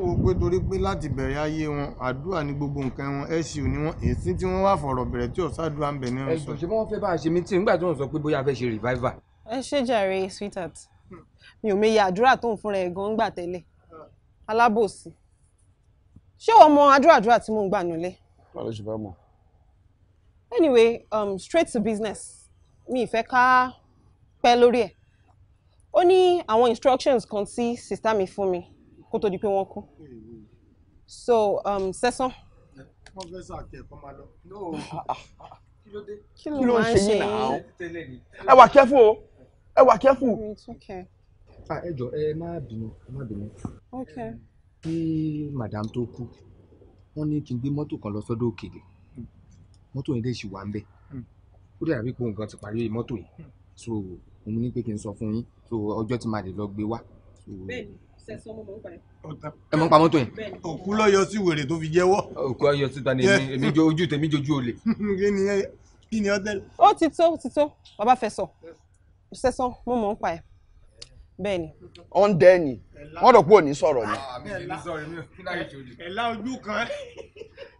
wò ó pé torí pé láti bẹ̀rẹ̀ ayé wọn àdúrà ní gbogbo nǹkan wọn su ni wọn èsì tí wọ́n wá fọ̀rọ̀ bẹ̀rẹ̀ tí ọ̀sá àdúrà ń ní ọ̀sán. ẹ̀sùn ṣe wọ́n fẹ́ bá a ṣe mí tí nígbà tí wọ́n sọ pé bóyá fẹ́ ṣe revival. ẹ ṣe jàre sweetheart mi ò meye àdúrà tó ń fúnra ẹ̀ gan gbà tẹ́lẹ̀ alábòsí ṣé wọ́n mọ àdúrà àdúrà tí mò ń gbà nulẹ̀. wà bá mọ. anyway um, straight to business mi ì fẹ́ ká pẹ́ instructions kan tí sista kó tó di pé wọ́n kú. so um, sẹ́sán. pọ́fẹ́sà kẹ̀kọ́ máa lọ. kí ló ń ṣe yín náà. ẹ wà kẹ́fù o ẹ wà kẹ́fù. Ah, ẹ jọ ẹ má bínú ẹ má bínú. kí madam tó kú wọ́n ní kí n gbé mọ́tò kan lọ sọ́dọ̀ òkèlè mọ́tò yẹn lè ṣì wà ń ó dàbí pé nǹkan ti parí mọ́tò yìí so mo ní pé kí n sọ fún yín so ọjọ́ tí màá lè lọ gbé wá. bẹ́ẹ̀ni ẹ mọ̀ ń pa mọ́tò yẹn. òkú lọ yọ sí wèrè tó fi jẹ́wọ́. òkú lọ yọ sí ta ni èmi ojú tèmi jojú olè. kí ni ọtẹ. ó ti tó ó ti tó bàbá fẹsọ sẹsán mo mọ̀ ń pa ẹ̀ bẹ́ẹ̀ ni. ó ń dẹ́ ni wọ́n rò pé ò ní sọ̀rọ̀ ni. ẹ̀la ojú kan.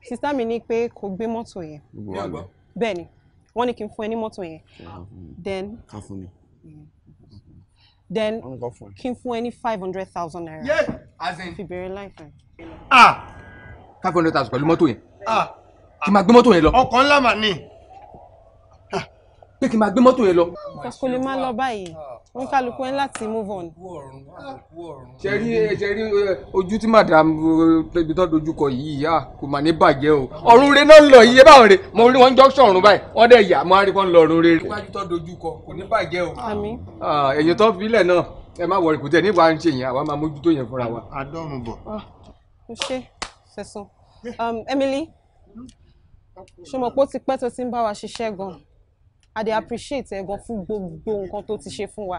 sista mi ní pé kò gbé mọ́tò yẹn bẹ́ẹ̀ ni wọ́n ní kí n fún ẹ ní mọ́tò yẹn then. ká fún mi. Mm then kí n any five hundred thousand naira. yé azin. fi bẹ̀rẹ̀ láìpẹ́. ah five hundred thousand pẹ̀lú mọ́tò yẹn. ah kí n máa gbé mọ́tò yẹn lọ. ọkọ̀ ńlá mà ní. Ah! pé kí n máa gbé mọ́tò yẹn lọ. kò lè má lọ báyìí. Ah! wọn kálukú ẹ láti move on. ṣẹ́rí ṣẹ́rí eh, ojú tí madam eh, ibi tó dojú kọ yìí yá kò mà ní bàjẹ́ o ọ̀run re náà ń lọ yìí báwọn re mo rí wọn junction ọ̀run báyìí wọ́n dẹ̀ yà mo á rí wọn lọ ọ̀run re. iwájú tó dojú kọ kò ní bàjẹ́ o. àmín. ẹ̀yin tó filẹ̀ náà ẹ má wọrí kò tẹ̀ nígbà ń ṣe yẹn àwa máa mójútó yẹn fúnra wa. adọ́run bọ̀. ó ṣe sẹ̀sùn Emily ṣùgbọ́n pé ó ti pẹ́ tó ti ń bá wa ṣiṣẹ́ gan-an I dey appreciate ẹ eh, gan fún gbogbo nǹkan tó ti ṣe fún wa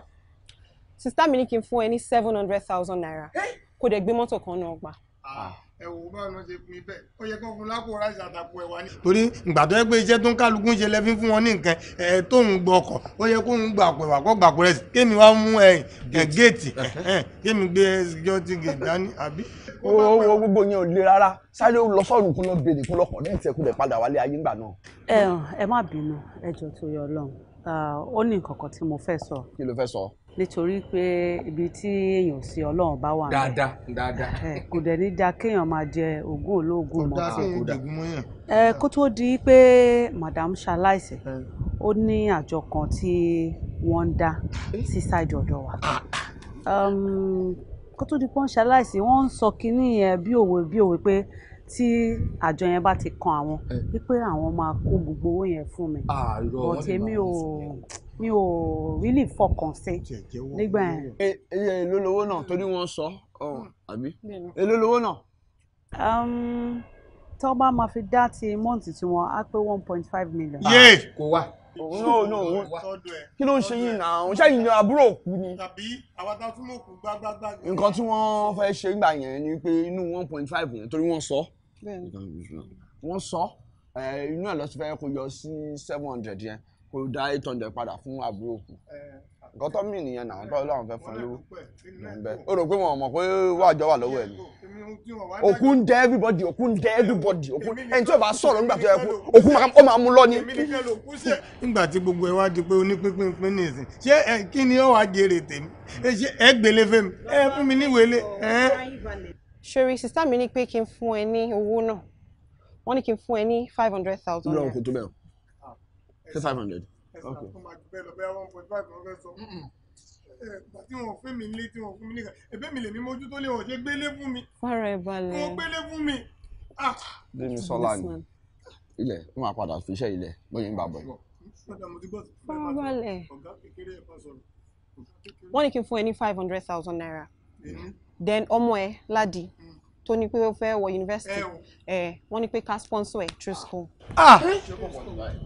sista mi ní kí n fún ẹ ní seven hundred thousand naira kó dẹ̀ gbé mọ́tò kan náà gbà. Ah ẹ̀wò báwọn náà ṣe pin bẹ́ẹ̀ ó yẹ kí lápò ráìsì àtàkù ẹ̀wà ní. torí ìgbà tó yẹ pé iṣẹ́ tó ń kálukú ń ṣe lẹ́fín fún wọn ní nǹkan ẹ̀ tó ń gbọ́ ọkọ̀ ó yẹ kó ń gbà pẹ̀ wà kó gbà pẹ̀ rẹ̀ kémi wá mú ẹ̀ géètì kémi gbé security gate dání àbí. owó gbogbo yẹn ò le rárá sáré ó lọ sọ́run kó lọ béèrè kó lọ lẹ́yìn tẹ́kù rẹ̀ padà wálé ayé ńgbà náà. ẹ má bínú ẹ jọ̀ọ́ nítorí pé ibi tí èèyàn sí ọlọ́run bá wà dáadáa dáadáa kò dẹ̀ ní da kéèyàn máa jẹ ogún olóògùn mọ́ kó tó di pé madam ṣaláìsí ó ní àjọ kan tí wọ́n ń dá sí ṣáìdì ọ̀dọ̀ wa ah, ah. kó tó di pé wọ́n ṣaláìsí wọ́n ń sọ kínní yẹn bí òwe bí òwe pé tí àjọ yẹn bá ti kan àwọn wípé àwọn máa kó gbogbo owó yẹn fún mi ah, bọ̀tẹ̀mí ò mi ò really fọkàn sí nígbà yẹn. iye èlò lówó náà torí wọ́n sọ hmm. àbí èlò lówó náà. Um, tó bá máa fi dá ti mọ́ǹtì tí wọ́n á pé one point five million. yé ah, kò wá. Oh, no no kí ló ń ṣe yín náà ṣé yín àbúrò òkú ni. tàbí àwọn tá a tún lò kú gbágbágbá. nǹkan tí wọ́n fẹ́ ṣe nígbà yẹn ni pé inú one point five yẹn torí wọ́n sọ wọ́n sọ eh, inú ẹ̀ lọ́sí fẹ́ kó yọ sí seven hundred yẹn kó dá eight hundred padà fún àbúrò kù nǹkan tó mì nìyẹn náà tọ́ láwọn fẹ́ fún lówó nùbẹ́ ó rò pé wọn mọ̀ pé wàjọ wà lọ́wọ́ ẹ̀ ni òkú ń dẹ everybody òkú ń dẹ everybody òkú ẹni tí ò bá sọ̀rọ̀ nígbà tó yẹ kó òkú ó máa mú lọ ni. nígbà tí gbogbo ẹ wá di pé onípínpín ní ìsìn ṣé kí ni ó wàá jèrè tèmi ẹ gbélé fèmi ẹ fún mi níwèélé. ṣòrí sísá mi ní pé kí n fún ẹ ní owó náà wọ́n ní kí n fún ẹ ní five hundred thousand sí five hundred. ẹ̀sán tó máa jù bẹ́ẹ̀ lọ bẹ́ẹ̀ one point five lọ́fẹ́ wọn ò mi nílé tí wọn fún mi níkà ẹ̀bẹ̀ mi lè mi mójú tó lé wọn ṣe gbélé fún mi. fara ẹ balẹ̀. mo gbélé fún mi. dèmi ah! sọlá ni ilẹ̀ ń máa padà fi iṣẹ́ ilẹ̀ bóyá ń bá bọ̀. fara balẹ̀. wọ́n ní kí n fún ẹ ní five hundred thousand naira then ọmọ ẹ Ládi mm. tó ní pé ó fẹ́ wọ yunifásitì eh, wọ́n ní pé ká sponsor ẹ through school. ah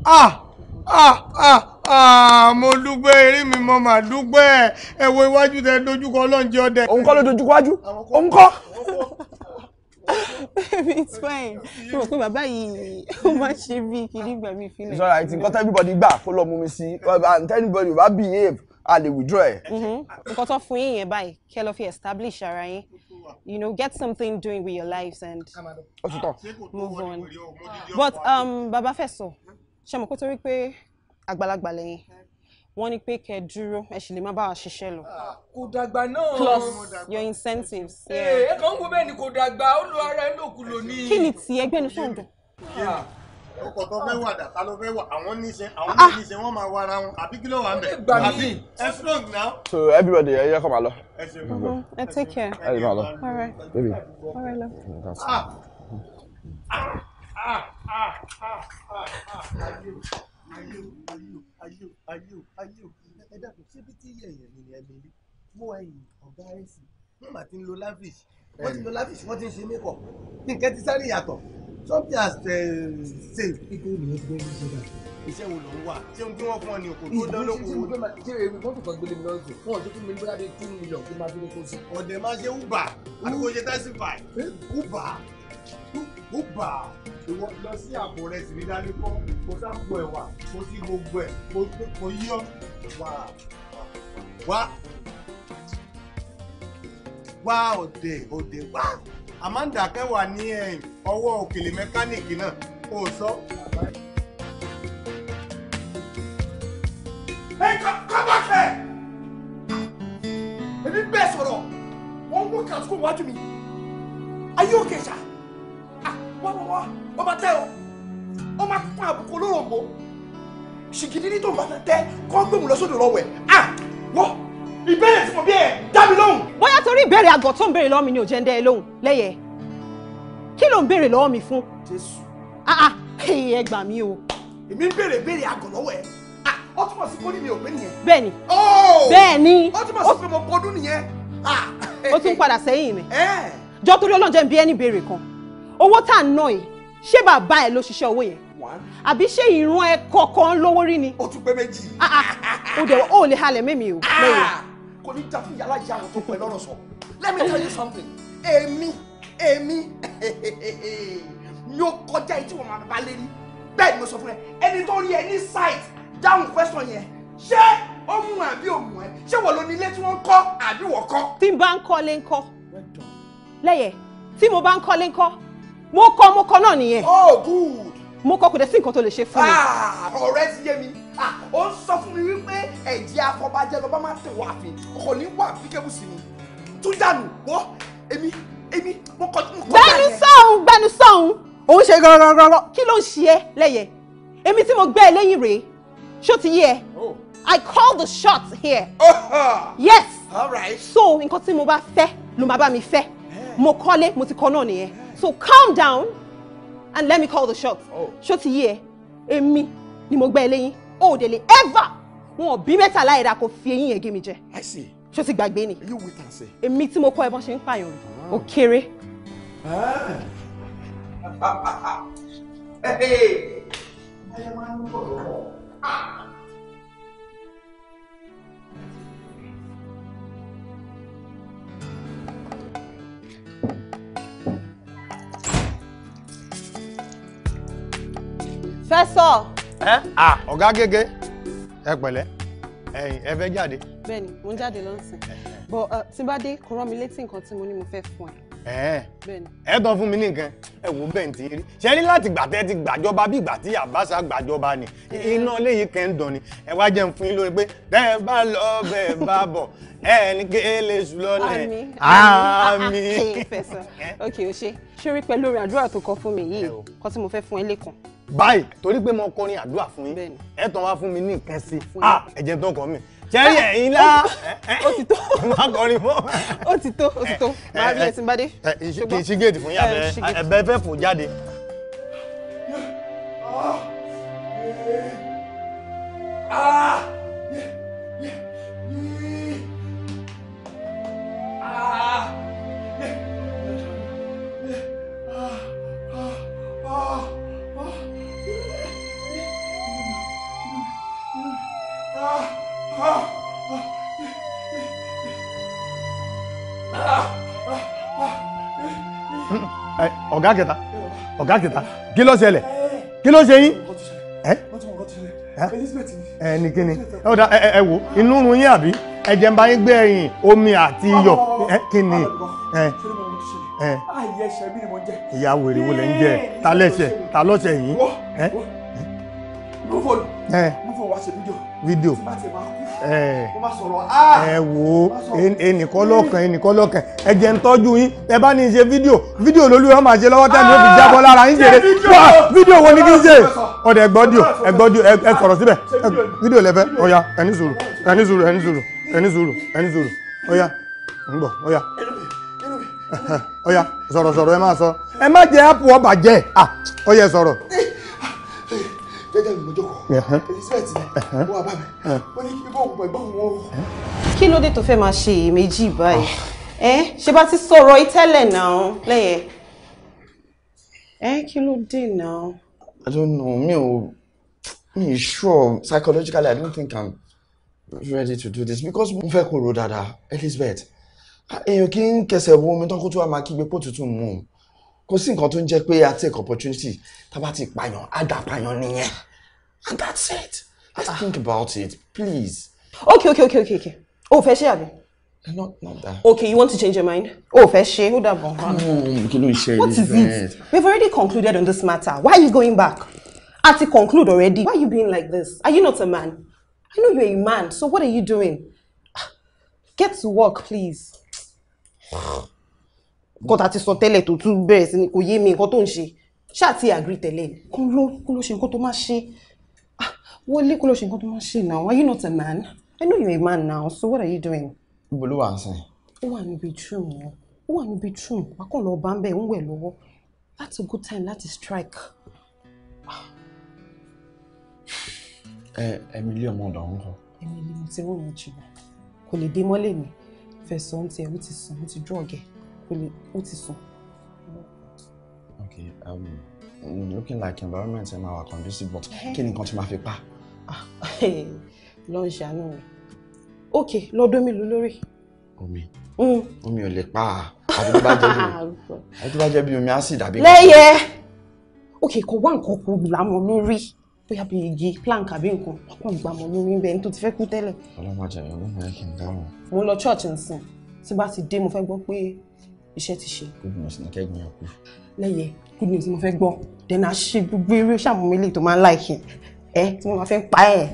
ah ah ah ah mo dúpẹ́ eré mi mo mà dúpẹ́ ẹ wo iwájú tẹ dojúkọ ọlọ́run jẹ́ ọdẹ. òun kọ́ ló dojúkọ wájú òun kọ́. baby it's fine mo rò pé bàbá yìí ó máa ṣe bí kiri gbà mí fílẹ̀. it's alright nǹkan tẹ́ everybody gbà kó lọ mú mi sí and tell anybody bá behave a lè withdraw ẹ. Mm-hmm. nǹkan tó fún yín yẹn báyìí kẹ́ lọ fi establish ara yín you know get something doing with your lives and move on but um, baba fẹ́ sọ. So, ṣe mọ̀ pé torí pé àgbàlagbà lẹ́yìn wọ́n ní pé kẹ́ dúró ẹ sì lè má báwa ṣiṣẹ́ lọ. Ah, kò dàgbà náà. plus your incentives. Eh, ẹ kàn ń wo bẹ́ẹ̀ ni kò dàgbà ó lo ara ẹ lòkulò ní. kí ni tiẹ̀ gbẹ́nu sọ̀dọ̀ ah. ọkọ̀ tó fẹ́ wà dàtà ló fẹ́ wà àwọn níṣẹ́ àwọn ah. níṣẹ́ wọ́n máa wara wọn àbí kí ló wà ń bẹ̀ àbí ẹ strong now. so everybody ẹ yẹ kọ́ máa lọ. ẹ ṣe gbogbo mm-hmm. ẹ take care. ẹ yẹ máa lọ baby. all right love. Mm-hmm ẹ dàpọ̀ ṣé bí tí yẹ̀yẹ̀ ni Emily mú ẹ̀yìn ọ̀gá ẹ̀sì wọ́n mà ti ń lo lavish wọ́n ti ń lo lavish wọ́n ti ń ṣe makeup nǹkan ti sáré yàtọ̀ something has saved. kíkó ni wọ́n ti gbé ní sọ́dà. iṣẹ́ wo ló ń wà ṣé ohun tí wọ́n fún ọ ni kò tó dán lóko wo. ṣé èmi mọ́tò kan gbélé mi lọ́sọ̀ fún ọjọ́ fún mi bóyá bíi two million kí n máa fi ní kó sí. ọ̀dẹ̀ máa ṣe uber àbíkó ṣe taxi fine uber ó bà á ìwọ lọ sí àpò rẹ sì ní dání kọ́ kó sápò ẹ̀wà kó sí gbogbo ẹ̀ kó yí ọ́ wá wá wá òde òde wá Amanda kẹwàá ní ọwọ́ òkèlè mẹkáníìkì náà kó o sọ. ẹ kọ́ bá fẹ́ ń wọ́n kàtúkò wájú mi ayé òkè ṣáà wá wá wá ó tẹ́ o ó máa fún àbùkù olóròǹbó ṣìgìdì ní tó máa fẹ́ tẹ́ kọ́ gbé òun lọ sódò lọ́wọ́ ẹ̀ à wọ́ ìbéèrè tí mo bí ẹ dá mi lóhùn. bóyá torí ìbéèrè àgọ̀ tó ń béèrè lọ́wọ́ mi ni ò jẹ́ ń dẹ́ ẹ lóhùn lẹ́yẹ kí ló ń béèrè lọ́wọ́ mi fún. jésù. Ah, ah, ẹ gbà mí o. èmi ń béèrè béèrè àgọ̀ lọ́wọ́ ẹ̀ ó túmọ̀ sí pé ó ní mi ò pé nìyẹn. bẹ́ẹ̀ni bẹ́ẹ̀ni ó túmọ̀ sí pé mo pọdún nìyẹn. ó tún padà sẹ́yìn mi jọ́ torí ọlọ́run jẹ́ n bi ẹ́ ní kan owó tá à ń ná yìí ṣé bàbá ẹ ló ṣiṣẹ́ owó yẹn àbí ṣé ìran ẹ kọ̀ọ̀kan lówó rí ni. o tún pé méjì. Ah, ah. o dẹ̀ o lè halẹ̀ mẹ́mi o. Ah! kò ní jà fún yàrá ìyá àwọn tó pẹ̀ sọ let me tell you something èmi èmi yóò kọjá etí wọn bàbá lé ní bẹ́ẹ̀ ni mo sọ fún ẹ ẹni tó rí ẹ ní site dáhùn question yẹn ṣé ó mú àbí ò mú ẹ ṣé wọ́n lo ní ilé tí wọ́n ń kọ́ àbí wọ́n kọ́. tí n bá ń kọ́lé ń kọ́ lẹ́yẹ̀ tí mo bá ń kọ́lé ń kọ́ mo kọ mo kọ náà nìyẹn. oh good. mo kọ kò dẹ̀ sí nǹkan tó lè ṣe fún mi. Ah, ọ̀rẹ́ ti yé mi ah, ó ń sọ fún mi wípé ẹ̀jẹ̀ afọbajẹ lọ́ba máa ń tẹ̀ wá àfin ọkọ̀ ní wà bíkẹ́bù sí mi tún dànù wọ́ èmi èmi mo kọ mo kọ náà yẹn. gbẹnu sọ̀hún gbẹnu sọ̀hún òun ṣe rọrọrọrọ kí ló ń ṣe ẹ́ lẹ́yẹ èmi tí mo gbé ẹ lẹ́yìn rèé ṣó ti yé ẹ. Oh. I call the shots here. uh Yes. All right. So nǹkan tí mo bá fẹ́ ló máa bá mi fẹ́. Eh. Mo kọ́lé mo ti kọ́ náà nìyẹn so calm down and let me call the shots. ṣó ti yé ẹ èmi ni mo gbá ẹ lẹ́yìn ever wọn ò bí mẹ́ta láì ra kó fi eyín yẹn gé mi jẹ. I see. ṣó ti gbàgbé ni. you wait and see. èmi tí mo kọ́ ẹ bọ́n ṣe ń pààyàn rẹ̀ ah. ó kéré. ayé máa ń bọ̀ lọ́wọ́. fẹsọ. ẹ à ọ̀gá gẹ́gẹ́ ẹ pẹ̀lẹ́ ẹ̀yin ẹ fẹ́ jáde. bẹ́ẹ̀ni mo ń jáde lọ́sìn bọ tí bá dé kò rán mi létí nǹkan tí mo ní mo fẹ́ fún ẹ. ẹ tán fún mi ní nǹkan ẹ wo bẹ́ẹ̀ ti rí ṣe ní láti gbà tẹ́ ti gbàjọba bí ìgbà tí àbáṣà gbàjọba ni iná léyìí kẹ́ ń dàn ni ẹ wá jẹun fún yín lórí pé tẹ́ ẹ bá lọ bẹ́ẹ̀ bá bọ̀ ẹ ní kí ẹ lè sùn lọ́lẹ̀ àmì. ok o ṣe ṣé rí pẹ̀lú orin àdúrà tó kọ fún mi yìí kan tí mo fẹ́ fún ẹ lẹ́kàn báyìí torí pé mo kọrin àdúrà fún yín ẹ tàn wá fún mi ní nǹkan sí i ah, ẹ̀jẹ̀ tó kàn mí sẹ́rí ah, ẹ̀yin lá ó ti tó má kọrin fún. ó ti tó ó ti tó máa bí ẹsìn bá dé. kì í ṣí géètì fún yàrá ẹ̀bẹ̀ fẹ́ fò jáde. Ah! Ah! Ah! Ah! Ah! ọ̀gá kẹta ọ̀gá kẹta kí ló ṣẹlẹ̀ kí ló ṣe yín. ẹ ní kíni ẹ wo inú run yín àbí ẹ jẹ́ n bá yín gbé ẹyìn omi àti iyọ̀ ẹ kíni. ìyá wèrè wo lẹ ń jẹ ta lẹsẹ ta lọsẹ yín. mo fò wá ṣe fídíò fídíò ẹ wo ah! ẹnìkan lọ́kàn ẹnìkan lọ́kàn ẹ jẹ́ ń tọ́jú yín ẹ bá ní ṣe fídíò fídíò lólu wọn máa ṣe lọ́wọ́ tẹ́lẹ̀ ó fi ah! jábọ́ lára yín ṣeré wá fídíò wo ni kí n ṣe ọ̀dọ̀ ẹ gbọ́díò ẹ gbọ́díò ẹ sọ̀rọ̀ síbẹ̀ fídíò lẹ́fẹ́ ọ̀ya ẹni sùúrù ẹni sùúrù ẹni sùúrù ẹni sùúrù ẹni sùúrù ọ̀ya ń bọ̀ ọ̀ya ọ̀ya sọ̀rọ̀ sọ̀rọ̀ ẹ máa sọ ẹ má jẹ́ àpò ọbàjẹ́ ọ̀yẹ sọ̀rọ̀ lẹ́jà mi mọ́jọ́kọ̀ èyí sílẹ̀ tilẹ̀ wọ́n wá bá mi ní kí n bọ́ òun pẹ̀lú àwọn ọ̀hún. kí ló dé tó fẹ́ máa ṣe èméjì báyìí ah. ẹ ṣe bá ti sọ̀rọ̀ ìtẹ́lẹ̀ náà lẹ́yẹ ẹ kí ló dé náà. I don't know Me, ò mi sure psychologically I don't think I'm ready to do this because mo fẹ́ kó ro dáadáa Elizabeth èèyàn kì í kẹsẹ̀ wo omi tán kó tó wá máa kígbe pò tuntun mu kò sí nǹkan tó ń jẹ́ pé a take opportunity tá a bá ti pààyàn á dà nìyẹn and that's it let's ah. think about it please. okay okay okay okay okay Oh, fẹ́ ṣe not not that. okay you want to change your mind. Oh, fẹ́ ṣe ó dàbọ̀. kí no, ń what is it we've already concluded on this matter why are you going back ati conclude already why are you being like this are you not a man i know you're a man so what are you doing ah, get to work please. God, that is ti sọ to two tún bẹ̀rẹ̀ sí ni kò yé mi nǹkan tó ń ṣe ṣáà ti agree tẹ́lẹ̀ kó ló kó ló ṣe nǹkan wọlé kó lọ ṣe nǹkan tó máa ṣe náà are you not a man I know you're a man now so what are you doing. ibo ló wà ń sìn. ó wà níbi trum yẹn ó wà níbi trum wákàn lọ bá ń bẹ ń wẹ̀ lọ́wọ́ that's a good time láti strike. ẹ Emily ọmọ ọ̀dọ̀ ń kọ. Emily mo ti rún mi jìnnà kò lè dé mọ́lẹ̀ mi fẹ̀sọ̀ ń tiẹ̀ ó ti sùn ó ti dúrọ̀gẹ̀ kò lè ó ti sùn. okay um, looking like environment ẹ máa wà conducive but kí ni nǹkan tí máa fi pa. Ah, lọ ń ṣàánú mi ok lọ́dún mélòó lórí. omi mm. omi ò lè pa àti tó bá jẹ́ bí ah, àti tó bá jẹ́ bí omi á sì dàbí. lẹ́yẹ ok kò wá nǹkan kò lámọ lórí bóyá bí igi plank àbí nǹkan wọn gbà mọ lórí ń bẹ ní tó ti fẹ́ kú tẹ́lẹ̀. ọlọ́mọ àjàyọ̀ ọlọ́mọ yẹ kí n dáhùn. mo lọ church nsìn tí bá ti dé mo fẹ́ gbọ́ pé iṣẹ́ ti ṣe. good news ni kẹ́gbìn ọkù. lẹ́yẹ good news mo fẹ́ gbọ́ then a ṣe gbogbo eré ṣàmúmílì tó máa ń láìkì. Eh, tí wọ́n máa eh. fi ń pa ẹ̀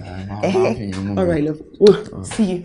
ọ̀rọ̀ ìlọ́fọ̀ sí i.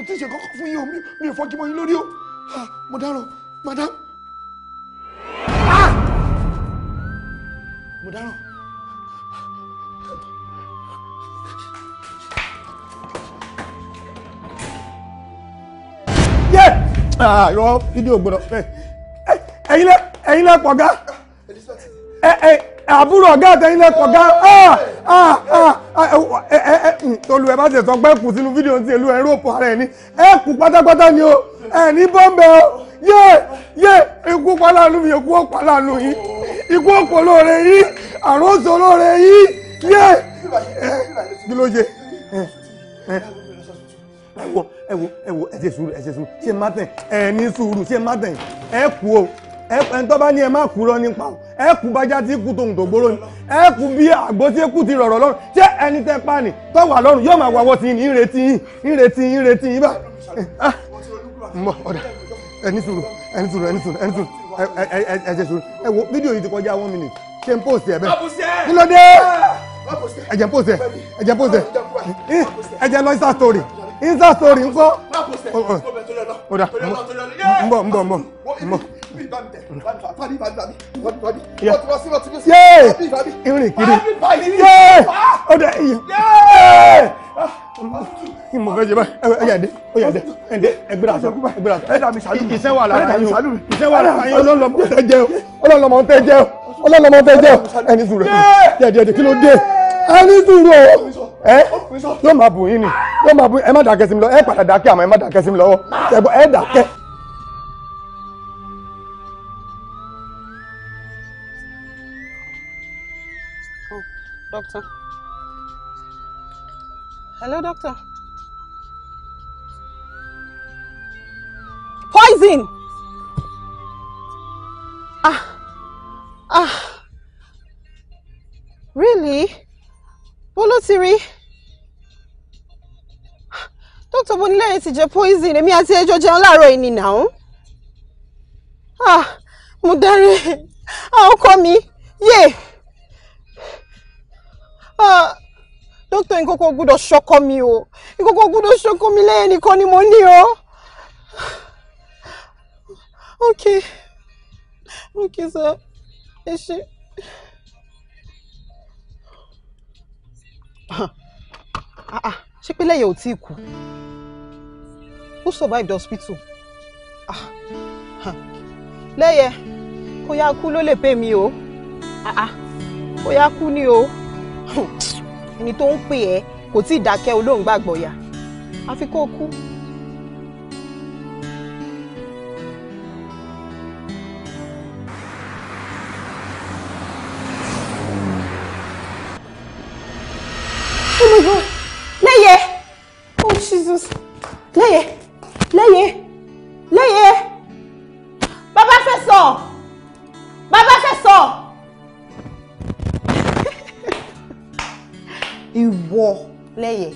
ò tí ì ṣe kọ́kọ́ fún yín o mi ò fọ́jú mọ́ yín lórí o mo ah, dáràn madam. mo dáràn. Ah! yé àrò ah, fídíò gbọdọ eh, eh, ẹyin lẹ ẹyin ga ẹ ẹ àbúrò ọ̀gá àtẹ̀yìn lẹ́pọ̀ gá tolu ẹ bá ṣe sọ pé kù sínú fídíò ti èlú ẹ̀rọ òpó ara ẹ̀ ní ẹ kù pátápátá ni o ẹ ní bọ́m̀bẹ̀ o yé yé ikú pálánù mi ikú pálánù yìí ikú òpó lóore yìí àròsọ lóore yìí yé kí ló ṣe ẹ wo ẹ wo ẹ wo sùúrù ẹ ṣe sùúrù ṣe má tẹ̀ ẹ ní sùúrù ṣe má tẹ̀ ẹ kú o ẹn tó bá ní ẹ má kú nípa o ẹ kú bájá tí kú tòun tó gbóró ni ẹ kú bí àgbo tí kú ti rọ̀rọ̀ lọ́rùn ṣé ẹni tẹ́ pa ni tó wà lọ́rùn yóò máa wàwọ́ sí i ní ìrètí yín ìrètí yín ìrètí yín bá. mọ ọ̀dà ẹni sùúrù ẹni sùúrù ẹni sùúrù ẹni sùúrù ẹ sùúrù ẹ wo fídíò yìí ti kọjá one minute ṣé n post ẹ bẹ́ẹ̀ kí ló post ẹ ẹ post ẹ ẹ lọ insta story insta story ńkọ́. ọ̀dà ń bọ̀ ń bọ̀ bí ìmọ̀ fẹ́ báyìí ẹ dé ó dé ẹ dé ẹgbẹ́rẹ́ àtọ ẹgbẹ́rẹ́ àtọ ẹ̀dá mi sàlù iṣẹ́ wà lára yín o iṣẹ́ wà lára yín o ọlọ́lọ́mọ tẹ jẹ o ọlọ́lọ́mọ tẹ jẹ o doctor. Hello, doctor. Poison! Ah! Ah! Really? Siri. Doctor Bonilẹ́yìn ti to poison, èmi àti ẹjọ́ jẹun láàárọ̀ yìí ni now. Ah! Mo dárí, àwọn ah, ọkọ mi, yéé! Yeah. Ah, doctor, ìkókó gbúdọ̀ ṣọkọ mi o ìkókó gbúdọ̀ ṣọkọ mi lẹ́yìn nìkan ni mo ní o. ok ok sir ẹ ṣe. Ah, ah, ṣé pé lẹ́yìn ò tí ì kú who survived hospital lẹ́yẹ̀ kó yá kú ló le pè mí o kó yá kú ni o. Ah, ẹni tó ń pè ẹ́ kò tí ì dákẹ́ olóhùn gbàgbọ́ ya àfi kó o kú. lẹ́yẹ oh Jesus lẹ́yẹ lẹ́yẹ lẹ́yẹ bàbá fẹ́ sọ bàbá fẹ́ sọ. ìwọ lẹ́yẹ̀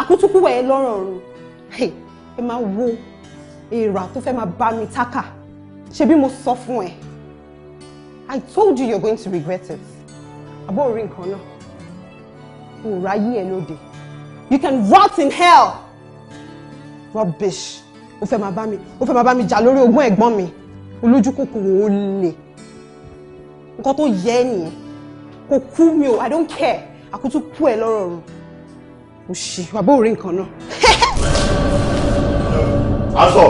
àkútúkú wẹ̀ lọ́rùn ọ̀run ẹ máa wo èèrà tó fẹ́ máa bá mi tákà ṣebí mo sọ fún ẹ I told you you're going to regret it àbọ̀ orí nǹkan náà kò ráyé ẹ lóde you can rot in hell rubbish ó fẹ́ máa bá mi ó fẹ́ máa bá mi jà lórí ogún ẹ̀gbọ́n mi olójú kòkòrò ó nǹkan tó yẹ ẹ nìyẹn kò kú mi o I don't care àkútú kú ẹ lọ́rọ̀ rùn kò ṣì bàbá òrí nǹkan náà. aṣọ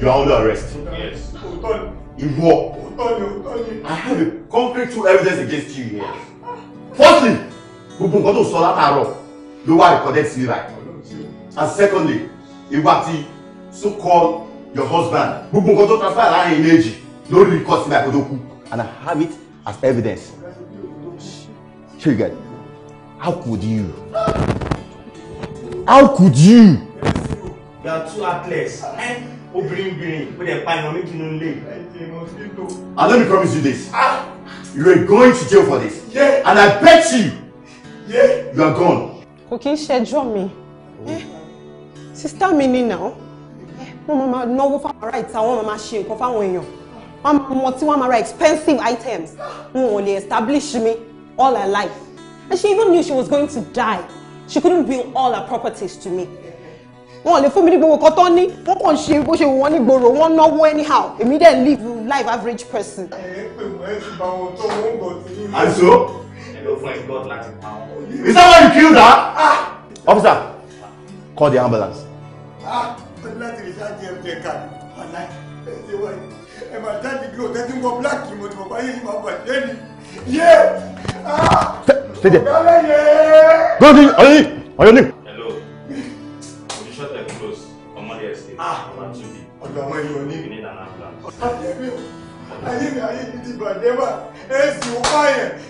you are under arrest. yes. ìwọ. I have a concrete true evidence against you here. firstly gbogbo nǹkan tó sọ látàárọ̀ ló wá recorded sí ra and secondly ìwà tí so called your husband gbogbo nǹkan tó transfer láàrin méjì lórí record sí ra kó tó and I have it as evidence. Sure, you get How could you? How could you? There are two athletes. Eh? Obìnrin bìnrin wey dey pa iná méjì nínú ilé. And let promise you this. Ah! You are going to jail for this. Yeah. And I bet you. Yeah. You are gone. Kò kí ń ṣẹjọ́ mi. Eh? Sista mi ni náà. Eh? Wọ́n máa ma náwó fáwọn ará ìta, wọ́n máa ma ṣe nǹkan fáwọn èèyàn. Wọ́n máa mọ tí wọ́n máa ra expensive items. Wọn ò lè establish mi all her life. And she even knew she was going to die. She couldn't bill all her properties to me. Wọ́n lè fún mi ní gbogbo nǹkan tó ní, wọ́n kàn ṣe bó ṣe wù wọ́n ní gbòòrò, wọ́n náwó anyhow. Èmi dẹ̀ live life average person. And so? Is that why you killed her? Ah. Officer, call the ambulance. Ah, láti rí sáà jẹ́ ẹ̀jẹ̀ kan, ọ̀la ẹ̀ ṣe wáyé ẹ máa jáde bí o tẹ́tí ń wọ bíláàkì mo ti mọ̀ báyìí ní màá bàjẹ́ ni yé tẹ́tẹ́ gbọ́dọ̀ ọ̀yọ́ ní ọ̀yọ́ ní. hello oníṣẹ́ tẹ̀ close ọmọdé ẹ̀sìn ọmọ àtúndì ọ̀dọ̀ ọmọ ìlú ní ìní ìlànà àbúrò. ayé mi ayé mi ti bàjẹ́ bá ẹ̀sìn ó pààyàn